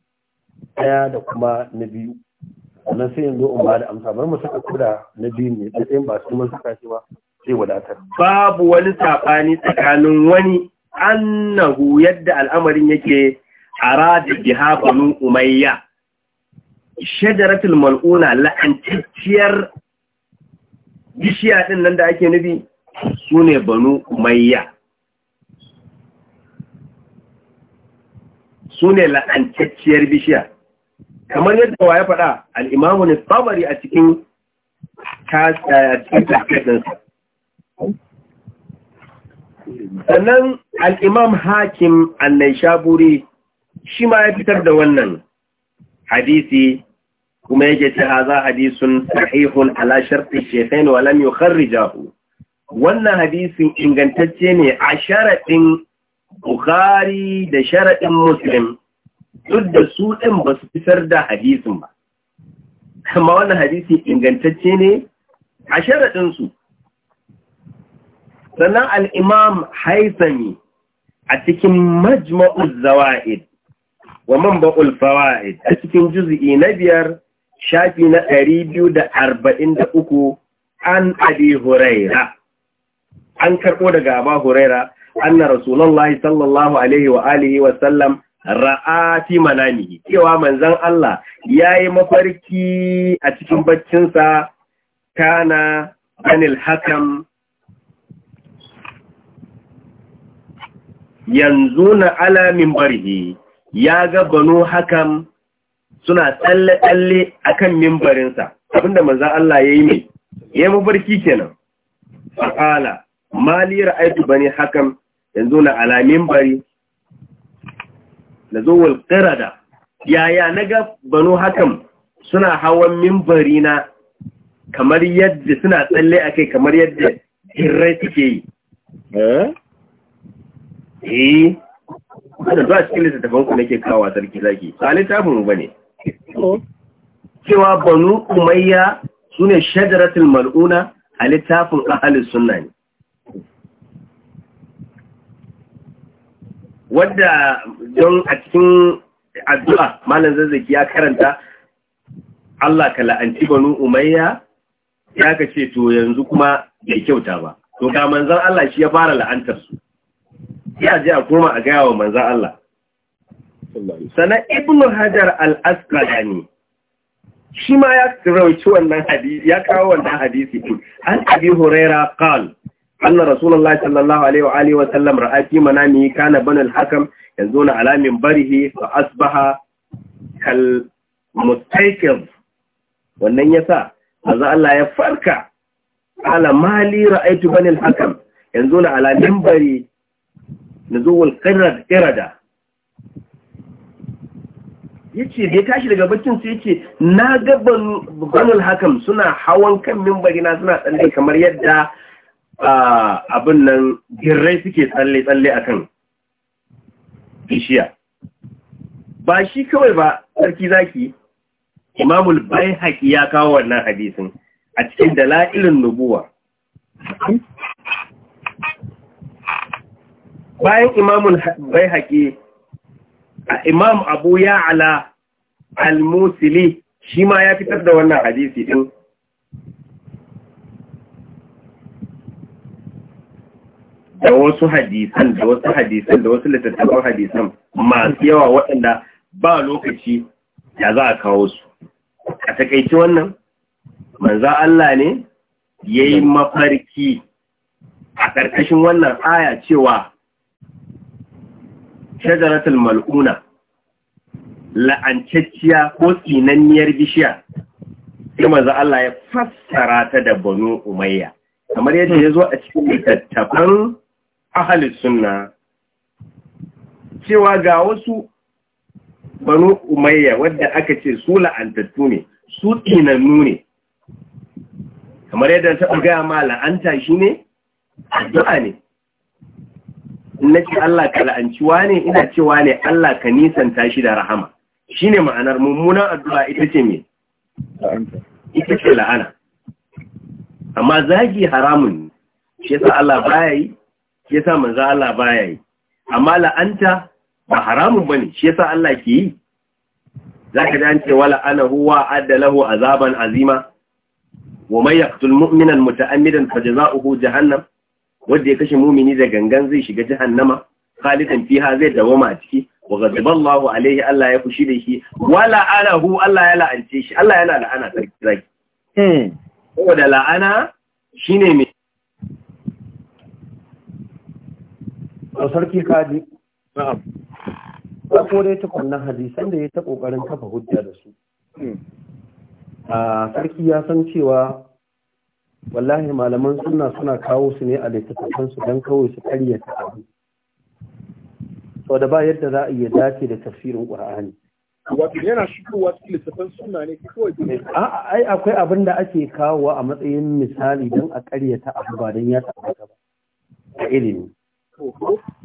ɗaya da kuma na biyu sannan sai yanzu umma da amsa bari mu saka kuda na biyu ne da ɗayan ba su kuma saka shi ba sai wadatar babu wani sabani tsakanin wani annahu yadda al'amarin yake a biha banu umayya shajaratul mal'una la'antacciyar bishiya din nan da ake nufi su ne banu umayya sune la'antacciyar bishiya kamar yadda wa ya faɗa al'imamu ne a cikin tafiyarsa sannan al'imam hakim annai shaburi shi ma ya fitar da wannan hadisi kuma yake ce haza hadisun sahihun ala sharfi shefain walam yi kharrijahu wannan hadisin ingantacce ne a sharaɗin bukhari da sharaɗin muslim duk da su ɗin ba su fitar da hadisin ba amma wannan hadisi ingantacce ne a sharaɗinsu sannan al'imam haisami a cikin majma'ul zawa'id wa ba’ul fawa'id a cikin juzi'i na biyar shafi na ɗari biyu da arba'in da uku an abi huraira an karɓo daga aba huraira anna rasulallah sallallahu alaihi wa alihi wa sallam ra'a fi manamihi cewa manzon Allah yayi mafarki a cikin baccinsa kana anil hakam yanzu na alamin barhi ya ga banu hakan suna tsalle-tsalle a kan mimbarinsa abinda manzan Allah ya yi mai ya mafarki kenan fa'ala mali ra'aitu bane hakan yanzu na alamin bari na zowal ƙirada yaya na ga banu hakan suna hawan mimbari na kamar yadda suna tsalle a kai kamar yadda hirrai suke yi eh da zuwa cikin littattafanku nake kawo sarki zaki ba littafin ba ne cewa banu umayya su ne shajaratul mal'una a littafin ahalin sunna ne wadda don a cikin addu'a malam zazzaki ya karanta Allah ka la'anci banu umayya ya ka ce to yanzu kuma bai kyauta ba to ga manzan Allah shi ya fara la'antar su ya je a koma a gaya wa manzan Allah sana ibn hajar al-asqalani shi ma ya rawaici wannan hadisi ya kawo wannan hadisi an abi huraira qal anna rasulullahi sallallahu alaihi wa alihi wa sallam ra'a fi manami kana banu al-hakam yanzuna ala minbarihi fa asbaha kal mustayqiz wannan yasa manzo Allah ya farka ala mali ra'aytu banu al yanzu yanzuna ala bari nuzul qirad qirada yace da tashi daga baccin sai yace na ga banul hakam suna hawan kan minbari na suna tsalle kamar yadda abin nan girrai suke tsalle-tsalle a kan bishiya ba shi kawai ba sarki zaki imamul bai haƙi ya kawo wannan hadisin a cikin la'ilin nubuwa bayan imamul bai haƙi imam abu ya ala al-musili shi ma ya fitar da wannan hadisi din da wasu hadisan da wasu hadisan da wasu littattafan hadisan masu yawa waɗanda ba lokaci da za a kawo su a takaici wannan manza Allah ne ya yi mafarki a ƙarƙashin wannan aya cewa shajaratul mal'una la'ancacciya ko tsinanniyar bishiya sai manza Allah ya fassara ta da banu umayya kamar yadda ya zo a cikin littattafan ahalis sunna cewa ga wasu banu umayya wadda aka ce su la'antattu ne su tsinannu ne kamar yadda ta gaya ma la'anta shi ne addu'a ne na ce Allah ka la'anciwa ne ina cewa ne Allah ka nisanta shi da rahama shi ne ma'anar mummunan addu'a ita ce me ita ce la'ana amma zagi haramun shi yasa Allah baya yi shi yasa manzo Allah baya yi amma la'anta ba haramun bane shi yasa Allah ke yi zaka dan ce wala ana huwa adda azaban azima wa may yaqtul mu'mina muta'ammidan fajza'uhu jahannam wanda ya kashe mumini da gangan zai shiga jahannama khalidan fiha zai dawama a ciki wa ghadiba Allah alaihi Allah ya kushi da shi wala ana hu Allah ya la'ance shi Allah yana la'ana sarki zaki hmm. saboda la'ana shine mai sarki kaji na'am dai ta kwanan hadisan da ya ta kokarin kafa hujja da su hmm. a sarki ya san cewa wallahi malaman suna suna kawo su ne a littattafansu don kawai su karyata abu sau da ba yadda za a iya dace da tafsirin ƙur'ani wato yana shigowa cikin littattafan suna ne kawai a'a ai akwai abin da ake kawo a matsayin misali don a karyata abu ba don ya tabbata ba a ilimi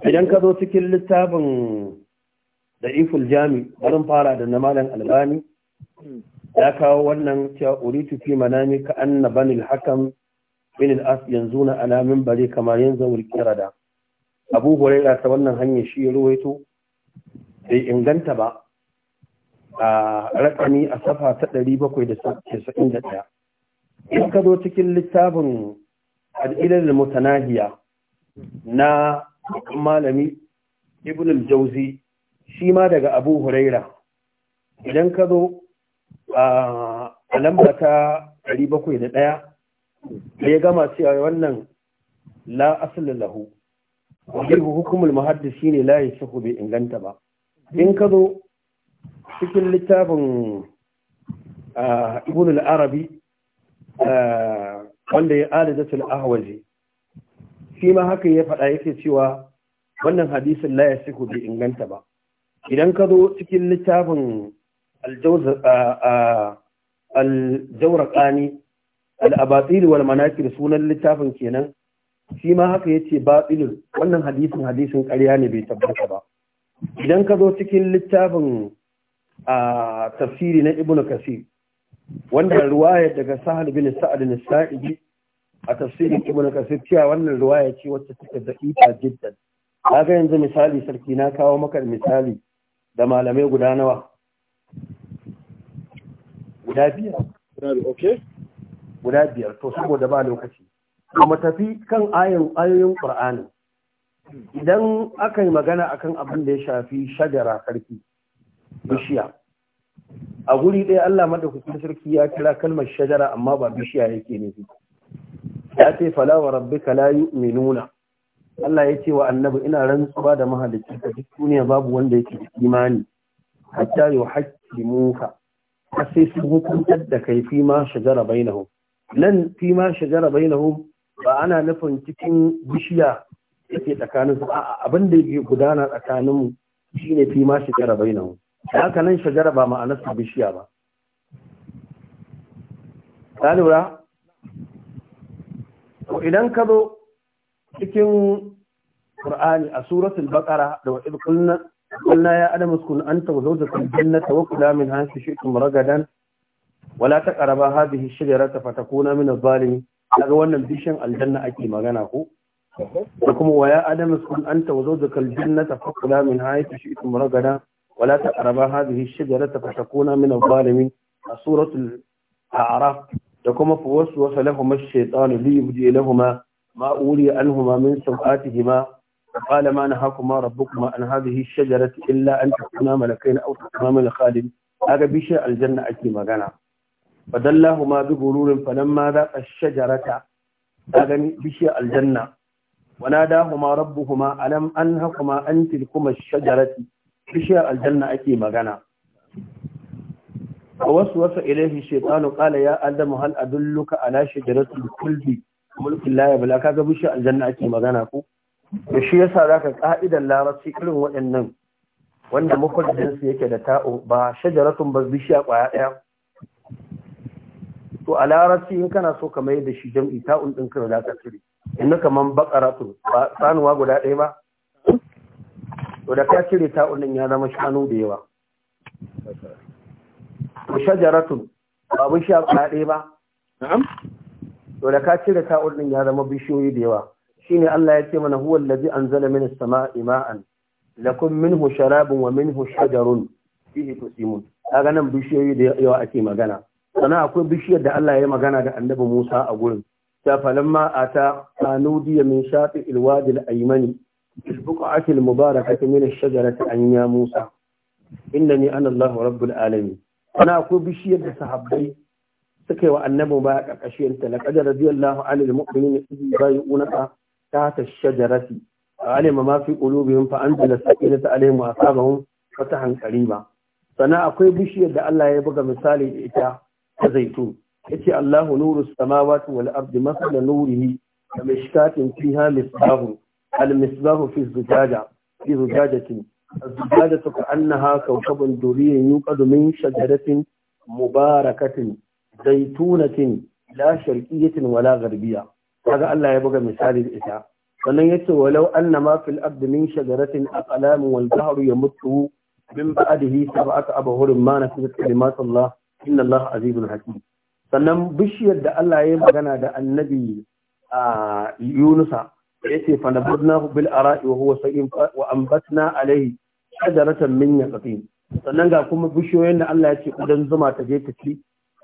idan ka zo cikin littafin da iful jami barin fara da namalan albani hmm. ya kawo wannan cewa uritu fi manami ka anna banil hakan bin al-as yanzu na alamin bare kamar yanzu wulkira da abu huraira ta wannan hanyar shi ya ruwaito bai inganta ba a rakami a safa ta da 791 in ka zo cikin littafin al'ilal mutanahiya na malami ibn al-jauzi shi ma daga abu huraira idan ka zo a lamba ta 701 ya gama cewa wannan la asli lahu wajihu hukumul muhaddisi ne la yasihu bai inganta ba in ka zo cikin littafin ibn al-arabi wanda ya adadatul ahwazi shi ma haka ya faɗa yake cewa wannan hadisin la siku bai inganta ba idan ka zo cikin littafin aljawraqani al wal manakir sunan littafin kenan shi ma haka yace batilul wannan hadisin hadisin ƙarya ne bai tabbata ba idan ka zo cikin littafin a tafsiri na ibnu kasir wanda ruwaya daga sahal bin sa'ad bin a tafsirin ibn kasir cewa wannan ruwaya ce wacce take da ita jiddan kaga yanzu misali sarki na kawo maka misali da malamai guda nawa guda biyar guda biyar to saboda ba lokaci kuma tafi kan ayin ayoyin qur'ani idan aka yi magana akan abin da ya shafi shagara sarki bishiya a guri ɗaya Allah madaukakin sarki ya kira kalmar shajara amma ba bishiya yake nufi ya ce fala wa rabbika la yu'minuna Allah ya ce wa annabi ina rantsuwa da mahalicci ka duk duniya babu wanda yake da imani hatta yuhaqqimuka har sai sun hukuntar da kai fi ma shajara bainahum nan fi ma shajara bainahum ba ana nufin cikin bishiya yake tsakanin su a'a abin da yake gudana tsakanin mu shine fi ma shajara bainahum haka nan shajara ba ma'anar bishiya ba ta lura idan ka zo cikin Qur'ani a suratul Baqara da wa'id qulna qulna ya adamu kun anta wa zawjaka al-jannata wa kula min hansi shi'tum ragadan wa la taqrabu hadhihi ash-shajarata fatakuna min adh-dhalimin kaga wannan bishin aljanna ake magana ko da kuma wa ya adamu kun anta wa zawjaka al-jannata fa kula min hansi shi'tum ragadan wa la taqrabu hadhihi ash-shajarata fatakuna min adh-dhalimin a suratul A'raf da kuma fuwasu wasa lahuma shaitanu liyubdi lahuma ma uri anhuma min sawatihima qala ma nahakuma rabbukuma an hadhihi shajarati illa an takuna malakayn aw takuna min khalid aga bishar aljanna ake magana fadallahuma bi gururin falamma da ash-shajarata aga bishar aljanna ونادهما ربهما ألم أنهكما أنت لكم الشجرة بشيء الجنة أتي مغنى wasu wasu, ilaihi shaitanu kala ya adamu hal adulluka ala shajaratul kulbi mulkin la yabla ka ga bushi aljanna ake magana ko da shi yasa zaka qa'idan larabci irin waɗannan wanda mukaddin yake da ta'u ba shajaratun ba bishi a kwaya daya to a larabci in kana so ka mai da shi jam'i ta'un din kana da ka tsire inna kaman baqaratu ba sanuwa guda daya ba to da ka tsire ta'un din ya zama shanu da yawa wa shajaratun abin sha ba ɗaya ba na'am to da ka cire ta'ul din ya zama bishiyoyi da yawa shine Allah ya ce mana huwa allazi anzala minas sama'i ma'an lakum minhu sharabun wa minhu shajarun fihi tusimun kaga nan bishiyoyi da yawa ake magana sannan akwai bishiyar da Allah ya magana ga annabi Musa a gurin ta falamma ata anudiya min shati alwadi alaymani البقعة المباركة من الشجرة أن يا موسى إنني أنا الله رب العالمين ana akwai bishiyar da sahabbai suka yi wa annabi baya karkashin ta laqad radiyallahu anil mu'minina idh yubayyi'unaka tahta ash-shajarati alima ma fi qulubihim fa anzala sakinata a sabon wata hankali ba. sana akwai bishiyar da Allah ya buga misali da ita ta zaitun yace Allahu nuru samawati wal ardi masala nurihi kamishkatin fiha misbahu al misbahu fi zujaja fi zujajatin الزبادة كأنها كوكب kauka يوقد من شجرة مباركة زيتونة لا شرقية ولا غربية هذا الله يبقى مثال الإساء sannan ya ce walau an na mafil abdu min shagaratin a kalamin wal zaharu ya mutu min a sab'atu abahurin ma na fi kalimatullah inna Allah azizul hakim sannan bishiyar da Allah ya magana da annabi a Yunusa ya ce bil ara'i wa huwa shajaratan min yaqtin sannan ga kuma bishiyoyin da Allah ya ce kudan zuma ta je ta ci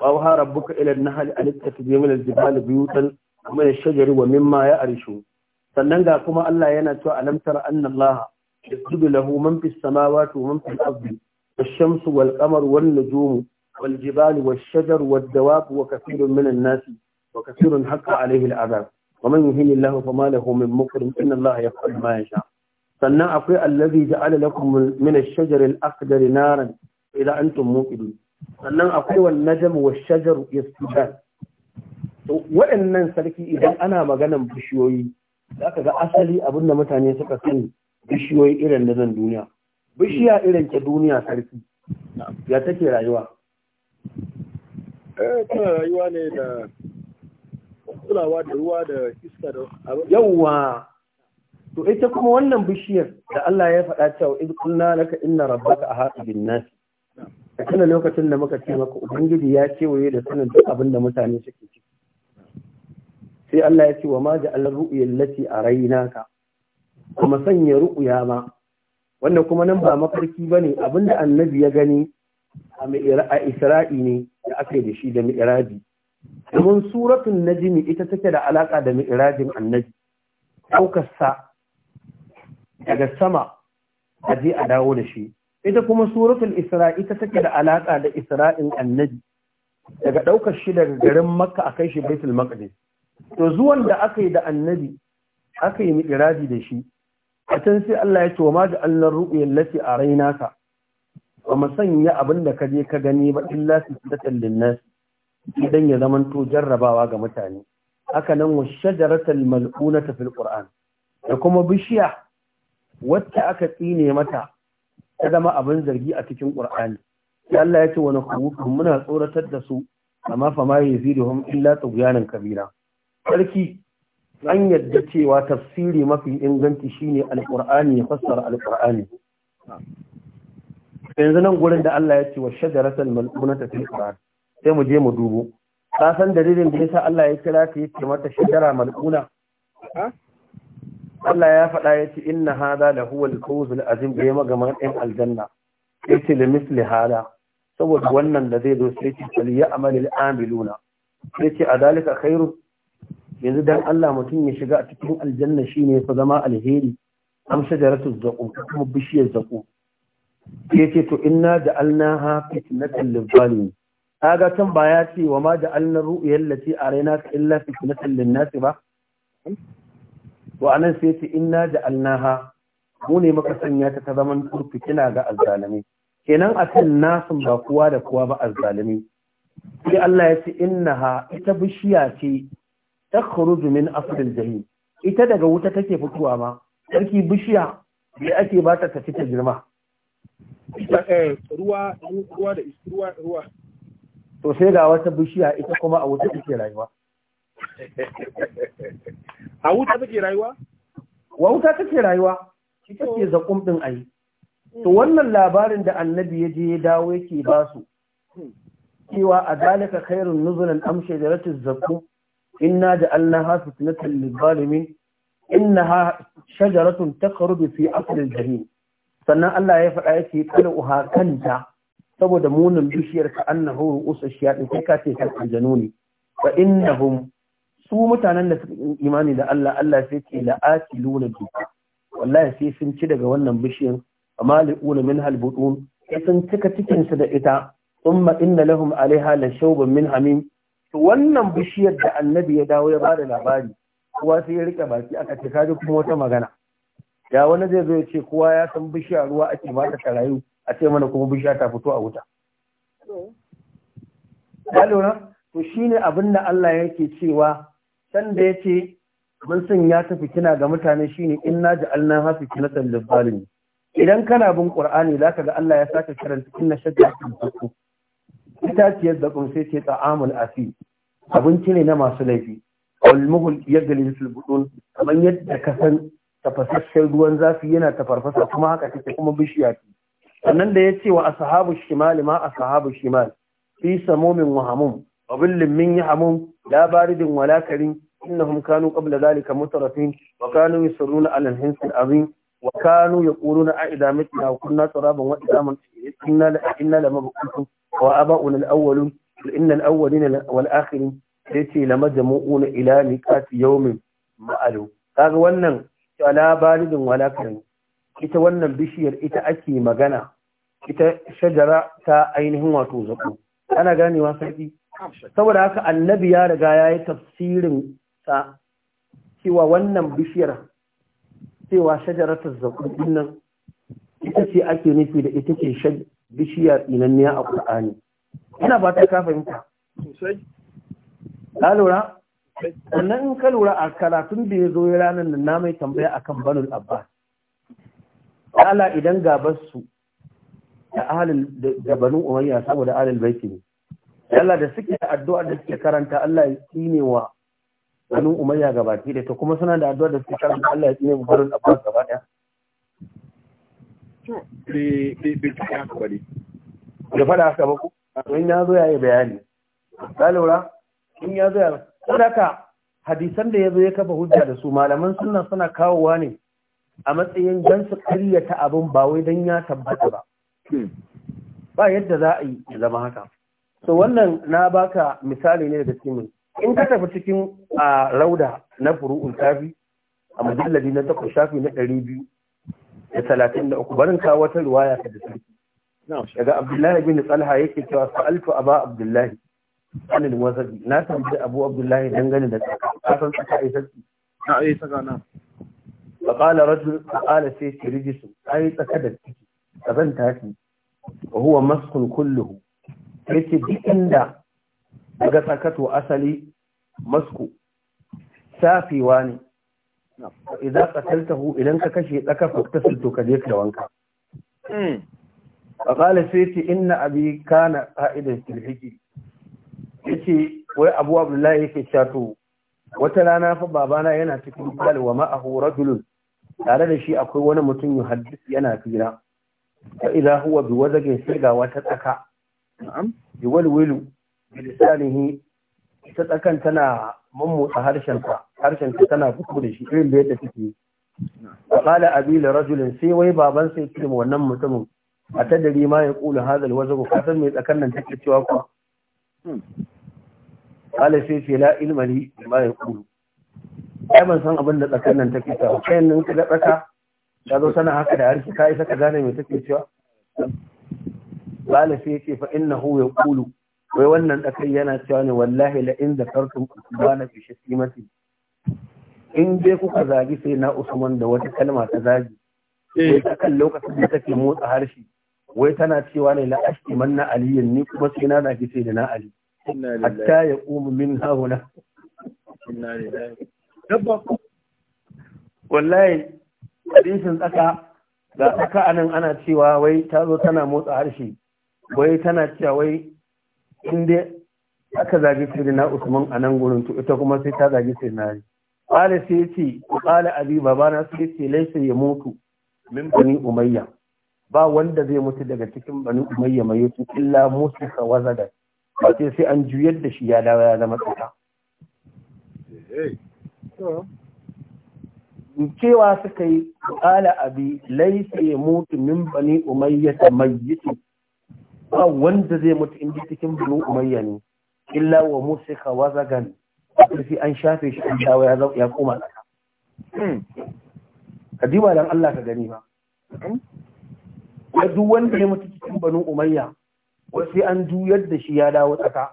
wa wa rabbuka ila an-nahl alitta tabi min al-jibal buyutan min ash-shajari wa mimma ya'rishu sannan ga kuma Allah yana cewa alam tara anna Allah yasjudu lahu man fis samawati wa man fil ardi wash-shamsu wal-qamaru wan-nujumu wal-jibalu wash-shajaru wad-dawabu wa kathirun min an-nas wa kathirun haqqo alayhi al-'adab ومن يهين الله فما له من مكرم إن الله يفعل ما يشاء sannan akwai allazi ja'ala lakum min ash-shajari al aqdar naran idan antum muqidun sannan akwai wal najm wash-shajaru yasjudan wa'annan sarki idan ana maganan bishiyoyi zaka ga asali abinda mutane suka sani bishiyoyi irin da zan duniya bishiya irin ke duniya sarki ya take rayuwa eh ta rayuwa ne da kulawa da ruwa da iska da yawwa to ita kuma wannan bishiyar da Allah ya faɗa cewa in qulna laka inna rabbaka ahata bin nas a kana lokacin da muka ce maka ubangiji ya kewaye da sanin duk abin da mutane suke ciki sai Allah ya ce wa ma ja'al ru'ya allati rainaka kuma sanya ru'ya ma wanda kuma nan ba mafarki bane abinda annabi ya gani a Isra'i ne da aka yi da shi da mi'raji domin suratul najmi ita take da alaka da miirajin annabi daukar sa daga sama a je a dawo da shi ita kuma suratul isra'i ita take da alaka da isra'in annabi daga ɗaukar shi daga garin makka a kai shi baitul maqdis to zuwan da aka yi da annabi aka yi miqraji da shi a can sai Allah ya ce wa ma ja'alna ru'ya a rainaka. Ba ma sanya abin da ka je ka gani ba illa fitatan linnas idan ya zamanto jarrabawa ga mutane haka nan wa shajaratal mal'unata fil qur'an da kuma bishiya wacce aka tsine mata ta zama abin zargi a cikin ƙur'ani sai Allah ya ce wani nakhufuhum muna tsoratar da su amma fa ma yaziduhum illa tughyanan kabira sarki an yadda cewa tafsiri mafi inganci shine alqur'ani ya fassara alqur'ani yanzu nan gurin da Allah ya ce wa shajaratul mal'unata fil qur'an sai mu je mu dubo ka san dalilin da yasa Allah ya kira ta yake mata shajara mal'una Allah ya faɗa ya ce inna hada da huwa al-fawzul azim bai magaman 'yan aljanna yace li misli hada saboda wannan da zai zo sai ce ya ya'malul amiluna yace adalika khairu yanzu dan Allah mutum ya shiga a cikin aljanna shine fa zama alheri am shajaratu zaqum kuma bishiyar zaqum yace to inna ja'alnaha fitnatan lil kaga can ba ya ce wa ma ja'alna ru'yal a arayna illa fitnatan lin ba to anan sai ce inna ja'alnaha mu ne muka sanya ta ta zaman kina ga azzalimi kenan a kan nasin ba kowa da kowa ba azzalimi sai Allah ya ce innaha ita bishiya ce ta khuruju min asril jahim ita daga wuta take fitowa ma sarki bishiya da ake ba ta tafi ta girma eh, ruwa ruwa da ruwa ruwa to sai ga wata bishiya ita kuma a wuta take rayuwa a wuta take rayuwa wa wuta take rayuwa shi take zakum to hmm. wannan labarin da annabi ya je ya dawo yake ba su hmm. cewa a zalika khairun nuzulan am shajaratu zakum inna ja'alnaha fitnatan lil zalimin innaha shajaratun takardu fi asli al jahim sannan Allah ya faɗa yake kana uha kanta saboda munin bishiyar ka annahu ru'usu shayatin kai ka ce kan aljanu ne fa innahum su mutanen da suka imani da Allah Allah sai ce la'atilu na duka wallahi sai sun ci daga wannan bishiyar, amma li'una min halbutun sai sun cika cikin su da ita umma inna lahum alaiha la shawban min hamim to wannan bishiyar da annabi ya dawo ya bada labari kowa sai ya rike baki aka ce kaje kuma wata magana da wani zai zo ya ce kowa ya san bishiya ruwa ake ba ta rayu a ce mana kuma bishiya ta fito a wuta ya lura to shine abin da Allah yake cewa sanda ya ce mun sun ya tafi kina ga mutane shine inna ja'alna hafi kina lil idan kana bin qur'ani zaka ga Allah ya saka karanta inna shajjatin fasu itaciyar da kun sai ce ta'amul afi abinci ne na masu laifi almuhul yagali fil budun kamar yadda ka san tafasasshen ruwan zafi yana tafarfasa kuma haka take kuma bishiya ce sannan da ya ce wa ashabu shimali ma ashabu shimal fi samumin wa wabillin min yi hamun labaridin walakarin innahum kanu qabla zalika mutarafin wa kanu yusurruna alal hinsin abin wa kanu yaquluna a idza mitna wa kunna turaban wa idaman inna la inna la mabqutu wa abaun al awwalun inna al awwalin wal akhirin yati la majmuun ila miqati yawmin ma'alu kaga wannan labaridin walakarin ita wannan bishiyar ita ake magana ita shajara ta ainihin wato zaku ana ganewa sai saboda haka annabi ya riga ya yi tafsirin sa cewa wannan bishiyar cewa shajaratar zaƙuɗin nan ita ce ake nufi da ita ce bishiyar inanniya a ƙur'ani ina ba ta ka fahimta ka lura sannan in ka lura a karatun da ya zo ya ranar nan na mai tambaya a kan banul Abba, ala idan gabar su da ahalin da banu umariya saboda ahalin baiti ne yalla da suke addu'a da suke karanta Allah ya tsine wa ganin umayya gabaki da ta kuma suna da addu'a da suke karanta Allah ya tsine wa barin abbas gaba daya ya faɗa haka ba ku in ya zo ya yi bayani ta lura in ya zo ya sadaka hadisan da ya zo ya kafa hujja da su malaman suna suna kawowa ne a matsayin don su karyata abin ba wai don ya tabbata ba hmm. ba yadda za a yi zama haka to wannan na baka misali ne da cikin in ka tafi cikin a rauda na furu'un tafi a mujalladi na takwas shafi na ɗari biyu da talatin da uku barin kawo wata ruwaya ka da sarki daga abdullahi bin tsalha yake cewa a aba abdullahi da wasabi na tambayi abu abdullahi dangane da kasan tsaka ai sarki na yi eh, tsaka na فقال رجل yi tsaka رجس أي تكدت أبن تاتي وهو maskun كله yake duk inda daga sakato asali masku safewa ne idan hu idan ka kashe tsaka su to ka je ka wanka فقال hmm. سيتي inna أبي كان ka'idar في Ya yace wai abu abdullahi yake to wata rana fa babana yana cikin bal wa ma'ahu rajulun tare da shi akwai wani mutum ya yana fira fa idza huwa bi wazagin sai ga wata tsaka na'am yuwalwilu bi lisanihi ita tsakan tana mummutsa harshen harshenta tana fito da shi irin da yadda take qala abi li rajulin sai wai baban sai ce wannan mutumin a tadari ma ya kula hadal wazabu ka san me tsakan nan take cewa ko qala sai ce la ilma li ma ya kula ai ban san abin da tsakan nan take cewa kai nan ka tsaka ka zo sana haka da harshe ka isa ka gane me take cewa bala sai yace fa innahu yaqulu wai wannan da kai yana cewa ne wallahi la in zakartum usmana fi shatimati in dai kuka zagi sai na usman da wata kalma ta zagi eh. sai ta kan lokacin da take motsa harshe wai tana cewa ne la manna Ali, ni kuma sai na zagi sai da na ali hatta ya qumu min hauna inna wallahi hadisin tsaka ga tsaka anan ana cewa wai tazo tana motsa harshe wai tana cewa wai in dai aka zagi sai na usman a nan gurin to ita kuma sai ta zagi sai na ali qala sai ce qala abi babana sai ce laisa ya mutu min bani umayya ba wanda zai mutu daga cikin bani umayya mai yace illa ka wazada ba sai sai an juyar da shi ya dawo ya zama tsaka cewa suka yi ƙala abi laisa ya mutu min bani umayya ta mayyitu ba wanda zai mutu in cikin bulu umayya ne illa wa musika wa zagan sai an shafe shi an dawo ya ya koma tsaka ba dan Allah ka gani ba ya duk wanda ya mutu cikin banu umayya wasu an juyar da shi ya dawo tsaka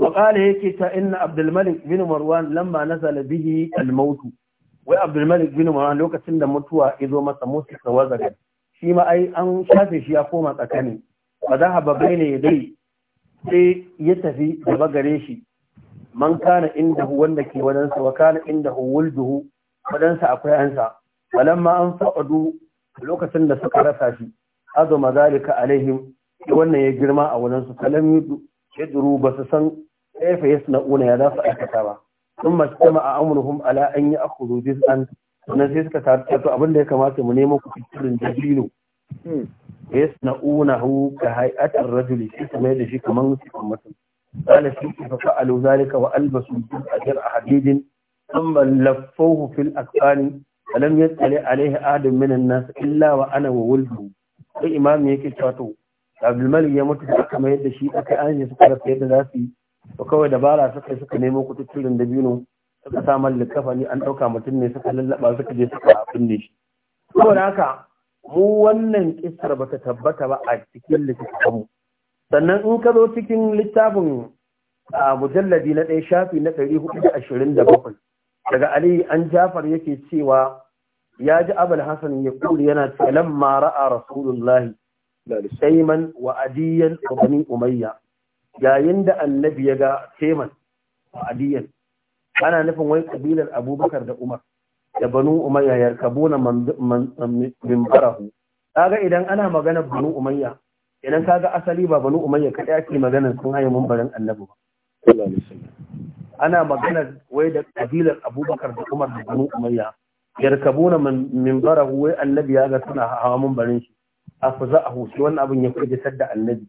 وقال هيك إن عبد الملك بن مروان لما نزل به الموت وعبد الملك بن مروان لو كتن متوا إذا ما تموت سوازا shi ma ai an shafe shi ya koma tsakanin ba za ha babai ne dai sai ya tafi gaba gare shi man kana inda hu wanda ke wadansa wa kana inda hu wulduhu wadansa akwai ansa walamma an fa'adu lokacin da suka rasa shi azuma zalika alaihim wannan ya girma a wadansu falam yadru ba su san kaifa yasna'una ya za su aikata ba ثم اجتمع أمرهم ala أن يأخذوا جزءا sannan sai suka tafi to abin da ya kamata mu nemo ku fitirin dabino hmm. ya sana'una hu ka hay'atar rajuli sai ta mai da shi kamar mutum mutum qala fi fa fa'alu zalika wa albasu ajr ahadidin thumma laffuhu fil aqani alam yattali alayhi ahadun min an-nas illa wa ana wa wuldu sai imami yake cewa to Abdul Malik ya mutu aka mai da shi aka an suka rasa yadda za su yi to kawai dabara suka suka nemo kututturin dabino suka sa man an ɗauka mutum ne suka lallaba suka je suka binne shi saboda haka mu wannan kisar bata tabbata ba a cikin littafin sannan in ka zo cikin littafin a mujalladi na ɗaya shafi na ɗari hudu da ashirin da bakwai daga ali an jafar yake cewa ya ji abul Hassan ya kuri yana ce lamma ra'a rasulullahi saiman wa adiyan umayya yayin da annabi ya ga taiman wa adiyan ana nufin wai kabilar abubakar da umar da banu umayya yarkabuna min barahu kaga idan ana magana banu umayya idan kaga asali ba banu umayya kadai ake magana sun haye mumbarin annabi ba ana magana wai da kabilar abubakar da umar da banu umayya yarkabuna min barahu wai annabi ya ga suna hawa mumbarin shi afza'ahu shi wannan abin ya furgitar da annabi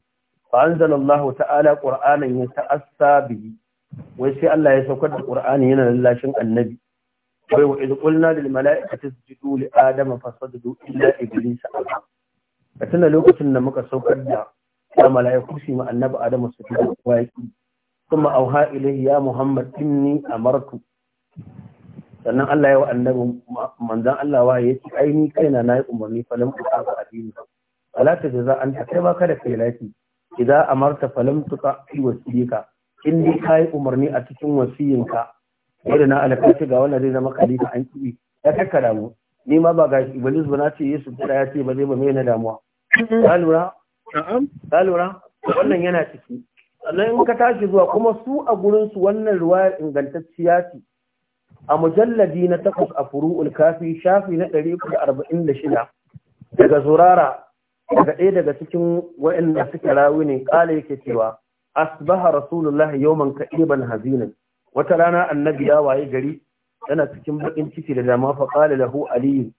fa anzalallahu ta'ala qur'anan yata'assa bihi wai sai Allah ya saukar da Qur'ani yana lallashin annabi wai wa idh qulna lil mala'ikati isjudu li adama fasajadu illa iblis aba ka tuna lokacin da muka saukar da da mala'iku shi ma annabi adamu su fi waki kuma auha ilayhi ya muhammad inni amartu sannan Allah ya wa annabi manzon Allah wa yace ai ni kaina nayi umarni fa lam uqa addini ala tajza anta kai ba kada kai laifi idza amarta lam tuqa fi wasiyika in dai ka yi umarni a cikin wasiyinka da na alakaci ga wannan zai zama khalifa an kibi ya kakka damu ni ma ba ga iblis ba na ce yesu kira ya ce ba zai ba mai na damuwa ka lura ka lura wannan yana ciki sannan in ka tashi zuwa kuma su a gurin su wannan ruwa ingantacciya ce a mujalladi na takwas a furu'ul kafi shafi na ɗari da arba'in da shida daga zurara daga ɗaya daga cikin waɗanda suka rawi ne ƙala yake cewa asbaha rasulullahi yawman ka'iban hazina. wata rana annabi ya waye gari yana cikin bakin ciki da dama fa qala lahu ali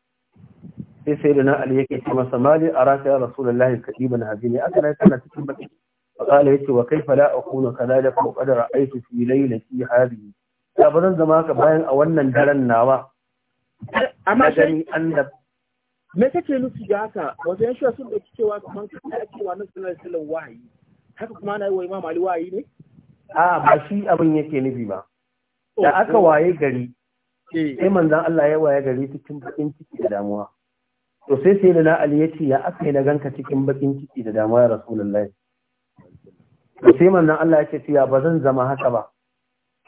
sai sai da na ali yake ce masa mali araka ya rasulullahi ka'iban hazini aka nan kana cikin bakin fa qala yace wa kaifa la akunu kadhalika wa qad ra'aytu fi laylati hadhihi ya bazan zama ka bayan a wannan daren nawa amma gani annab me kake nufi da haka wajen shi sun da cewa kaman kana cewa nan sallallahu alaihi wasallam wahayi haka kuma na yi wa imam ali wayi ne a ba shi abin yake nufi ba da oh, aka oh. waye gari eh. sai manzan Allah ya waye gari cikin bakin ciki da damuwa to sai sai da na ali ya ce ya aka yi na ganka cikin bakin ciki da damuwa ya rasulullahi to sai manzan Allah ya ce ya ba zan zama haka ba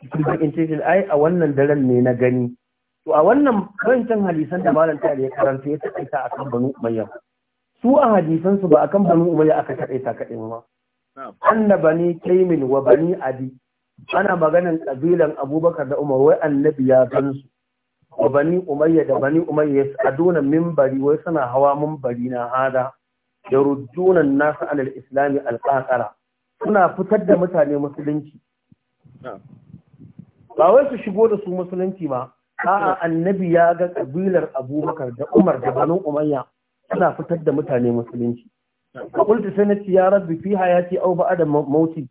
cikin bakin ciki ai a wannan daren ne na gani to a wannan bayancin hadisan da malam ta ya karanta ya taƙaita akan banu umayya su a hadisansu ba akan banu umayya aka taƙaita kaɗai ba anna bani taimin wa bani adi ana maganan kabilan abubakar da umar wai annabi ya gansu wa bani umayya da bani umayya aduna minbari wai suna hawa minbari na hada da rujunan nasu alal islami alƙaƙara suna fitar da mutane musulunci ba wai su shigo da su musulunci ba a'a annabi ya ga kabilar abubakar da umar da bani umayya suna fitar da mutane musulunci fakultu sai na ci ya rabbi fi ce au ba da mauti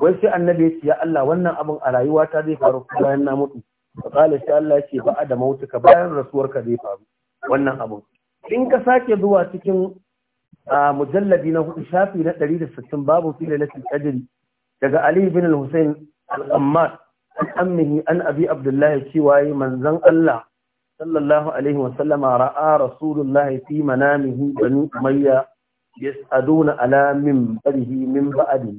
wai sai annabi ya ce ya Allah wannan abin a rayuwa ta zai faru bayan na mutu kala sai Allah ya ce ba da mauti ka bayan rasuwarka zai faru wannan abin in ka sake zuwa cikin a mujalladi na hudu shafi na 160 babu fi lailatul qadri daga Ali bin al-Husayn al-Ammar an ammihi an abi abdullahi cewa yi manzon Allah sallallahu alaihi wa sallama ra'a rasulullahi fi manamihi bani umayya yas'aluna ala min barihi min ba'di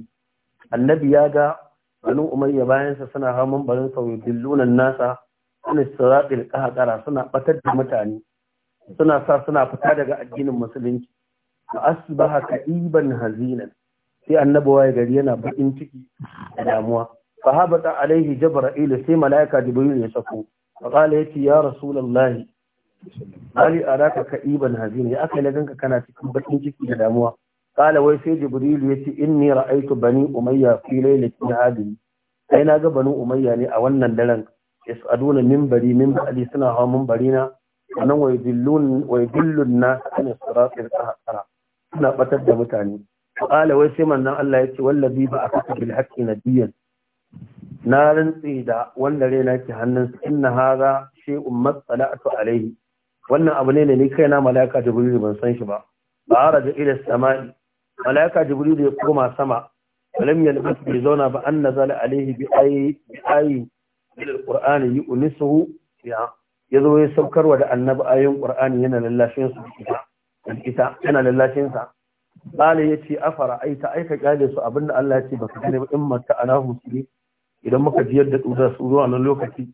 annabi ya ga Umar umayya bayansa suna haman barin sa yudillunan nasa an siratil qahqara suna batar da mutane suna sa suna fita daga addinin musulunci fa asbaha kaiban hazinan sai annabi waye gari yana bakin ciki da damuwa fa habata alaihi jibril sai malaika jibril ya sako fa qala yati ya rasulullahi a araka ka iban hazin ya aka ka kana cikin bakin ciki da damuwa qala wai sai jibril yace inni ra'aytu bani umayya fi lailatin hadhihi sai na ga bani umayya ne a wannan daren yas'aluna minbari min ba'li suna hawa bari na anan wa yudillun wa yudillun nas an siratil qahara suna batar da mutane qala wai sai manzon Allah yace wallazi ba akata bil haqqi nabiyyan na rantsi da wanda raina ke hannunsa inna hadha shay'un matsala'atu alaihi wannan abu ne ni kai na malaka jibrilu ban san shi ba ba araja ila samai malaka jibrilu ya koma sama lam yalbas bi zauna ba an nazala alayhi bi ayi bi ayi min alquran yunisuhu ya zo ya saukarwa da annabi ayin qur'an yana lallashin su ita ya ce lallashin sa bale yace afara aita aika gale su abinda Allah yace baka gane ba in makka anahu sire idan muka jiyar da tsuda su zuwa na lokaci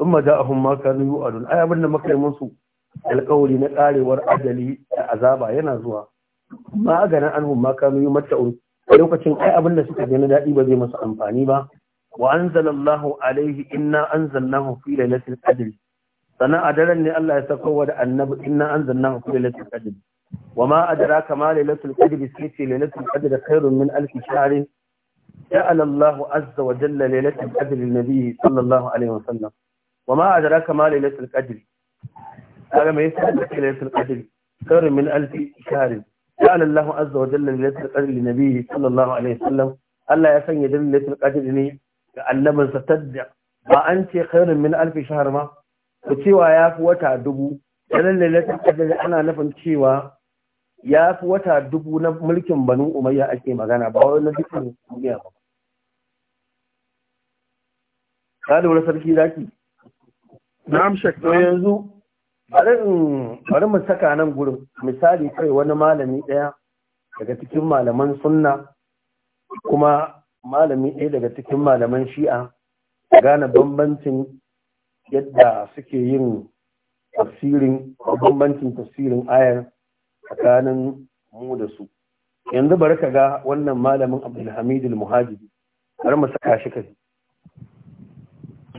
in ma ja'ahum ma kanu yu'adun ai abinda makai musu alkawari na karewar ajali da azaba yana zuwa ma ganin an humma kanu yi mata'un lokacin ai abin da suka gani daɗi ba zai masu amfani ba wa anzalallahu alaihi inna anzalnahu fi lailatul qadr sana a ne Allah ya sako wa da annabi inna anzalnahu fi lailatul qadr wa ma adraka ma lailatul qadr sai ce lailatul qadr khairun min alf shahr ja'ala Allah azza wa jalla lailatul qadr lin nabiy sallallahu alaihi wa sallam. wa ma adraka ma lailatul qadr kaga me yasa da kila yasul qadr sirr min alf shahr ja'ala Allah azza wa jalla lailatul qadr li nabiyhi sallallahu alaihi wasallam Allah ya sanya lailatul qadr ne ga annaban sa tadda ba an ce khairun min alf shahr ma ko cewa ya fi wata dubu dan lailatul qadr ana nufin cewa ya fi wata dubu na mulkin banu umayya ake magana ba wai na dukkan duniya ba ka wani sarki zaki na'am shek to yanzu bari mu saka nan gurin misali kai wani malami ɗaya daga cikin malaman sunna kuma malami ɗaya daga cikin malaman shi'a gane bambancin yadda suke yin tafsirin bambancin tafsirin ayar tsakanin mu da su yanzu bari ka ga wannan malamin abdulhamid al-muhajiri bari mu saka shi kai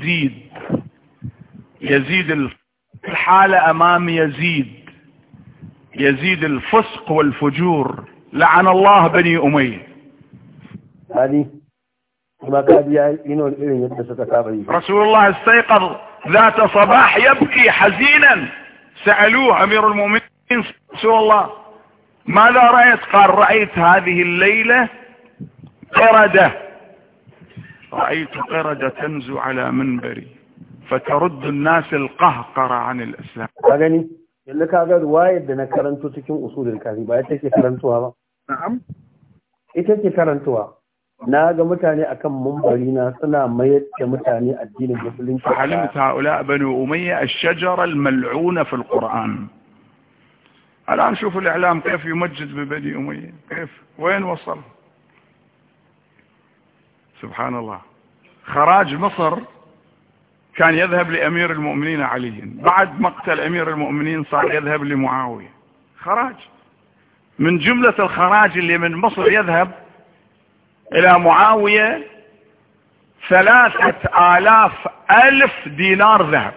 yazid yazid الحالة امام يزيد يزيد الفسق والفجور لعن الله بني اميه هذه ما كان رسول الله استيقظ ذات صباح يبكي حزينا سألوه أمير المؤمنين رسول الله ماذا رأيت قال رأيت هذه الليلة قردة رأيت قردة تنزو على منبري فترد الناس القهقر عن الإسلام أغني إنك هذا وايد أنا كرنتو تكون أصول الكاذبة إتكي كرنتوها ما نعم إتكي إيه كرنتوها نا جمتاني أكم ممبرينا سنا ميت جمتاني الدين المسلم فعلمت هؤلاء بنو أمية الشجرة الملعونة في القرآن الآن شوفوا الإعلام كيف يمجد ببني أمية كيف وين وصل سبحان الله خراج مصر كان يذهب لأمير المؤمنين علي بعد مقتل أمير المؤمنين صار يذهب لمعاوية خراج من جملة الخراج اللي من مصر يذهب إلى معاوية ثلاثة آلاف ألف دينار ذهب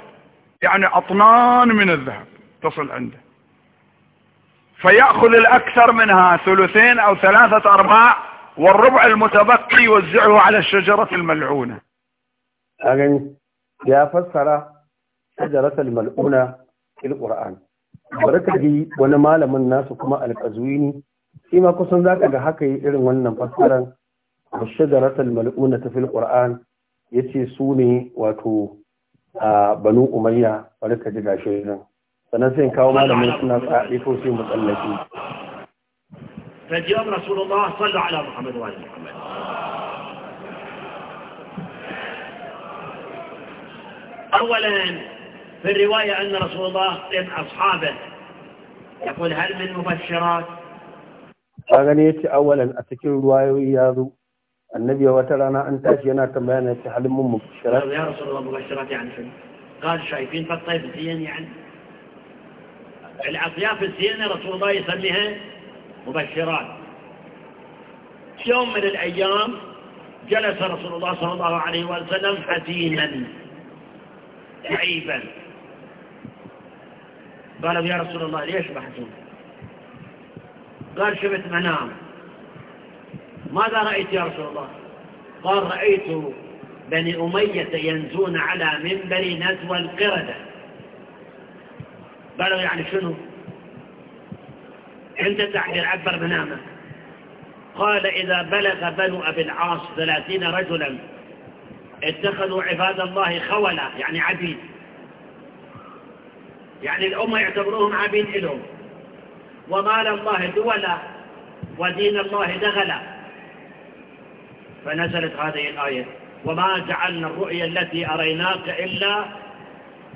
يعني أطنان من الذهب تصل عنده فيأخذ الأكثر منها ثلثين أو ثلاثة أرباع والربع المتبقي يوزعه على الشجرة الملعونة ya fassara shajaratul mal'una fil qur'an bari ji wani malamin nasu kuma alqazwini shi ma kusan zaka ga haka yi irin wannan fassaran shajaratul mal'una ta fil qur'an yace su ne wato a banu umayya bari ka ji gashi nan sannan sai kawo malamin suna tsadi ko sai mu tsallake فجاء رسول الله صلى على محمد وعلى محمد أولا في الرواية أن رسول الله قم أصحابه يقول هل من مبشرات أغنيت أولا أتكين رواية ياذو النبي وترانا أن تأتي أنا تنبيانا يتحلم من مبشرات يا رسول الله مبشرات يعني شنو قال شايفين فالطيب الزين يعني الأطياف الزينة رسول الله يسميها مبشرات في يوم من الأيام جلس رسول الله صلى الله عليه وسلم حزينا شعيبا قالوا يا رسول الله ليش بحثون قال شفت منام ماذا رأيت يا رسول الله قال رأيت بني أمية ينزون على منبر نزوى القردة قالوا يعني شنو عند تحرير عبر منامه قال إذا بلغ بنو أبي العاص ثلاثين رجلا اتخذوا عباد الله خولة يعني عبيد يعني الأمة يعتبروهم عبيد لهم ومال الله دولا ودين الله دغلا فنزلت هذه الآية وما جعلنا الرؤيا التي أريناك إلا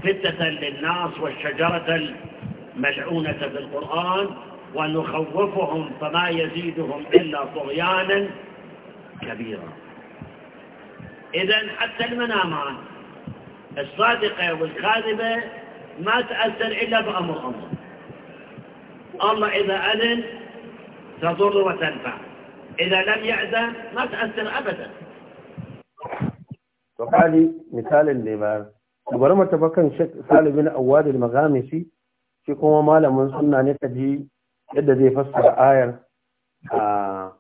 فتة للناس والشجرة الملعونة في القرآن ونخوفهم فما يزيدهم إلا طغيانا كبيرا اذا حتى المنامات الصادقة والكاذبة ما تأثر إلا بأمر الله الله إذا أذن تضر وتنفع إذا لم يأذن ما تأثر أبدا وحالي مثال الليبار وبرما تبقى شك سالي بين أواد المغامسي في كوما مالا من سنة نتجي يدى دي فصل آير آه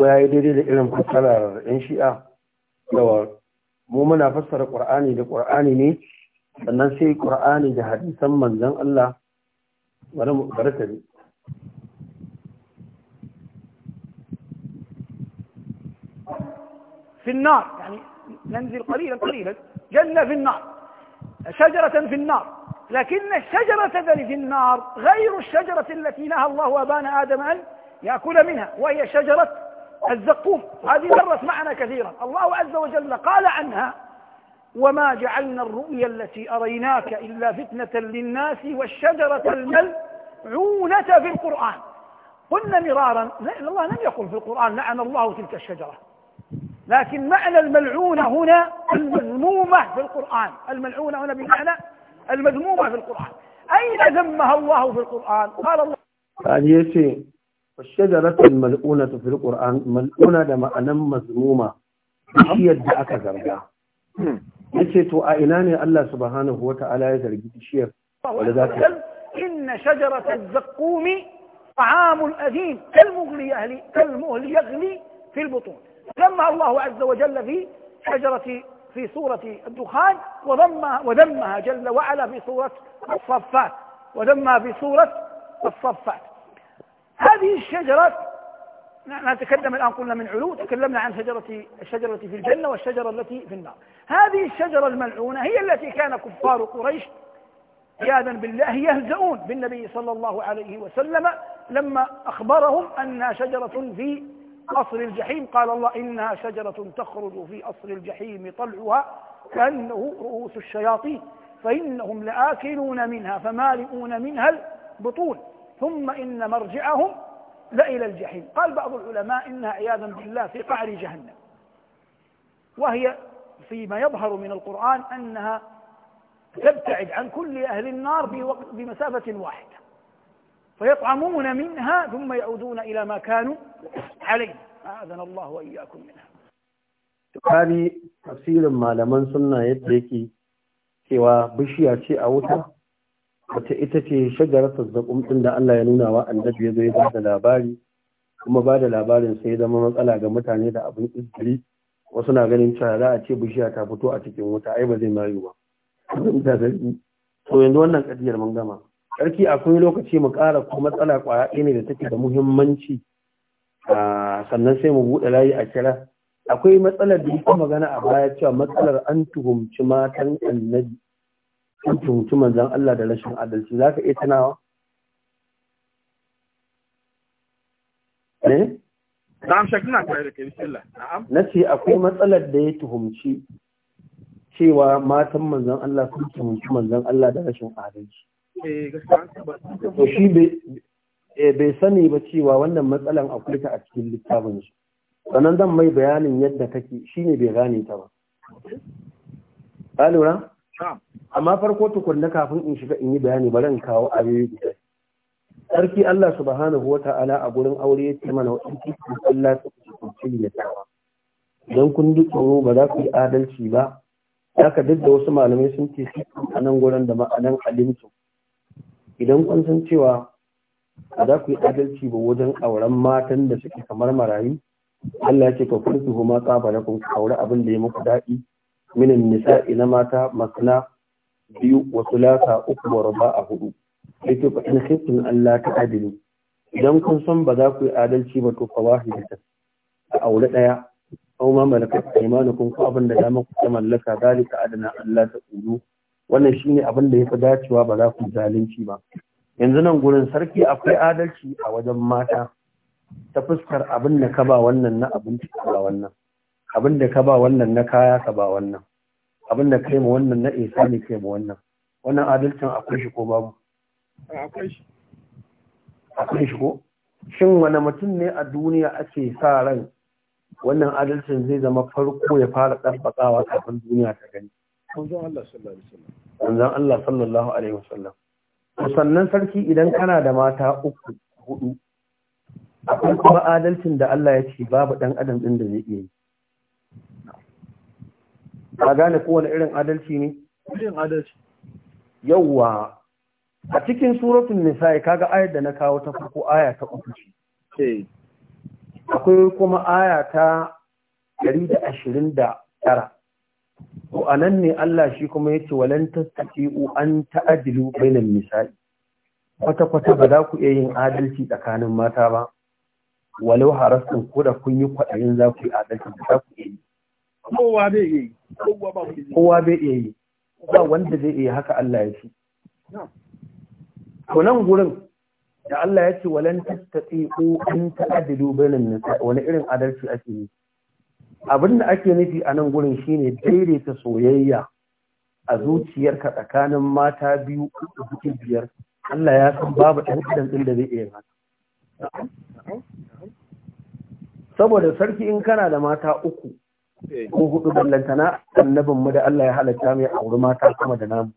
ويا يدري لإلم كتلر إنشي yawa mu muna fassara qur'ani da qur'ani ne sannan sai qur'ani da hadisan manzon Allah bari mu في النار يعني ننزل قليلا قليلا جنة في النار شجرة في النار لكن الشجرة التي في النار غير الشجرة التي نهى الله أبان آدم أن يأكل منها وهي شجرة الزقوم هذه مرت معنا كثيرا الله عز وجل قال عنها وما جعلنا الرؤيا التي أريناك إلا فتنة للناس والشجرة الملعونة في القرآن قلنا مرارا الله لم يقل في القرآن لعن الله تلك الشجرة لكن معنى الملعونة هنا المذمومة في القرآن الملعونة هنا بمعنى المذمومة في القرآن أين ذمها الله في القرآن قال الله قال الشجرة الملؤونة في القرآن ملؤونة لما أنا مزمومة هي الدعاء كذرها يسيت أعناني الله سبحانه وتعالى يزرق الشير ولذلك إن شجرة الزقوم طعام الأذين كالمغلي أهلي كالمغلي يغلي في البطون لما الله عز وجل في شجرة في سورة الدخان وذمها, وذمها جل وعلا في سورة الصفات وذمها في سورة الصفات هذه الشجرة نحن نتكلم الآن قلنا من علو تكلمنا عن شجرة الشجرة في الجنة والشجرة التي في النار هذه الشجرة الملعونة هي التي كان كفار قريش عياذا بالله يهزؤون بالنبي صلى الله عليه وسلم لما أخبرهم أنها شجرة في أصل الجحيم قال الله إنها شجرة تخرج في أصل الجحيم طلعها كأنه رؤوس الشياطين فإنهم لآكلون منها فمالئون منها البطون ثم إن مرجعهم لإلى الجحيم قال بعض العلماء إنها عياذا بالله في قعر جهنم وهي فيما يظهر من القرآن أنها تبتعد عن كل أهل النار بمسافة واحدة فيطعمون منها ثم يعودون إلى ما كانوا عليه أعاذنا الله وإياكم منها هذه تفسير ما لمن سنة yake سوى bishiya أوتا wata ita ce shagaratar zaƙum ɗin da Allah ya nuna wa annabi ya zo ya ba da labari kuma ba da labarin sai zama matsala ga mutane da abin izgiri wasu na ganin cewa za a ce bishiya ta fito a cikin wuta ai ba zai mayu ba to yanzu wannan kadiyar mun gama sarki akwai lokaci mu kara ko matsala ƙwaya ne da take da muhimmanci sannan sai mu buɗe layi a kira akwai matsalar da magana a baya cewa matsalar an tuhumci matan annabi kan tuhumci manzan Allah da rashin adalci za ka iya tunawa? ne? Eh? na'am shek na kare da kai bismillah Na ce akwai matsalar da ya tuhumci cewa matan manzan Allah sun tuhumci manzan Allah da rashin adalci eh shi eh, bai sani ba cewa wannan matsalan akwai ta a cikin littafin shi sannan zan mai bayanin yadda kake shine bai gane ta ba ka lura amma farko tukunna kafin in shiga in yi bayani bari in kawo ayoyi guda sarki Allah subhanahu wa ta'ala a gurin aure ya ce mana wa Allah kike Allah ta kuce tawa idan kun duk tsoro ba za ku yi adalci ba haka duk da wasu malamai sun ce shi a nan gurin da ma'anan alimtu idan kun san cewa ba za ku yi adalci ba wajen auren matan da suke kamar marayu Allah ya ce ka furfi huma tsaba na kun aure abin da ya muku daɗi minin nisa'i na mata makna biyu wa sulasa uku wa a hudu sai to in khiftum Allah ta adilu idan kun san ba za ku yi adalci ba to fawahidatan a aure daya aw ma malakat aymanukum ko abin da dama ku mallaka zalika adana Allah ta ulu wannan shine abin da yafi dacewa ba za ku zalunci ba yanzu nan gurin sarki akwai adalci a wajen mata ta fuskar abin da ka ba wannan na abinci ka ba wannan abin da ka ba wannan na kaya ka ba wannan abin da kai ma wannan na isa ne kai ma wannan wannan adalcin akwai shi ko babu akwai shi akwai shi ko shin wani mutum ne a duniya ake sa ran wannan adalcin zai zama farko ya fara ɗabbaƙawa kafin duniya ta gani manzon Allah sallallahu alaihi wasallam manzon Allah sallallahu alaihi wasallam sannan sarki idan kana da mata uku hudu akwai kuma adalcin da Allah ya ce babu dan adam din da zai iya yi ka gane kowane irin adalci ne irin adalci yawwa a cikin suratun nisa'i kaga ayar da na kawo ta farko aya ta uku ce eh. akwai kuma aya ta tara. to anan ne Allah shi kuma ya yace walan tastati'u an ta'dilu bainan nisa'i kwata kwata ba za ku iya yin adalci tsakanin mata ba walau harastun ko da kun yi kwaɗayin za ku yi adalci ba za ku iya yi kowa bai iya yi kowa iya yi ba wanda zai iya haka Allah ya ce to nan gurin da Allah ya ce walan tattaqi ku an ta'dilu bainan nisa wani irin adalci ake yi abin da ake nufi a nan gurin shine daidaita soyayya a zuciyarka tsakanin mata biyu uku biyar Allah ya san babu ɗan adam ɗin da zai iya haka saboda sarki in kana da mata uku ko hudu ballantana annabin mu da Allah ya halatta mai auri mata kuma da namu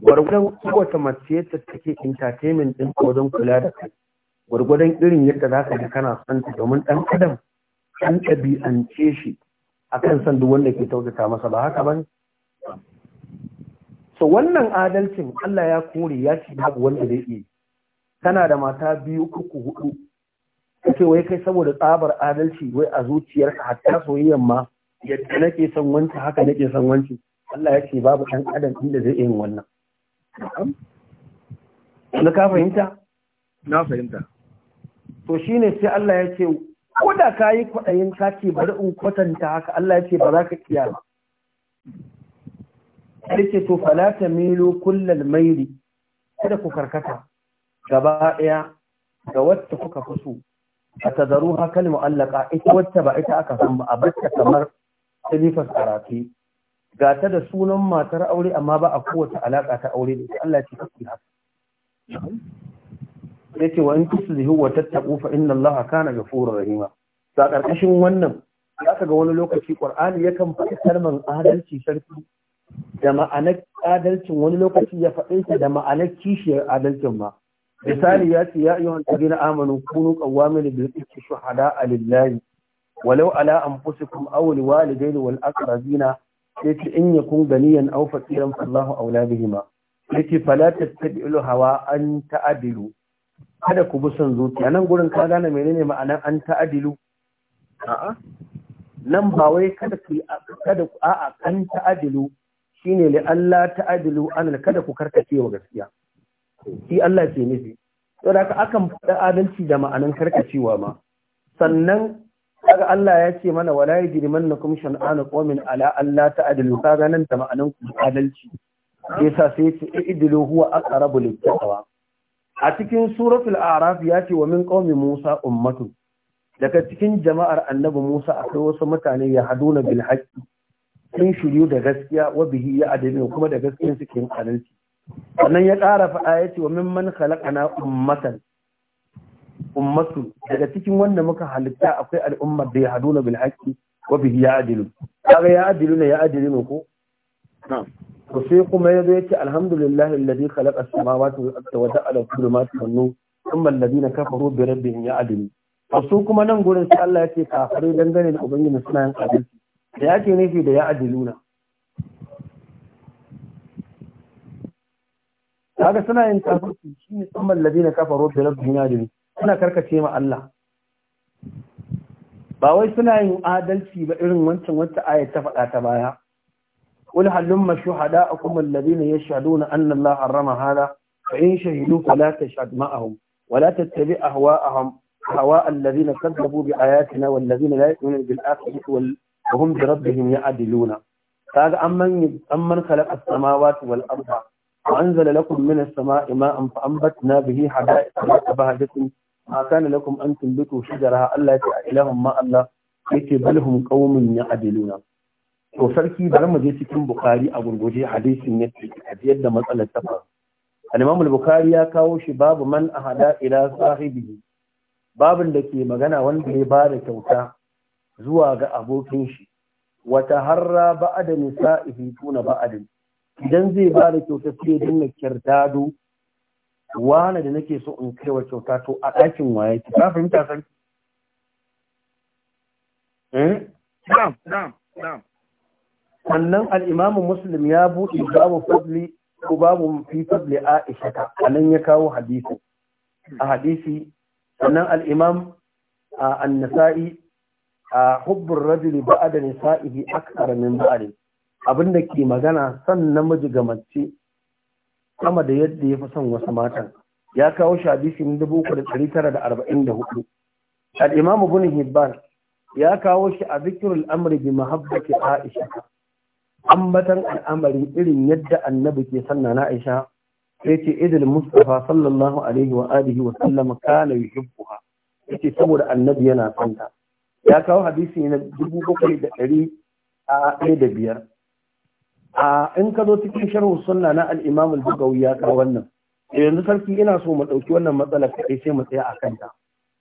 gwargwadon kowace mace yadda take entertainment din wajen kula da kai gwargwadon irin yadda za ka ji kana son ta domin dan adam an ɗabi'ance shi akan san duk wanda ke tautata masa ba haka ba ne so wannan adalcin Allah ya kore ya ce babu wanda zai iya kana da mata biyu uku hudu kace wai kai saboda tsabar adalci wai a zuciyarka hatta soyayyan ma yadda nake son wanci haka nake son wanci Allah ya ce babu ɗan adam inda zai yin wannan da ka fahimta na fahimta to shine sai Allah ya ce ko da ka yi kwaɗayin ka ce bari in kwatanta haka Allah ya ce ba za ka kiya ba sai ce to fala ta milo kullal maili kada ku karkata gaba ɗaya ga wacce kuka fi so a tazaru hakali allaka. ita wacce ba ita aka san ba a bacce kamar silifas karafi ga ta da sunan matar aure amma ba a kowace alaka ta aure da ita Allah ce kake haka yace wa in tuslihu wa tattaqu fa inna Allah kana ghafurur rahima ta ƙarƙashin wannan ka ga wani lokaci Ƙur'ani yakan faɗi kalmar adalci sarki da ma'anar adalcin wani lokaci ya faɗe da ma'anar kishiyar adalcin ma misali ya ce ya ayyuhan ladina amanu kunu qawamin bil qisti shuhada lillahi walau ala anfusikum aw liwalidayni wal aqrabina yace in yakun ganiyan aw faqiran fallahu awla bihima yace fala tattabi'u hawa an ta'dilu kada ku bi son zuciya nan gurin ka gane menene ma'anar an ta'dilu a'a nan ba wai kada ku kada a'a an ta'dilu shine li Allah ta'dilu an kada ku karkace wa gaskiya shi Allah ke nufi to da akan faɗa adalci da ma'anan karkacewa ma sannan kaga Allah ya ce mana wala yajrimannakum shan'anu qawmin ala alla ta'dilu kaga nan da ma'anan adalci yasa sai ce idilu huwa aqrabu lit-taqwa a cikin suratul a'raf ya ce wa min qaumi musa ummatu daga cikin jama'ar annabi musa akwai wasu mutane ya haduna bil haqqi sun shiryu da gaskiya wa bihi ya adalci kuma da gaskiya suke yin adalci sannan ya ƙara faɗa ya ce wa mimman na ummatan ummatu daga cikin wanda muka halitta akwai al'ummar da ya haduna bil haƙƙi wa bihi adilu kaga ya'dilu ne ya'dilu ko na'am to sai kuma yazo yace alhamdulillahi alladhi khalaqa as-samawati wal arda wa ja'ala al-zulumati wan nur amma alladhina kafaru bi rabbihim ya'dilu su kuma nan gurin sai Allah ce kafare dangane da ubangiji suna yin adalci da yake nufi da "Ya na". kaga suna yin tafarki shi ne tsamman labi na kafa rofe rabin ya suna karkace ma Allah ba wai suna yin adalci ba irin wancan wata ayat ta faɗa ta baya wani hallun mashu hada a kuma labi ya shaɗo na an nan Allah harama hada ka yin shahidu ka la ta shaɗi ma ahun wala ta a hawa a hawa allazi na kaddabu bi ayatina wallazi na layi tunan bil akhiri wal hum bi rabbihim ya'adiluna kaga an man an man khalaqa as-samawati wal ardha وأنزل لكم من السماء ماء فأنبتنا به حدائق ذات بهجة ما كان لكم أن تنبتوا شجرها ألا إلهم ما الله yake balhum qaumun ya'diluna to sarki bari mu je cikin bukhari a gurguje hadisin yake yadda matsalar ta faru al-imam bukhari ya kawo shi babu man ahada ila sahibihi babin da ke magana wanda ya bada kyauta zuwa ga abokin shi wata harra ba'da nisa'ihi tuna ba'adin idan zai ba da kyauta sai ya dinga kirdado wane da nake so in kai wa kyauta to a ɗakin waye ki ka fahimta san eh? sannan al'imamin muslim ya buɗe babu fadli ko babu fi fadli aisha ta a nan ya kawo hadisi a hadisi sannan al'imam a annasa'i a hubbun rajuli ba'ada nisa'ihi akthar min ba'adin abin da ke magana son namiji ga mace sama da yadda ya fi son wasu matan ya kawo shi hadisi na dubu uku da ɗari tara da arba'in da hudu al'imamu bin hibban ya kawo shi a zikirul amri bi mahabbati aisha ambatan al'amari irin yadda annabi ke sanna na aisha sai ce idil mustafa sallallahu alaihi wa alihi wa sallam kana yuhibbuha yace saboda annabi yana son ta ya kawo hadisi na dubu uku da ɗari a ɗaya da biyar a in ka zo cikin sharhu sunna na al-imam al-bugawi ya kawo wannan yanzu sarki ina so mu dauki wannan matsala kai sai mu tsaya akan ta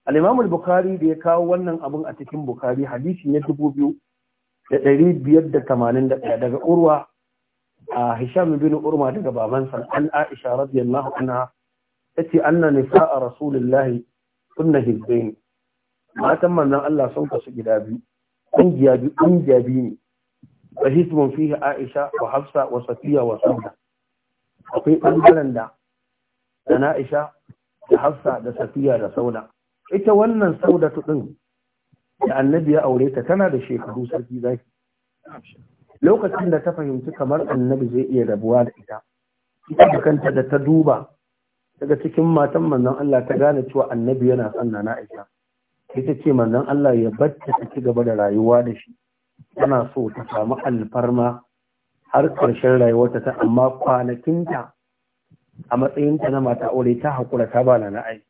al-imam bukhari da ya kawo wannan abun a cikin bukhari hadisi ne 2581 daga urwa a hisham bin urwa daga babansa an aisha radiyallahu anha tace anna nisaa rasulillahi kunna hizbain matan manzon Allah sun kasu gida biyu kungiya biyu kungiya biyu ne wa fihi Aisha wa Hafsa wa Safiya wa Sauda akwai ɓangaren da da Aisha da Hafsa da Safiya da Sauda ita wannan Sauda ɗin da annabi ya aure ta tana da shekaru sarki zaki lokacin da ta fahimci kamar annabi zai iya rabuwa da ita ita da kanta da ta duba daga cikin matan manzon Allah ta gane cewa annabi yana son na Aisha ita ce manzon Allah ya bacci ta ci gaba da rayuwa da shi tana so ta samu alfarma har ƙarshen rayuwarta ta amma kwanakinta a matsayinta na mata aure ta haƙura ta bana na ai.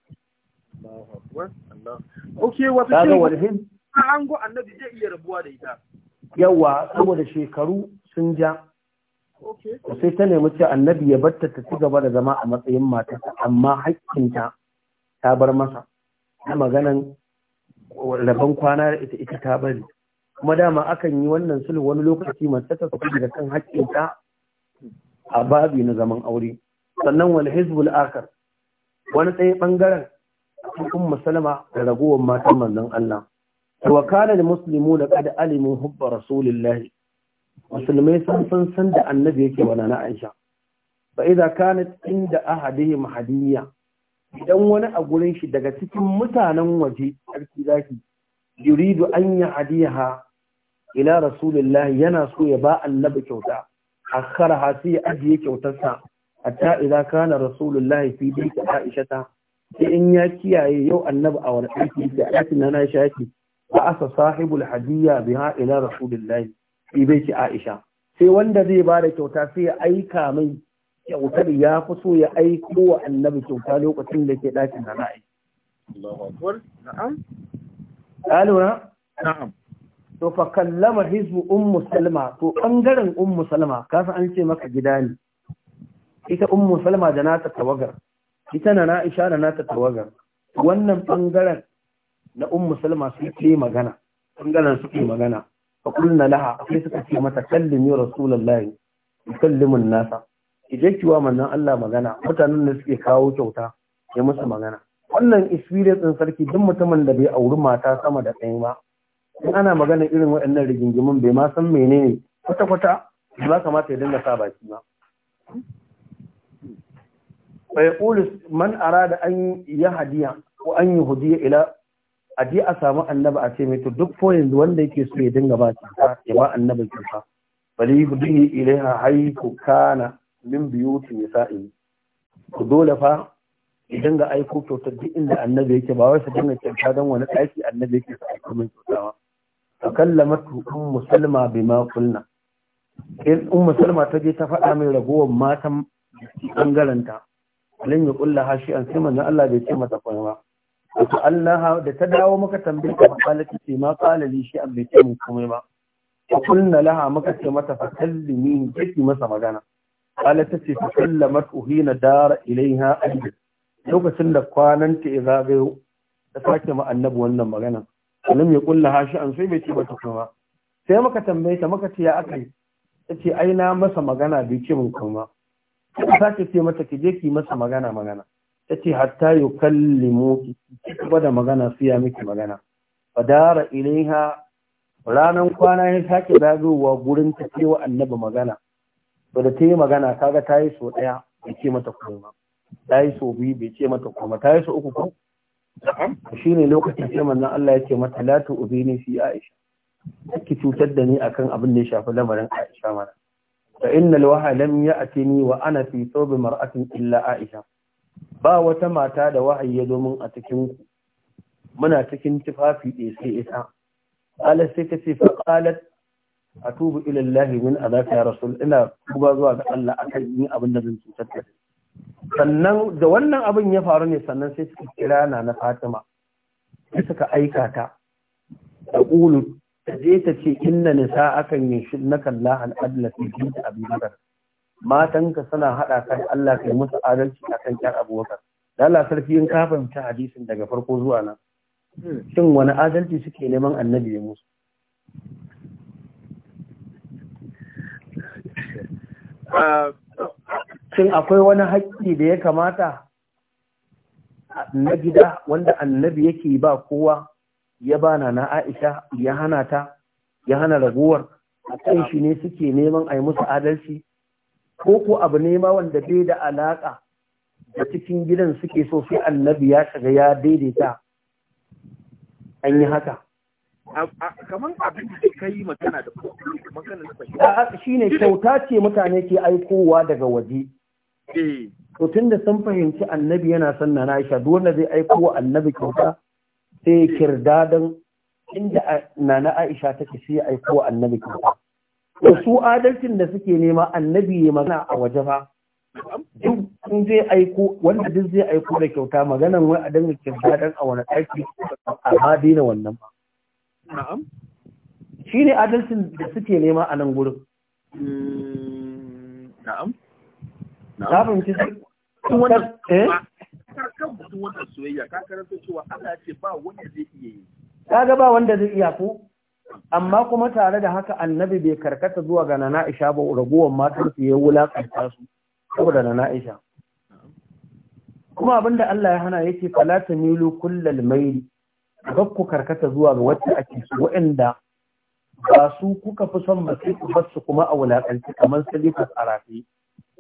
Ok, wata ce an go annabi zai iya rabuwa da ita. Yawa, saboda shekaru sun ja. Sai ta nemi ce annabi ya batta ta ci gaba da zama a matsayin mata amma haƙƙinta ta bar masa. Na maganan rabon kwana da ita ita ta bari. kuma dama akan yi wannan sulhu wani lokaci ma ta tafi daga kan haƙƙinta a babi na zaman aure sannan wani hizbul akar wani tsaye ɓangaren a cikin musulma da ragowar matan manzon Allah wa kana da muslimu da qad alimu hubba rasulillahi musulmai sun san san da annabi yake wa na Aisha fa idza kanat inda ahadihim hadiyya idan wani a gurin shi daga cikin mutanen waje sarki zaki yuridu an ya hadiyaha ila rasulillah yana so ya ba annabi kyauta akhara sai ya ajiye kyautarsa hatta idza kana rasulullahi fi baiti aisha ta sai in ya kiyaye yau annabi a wani aiki da aiki na shaki ba asa sahibul hadiyya biha ila rasulillah fi baiti aisha sai wanda zai ba da kyauta sai ya aika mai kyautar ya fi so ya aiko wa annabi kyauta lokacin da ke ɗakin da Allahu Akbar, na'am. Na'am. to fa kallama hizbu ummu salma to bangaren ummu salma kasa an ce maka gida ne ita ummu salma da nata tawagar ita na Aisha da nata tawagar wannan bangaren na ummu salma su ke magana bangaren su ke magana fa kulna laha sai suka ce mata kallimi rasulullahi yukallimun nasa ije kiwa manzon Allah magana mutanen da suke kawo kyauta ya musu magana wannan experience din sarki duk mutumin da bai auri mata sama da ɗaya ba in ana magana irin waɗannan rigingimin bai ma san menene kwata-kwata ba kamata ya dinga sa baki ba bai ƙulis man arada an ya hadiya ko an yi hudiya ila a je a samu annaba a ce mai to duk ko yanzu wanda yake so ya dinga ba ba ya ba annaba kyauta bali hudiya ha haiku kana min biyuti nisa'i ku dole fa ya dinga aiko kyautar duk inda annabi yake ba wai su dinga kyauta don wani ɗaki annabi yake sa aiko min kyauta ba fakallamatu ummu salma bima qulna in ummu salma ta je ta faɗa mai ragowar matan bangaranta lan ya kulla shi an sai manzon Allah bai ce mata kuma ba to Allah da ta dawo maka tambayar ka malaka ce ma qala li shi an bai ce mun komai ba kulna laha maka ce mata fakallimi kiki masa magana qala ta ce fakallamatu hina dara ilaiha ajid lokacin da kwananta ya zagayo ta sake ma annabi wannan magana alam ya kulla hashi an sai bai ce ba kuma sai muka tambaye ta muka ce ya aka yi ta ce ai na masa magana bai ce mun kuma ta sake ce mata ki je ki masa magana magana ta ce hatta kalli kallimu ki da magana su ya miki magana fadara ilaiha ranan kwana ya sake zagowa gurin ta ce wa annabi magana ba da ta yi magana kaga ta yi so ɗaya bai ce mata kuma ta yi so biyu bai ce mata kuma ta yi so uku kuma. shi ne lokacin sai manzon Allah ya ce mata la tu'bini fi Aisha ki cutar da ni akan abin da ya shafi lamarin Aisha mana fa innal waha lam ya'tini wa ana fi thawb mar'atin illa Aisha ba wata mata da wahayi ya zo min a cikin ku muna cikin tufafi ɗaya sai ita qalat sai ta ce fa qalat atubu ila Allah min adaka ya rasul ina tuba zuwa ga Allah akan yin abin da zan cutar da ni sannan da wannan abin ya faru ne sannan sai suka kira na na fatima sai suka aika ta da ƙulu ta je ta ce inna nisa akan yi shi na kalla al'adla fi jinta abin bakar ka suna haɗa kai Allah kai musu adalci akan kyar abubakar da Allah sarfi in kafin ta hadisin daga farko zuwa nan shin wani adalci suke neman annabi ya musu ah, shin akwai wani haƙƙi da ya kamata na gida wanda annabi yake ba kowa ya bana na Aisha ya hana ta ya hana raguwar a kan shi ne suke neman a yi musu adalci ko ko abu ne ma wanda bai da alaƙa da cikin gidan suke so sai annabi ya shiga ya daidaita an yi haka kaman abin da ka yi magana da kuma kana da shi ne kyauta ce mutane ke aikowa daga waje Eh. to da sun fahimci annabi yana son na Aisha duk wanda zai aiko wa annabi kyauta sai ya kirda don inda nana Aisha take sai ya aiko wa annabi kyauta to su adalcin da suke nema annabi ya magana a waje fa duk sun zai aiko wanda duk zai aiko da kyauta maganan wani a dinga kirda don a wani ɗaki amma daina wannan ba na'am ne adalcin da suke nema a nan gurin mm, na'am na fahimci wanda zai iya kaga ba wanda zai iya ko amma kuma tare da haka annabi bai karkata zuwa ga nana Aisha ba ragowar matar su ya wulakanta su saboda nana isha. kuma abinda Allah ya hana yake falata milu kullal maili ku karkata zuwa ga wacce ake su wa'anda ba su kuka fi son ba su kuma a wulakanci kamar salifas a rafi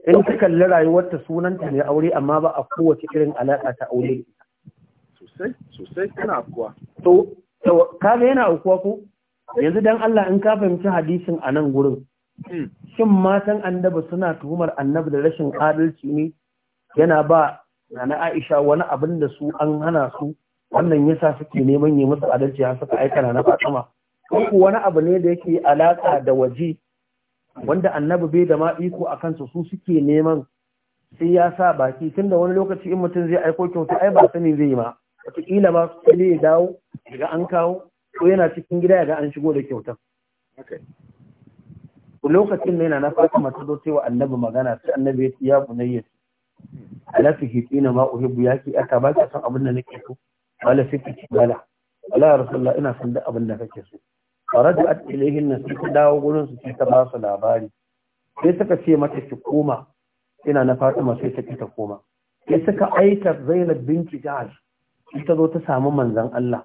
in ka kalli rayuwarta sunanta ne aure amma ba a kowace irin alaƙa ta aure sosai sosai yana kuwa to to kaga yana aukuwa ko yanzu dan Allah in ka fahimci hadisin a nan gurin hmm. shin matan annabi suna tuhumar annabi da rashin adalci ne yana ba na Aisha wani abin da su an hana su wannan yasa suke neman yi musu adalci har suka aika na Fatima ko wani abu ne da yake alaƙa da waje wanda annabi bai da ma iko a kansa su suke neman sai ya sa baki tunda wani lokaci in mutum zai aiko kyauta ai ba sani zai ma wataƙila su sai ya dawo daga an kawo ko yana cikin gida ya ga an shigo da kyautan lokacin da yana na fata ta zo sai wa annabi magana sai annabi ya bunayya ala ke hiqina ma ya ke aka ba ka san abin da nake so wala fi kibala wala rasulullah ina son da abin da kake so farajat ilayhin na su dawo gurin su ta ba su labari sai suka ce mata ki koma ina na ma sai ta ta koma sai suka aika Zainab binti Jahash ita zo ta samu manzon Allah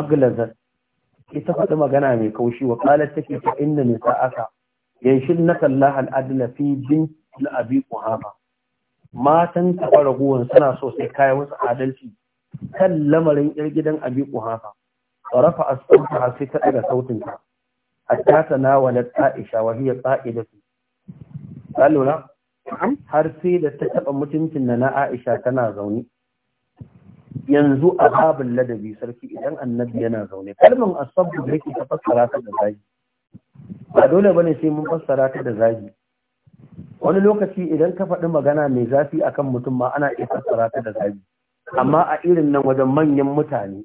aglaza ki ta faɗi magana mai kaushi wa qalat take fa inna nisa'aka yanshinnaka Allah al-adla fi bin al-abi quhafa matan taɓa ragowar suna so sai kayan wasu adalci kan lamarin 'yar gidan abi ƙuhafa rafa asauta sai ta daga sautinta hatta tanawalat Aisha wa hiya qa'idatu kalona har sai da ta taɓa mutuncin na na Aisha tana zaune yanzu a babin ladabi sarki idan annabi yana zaune Kalmar asabu da yake fassara ta da zagi ba dole bane sai mun fassara ta da zagi wani lokaci idan ka faɗi magana mai zafi akan mutum ma ana iya fassara ta da zagi amma a irin nan wajen manyan mutane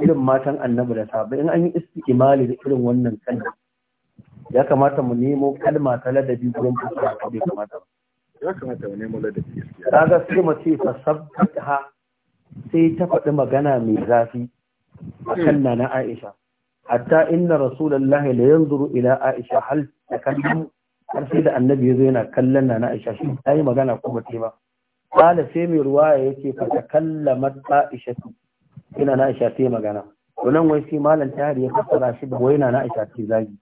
irin matan annabi da sabu in an yi istikimali da irin wannan kalma ya kamata mu nemo kalma ta ladabi gurin fasara ko bai kamata ba ya kamata mu nemo ladabi sai mu ce fa ha. sai ta faɗi magana mai zafi A kan na, na Aisha hatta inna rasulullahi la yanzuru ila Aisha hal har sai da annabi yazo yana kallon na, na Aisha shi ta yi magana kuma ba ta ba qala sai mai ruwa ya yake fata kallama Aisha Ina na aisha ta magana wannan wai sai malam tari ya fassara shi da waina na aisha ta zagi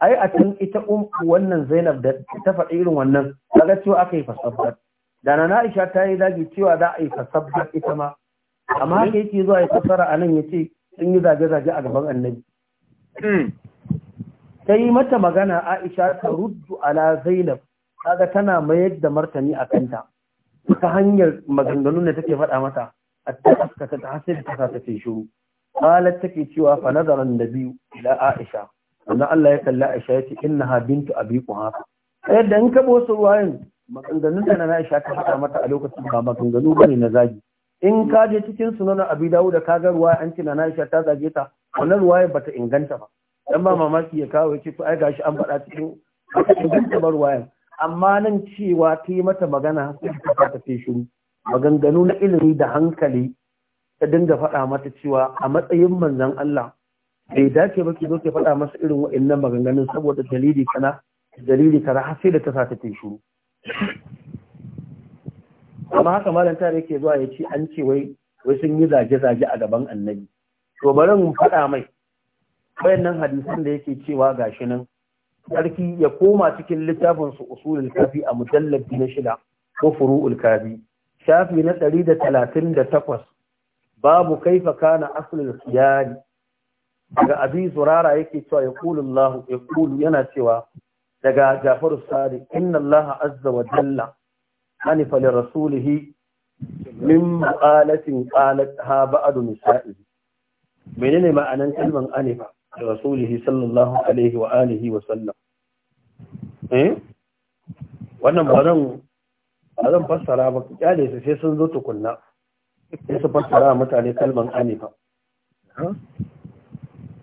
ai a can ita um, wannan zainab da ta faɗi irin wannan kaga cewa aka yi fasabbat da na aisha ta yi zagi cewa za a yi fasabba ita ma amma haka yake zuwa ya fassara anan nan ya ce sun yi zage-zage a gaban annabi hmm. ta yi mata magana aisha ta ruddu ala zainab kaga tana mayar da martani a kanta ta hanyar maganganun da take faɗa mata attaqaska ta hasir ta ta ce shiru qalat take cewa fa nazara an-nabi ila aisha anna Allah ya kalla aisha yace innaha bintu abi quhafa yadda in ka bosu ruwayin maganganun da na aisha ta faɗa mata a lokacin ba maganganu bane na zagi in ka je cikin sunan abi dawud ka ga ruwaya an ce na aisha ta zage ta wannan ruwaya bata inganta ba dan ba mamaki ya kawo yace to ai gashi an faɗa cikin inganta ba ruwayan amma nan cewa ta yi mata magana sai ta fata shiru maganganu na ilimi da hankali ta dinga faɗa mata cewa a matsayin manzan Allah bai dace ba ki zo ki faɗa masa irin wa'annan maganganun saboda dalili kana dalili kana har sai da ta sa ta shuru amma haka malam tare yake zuwa ya ce an ce wai wai sun yi zage-zage a gaban annabi to bari mu faɗa mai wayannan hadisan da yake cewa gashi nan sarki ya koma cikin littafin su usulul kafi a mujallad na shida ko furu'ul kafi shafi na ɗari da talatin da takwas babu kaifa kana asulul khiyari daga abi zurara yake cewa ya lahu ya kulu yana cewa daga jafaru sari inna Allah azza wa jalla hanifa li rasulihi min mu'alatin qalat ha ba'du nisa'i menene ma'anan kalman anifa li rasulihi sallallahu alaihi wa alihi wa sallam eh wannan ba zan A zan fassara ba kyale su sai sun zo tukunna sai su fassara mutane kalman anifa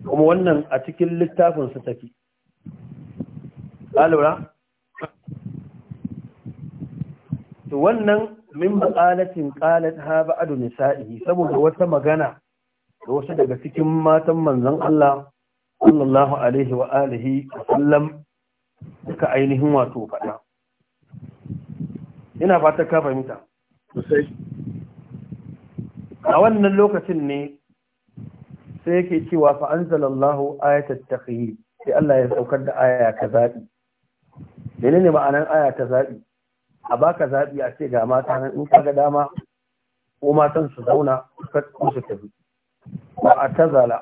kuma wannan a cikin littafin su tafi lura? to wannan min buƙalatin ƙalat ha ba'adu nisa'i saboda wata magana da wasu daga cikin matan manzon Allah sallallahu alaihi wa alihi sallam suka ainihin wato faɗa ina fata ka fahimta a wannan lokacin ne sai yake cewa fa anzalallahu ayatat takhyi sai Allah ya saukar da aya ta zabi menene ma'anar aya ta zabi a baka zaɓi a ce ga mata nan in kaga dama ko matan su zauna ko su tafi a atazala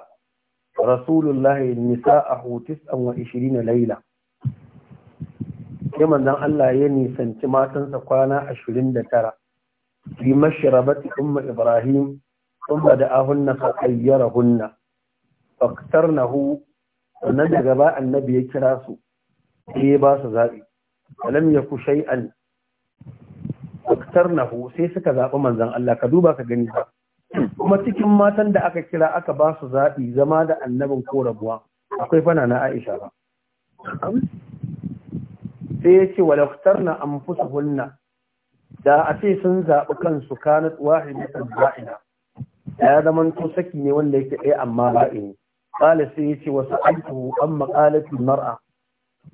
rasulullahi nisa'ahu 29 laila sai manzon Allah ya nisanci matansa kwana ashirin da tara fi mashrabati umma ibrahim thumma da'ahunna fa qayyarahunna faktarnahu sannan daga ba annabi ya kira su sai ba su zabi alam yaku shay'an faktarnahu sai suka zaɓi manzon Allah ka duba ka gani ba kuma cikin matan da aka kira aka ba su zama da annabin ko rabuwa akwai fana na Aisha ba sai ya ce walaftar na an fusa hulna da a ce sun zaɓi kansu kanat wahidatan ba'ina ya zama to saki ne wanda yake ɗaya amma ba'ini qala sai ya ce wasu aiki an maqalati mar'a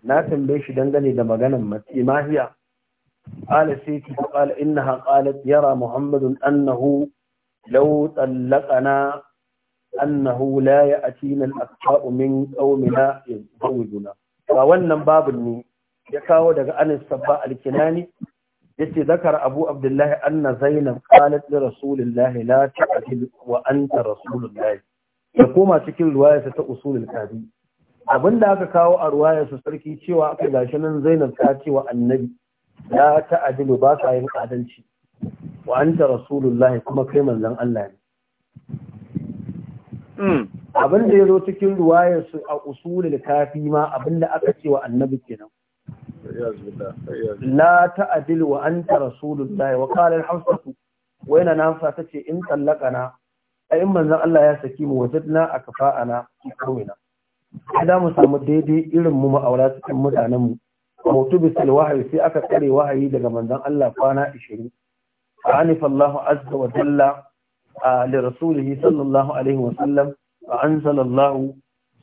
na tambaye shi dangane da maganan mace mahiya qala sai ya ce qala innaha qalat yara muhammadun annahu law tallaqana annahu la ya'tina al-aqsa'u min qaumina yazawjuna ba wannan babun ne ya kawo daga Anas Sabba al-Kinani yace zakar Abu Abdullah anna Zainab qalat li Rasulillahi la ta'til wa anta Rasulullahi ya koma cikin ruwayarsa ta usulul kabi abinda aka kawo a ruwayarsa sarki cewa aka gashi nan Zainab ta ce wa Annabi la ta'dilu ba sa yin adalci wa anta Rasulullahi kuma kai manzon Allah ne hmm. abin da ya zo cikin ruwayarsu a usulul kafi ma abin da aka ce wa annabi kenan la ta'dil wa anta rasulullahi wa qala al-hafsatu wa yana nafsa tace in tsallaka na. in manzon Allah ya saki mu na wajadna akfa'ana fi qawmina idan mu samu daidai irin mu ma'aura cikin mutanen mu mutu bi wahayi sai aka kare wahayi daga manzon Allah kwana 20 anifa Allahu azza wa jalla li rasulihi sallallahu alaihi wa sallam fa anzala Allah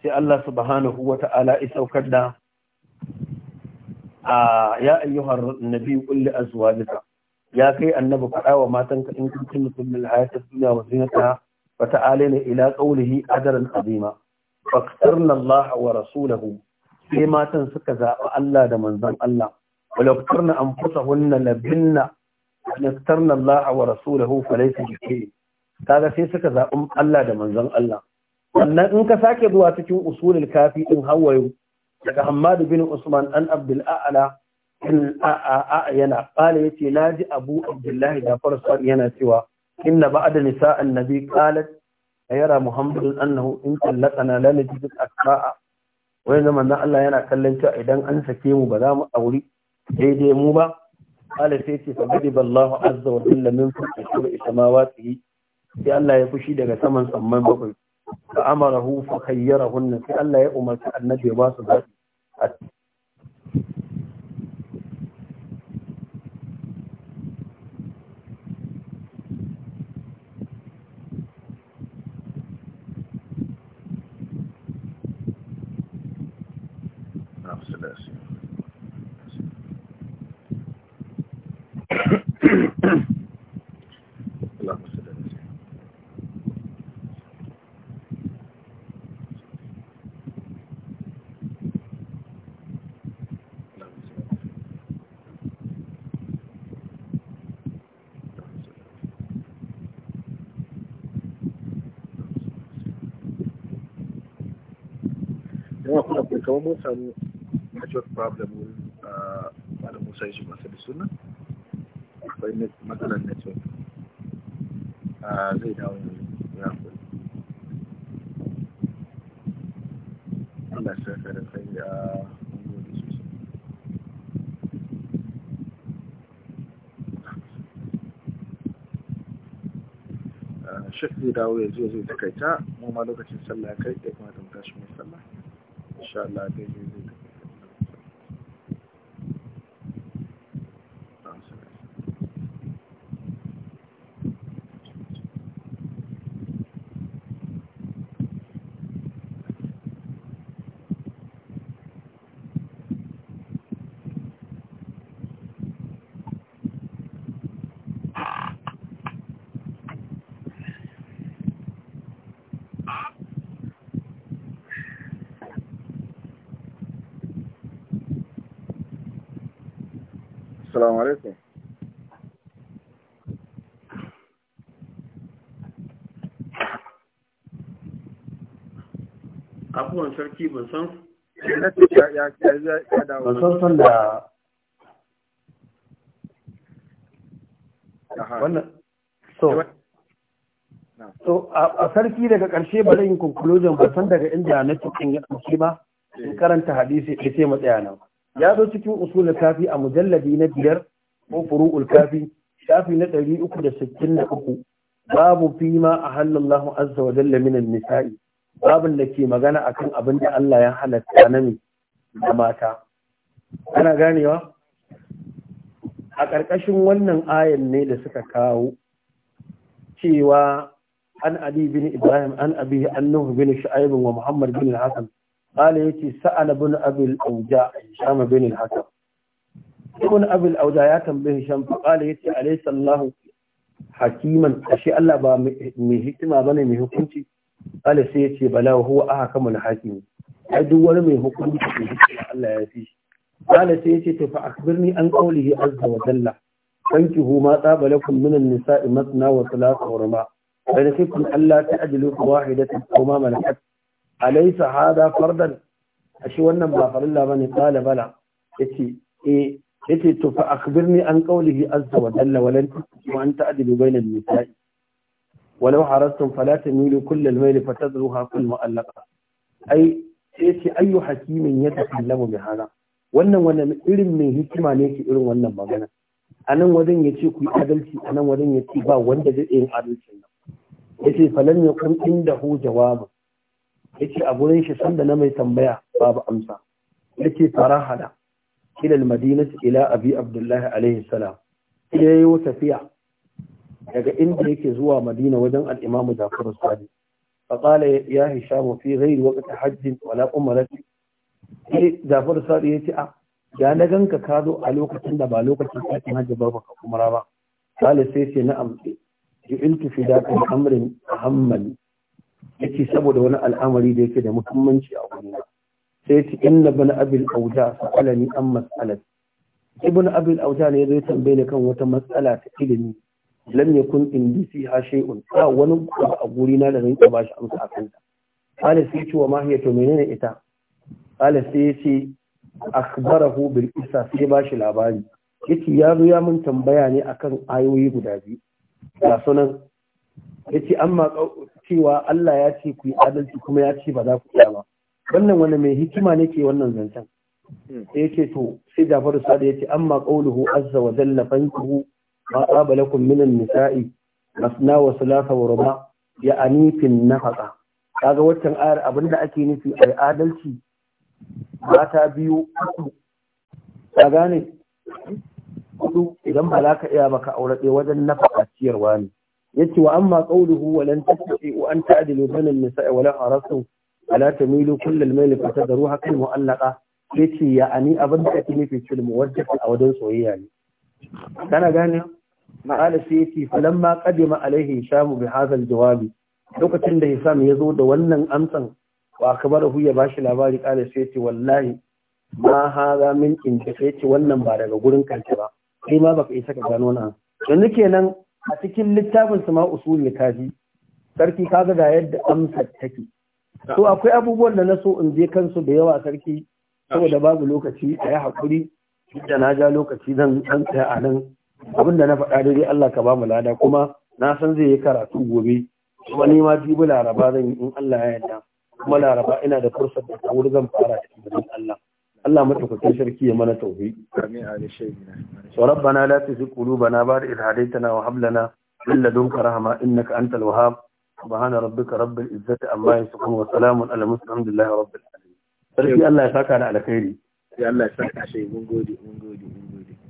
sai Allah subhanahu wa ta'ala isaukar da ya ayyuhar nabi kulli azwajika ya kai annabi faɗa wa matanka in kun kuntum kullu hayata dunya wa zinata wa ta'alina ila qawlihi ajran azima faqtarna Allah wa rasulahu sai matan suka zaɓi Allah da manzon Allah walau qarna anfusahunna labinna naftarna Allah wa rasulahu falaysa bihi kaga sai suka zaɓi Allah da manzon Allah Wannan in ka sake zuwa cikin usulul kafi in hawayu daga hammad bin Usman Dan Abdul A'la yana qala yace naji Abu Abdullahi da Farsar yana cewa inna ba'da nisa annabi qalat ayara Muhammadun annahu in tallaqana la najid akfa'a wai zaman nan Allah yana kallon cewa idan an sake mu ba za mu auri daidai mu ba qala sai ce fa gadiba Allah azza wa jalla min fuqi samawati sai Allah ya fushi daga saman samman bakwai fa amarahu fa khayyarahunna sai Allah ya umarci annabi ya ba su zaɓi kama mun samu network problem wurin ah, malam musa ya masu da suna akwai matsalar network ah, zai dawo ya kuri Allah sai ka da kai ya ah, gode sosai shek zai dawo ya zo zai takaita mu ma lokacin sallah kai ya kamata mu tashi mu sallah shall not be sarki ban san ban da so a sarki daga ƙarshe ba zan yi conclusion ba san daga inda na cikin ya ɗauki ba in eh. karanta hadisi ya ce matsaya nan ya zo cikin na kafi a mujallabi na biyar ko furu'ul kafi shafi na ɗari uku da sittin da uku babu fima a hannun lahu, azza wa jalla minan nisa'i babin da ke magana akan abin da Allah ya halatta na da mata ana ganewa a ƙarƙashin wannan ayan ne da suka kawo cewa an abi bin ibrahim an abi annuhu bin shu'aib wa muhammad bin al-hasan قال يتي سأل ابن bin الأوجاع هشام بن الحكم ابن أبي ya ياتم به هشام فقال يتي أليس الله hakiman ashe Allah ba mai hikima bane mai hukunci kala sai ya ce bala huwa aka kama na hakim ai duk wani mai hukunci da Allah ya fi shi kala sai ya ce to fa akhbirni an qawlihi azza wa jalla hu ma tsaba lakum min an-nisa'i masna wa thalatha wa rama fa in kuntum alla ta'dilu wahidatan aw ma malakat alaysa hadha fardan ashe wannan ba farilla bane kala bala yace eh yace to fa akhbirni an qawlihi azza wa jalla wa lan tu'minu an ta'dilu bayna an-nisa'i walau harastun fala tamilu kullal mayl fatadruha kull mu'allaqa ai sai ce ayyu hakimin ya takallamu bi hada wannan wannan irin mai hikima ne ke irin wannan magana a nan wajen ya ce ku yi adalci a nan wajen ya ce ba wanda zai yin adalcin nan ya ce falan ya kun inda hu jawaba ya ce a gurin shi sanda na mai tambaya babu amsa ya ce farahada ilal madinati ila abi abdullahi alaihi salam ya yi tafiya daga inda yake zuwa madina wajen al'imamu jafar sadi faƙala ya hishamu fi yi wakata hajjin wala umrati sai jafar sadi ya ce a ah, ya na ganka ka zo a lokacin da ba lokacin aikin hajji ba ka ba sale sai ce na amsi ju'iltu fi dakin amrin hammali yace saboda wani al'amari da yake da muhimmanci a ba. sai yace inna bani abil auja sa'alani an mas'alati ibn abil auja ne zai tambaye ni kan wata matsala ta ilimi lam yakun indi ha shay'un ba wani kuma a guri na da rinka ba shi amsa a kanta qala sai ce wa ma hiya to menene ita qala sai ya ce akhbarahu bil isa sai ba shi labari yace ya zo ya mun tambaya ne akan ayoyi guda biyu ga sunan yace amma cewa Allah ya ce ku yi adalci kuma ya ce ba za ku iya ba wannan wani mai hikima ne ke wannan zancen hmm. sai yace to sai Jafaru Sadi yace amma qauluhu azza wa jalla fankuhu ma tsaba lakum minan nisa'i masna wa salasa wa ruba ya anifin nafaka kaga waccan ayar abinda ake nufi ai adalci mata biyu uku ka gane hudu idan ba za ka iya baka aure wajen nafaka ciyarwa ne yace wa amma qawluhu wa lan wa an ta'dilu banan nisa'i wa la harasu ala tamilu kull al-mayl fatadruha kal mu'allaqa yace ya ani abin da ake nufi cil muwajjah a wajen soyayya ne kana gane ma'ala sai yake falamma qadima alaihi shamu bi hadha jawabi lokacin da Hisam ya zo da wannan amsan wa hu ya bashi labari kala sai ce, wallahi ma hadha min inda sai ce wannan ba daga gurin kanki ba kai ma baka isa ka gano na yanzu kenan a cikin littafin su ma usul kaji sarki kaga ga yadda amsar take to akwai abubuwan da na so in je kansu da yawa sarki saboda babu lokaci a yi haƙuri da na ja lokaci zan dan tsaya a nan abinda na faɗa daidai Allah ka ba mu lada kuma na san zai yi karatu gobe kuma ni ma jibi laraba zan yi in Allah ya yarda kuma laraba ina da fursar da wuri zan fara cikin Allah Allah madaukakin sarki ya mana tauhi amin ali shaykh so rabbana la tuzigh qulubana ba'da idh hadaytana wa hab lana min ladunka rahma innaka antal wahhab subhana rabbika rabbil izzati amma yasifun wa salamun ala mursalin alhamdulillahi rabbil alamin sarki Allah ya saka da alkhairi sai Allah ya saka shi mun gode mun gode mun gode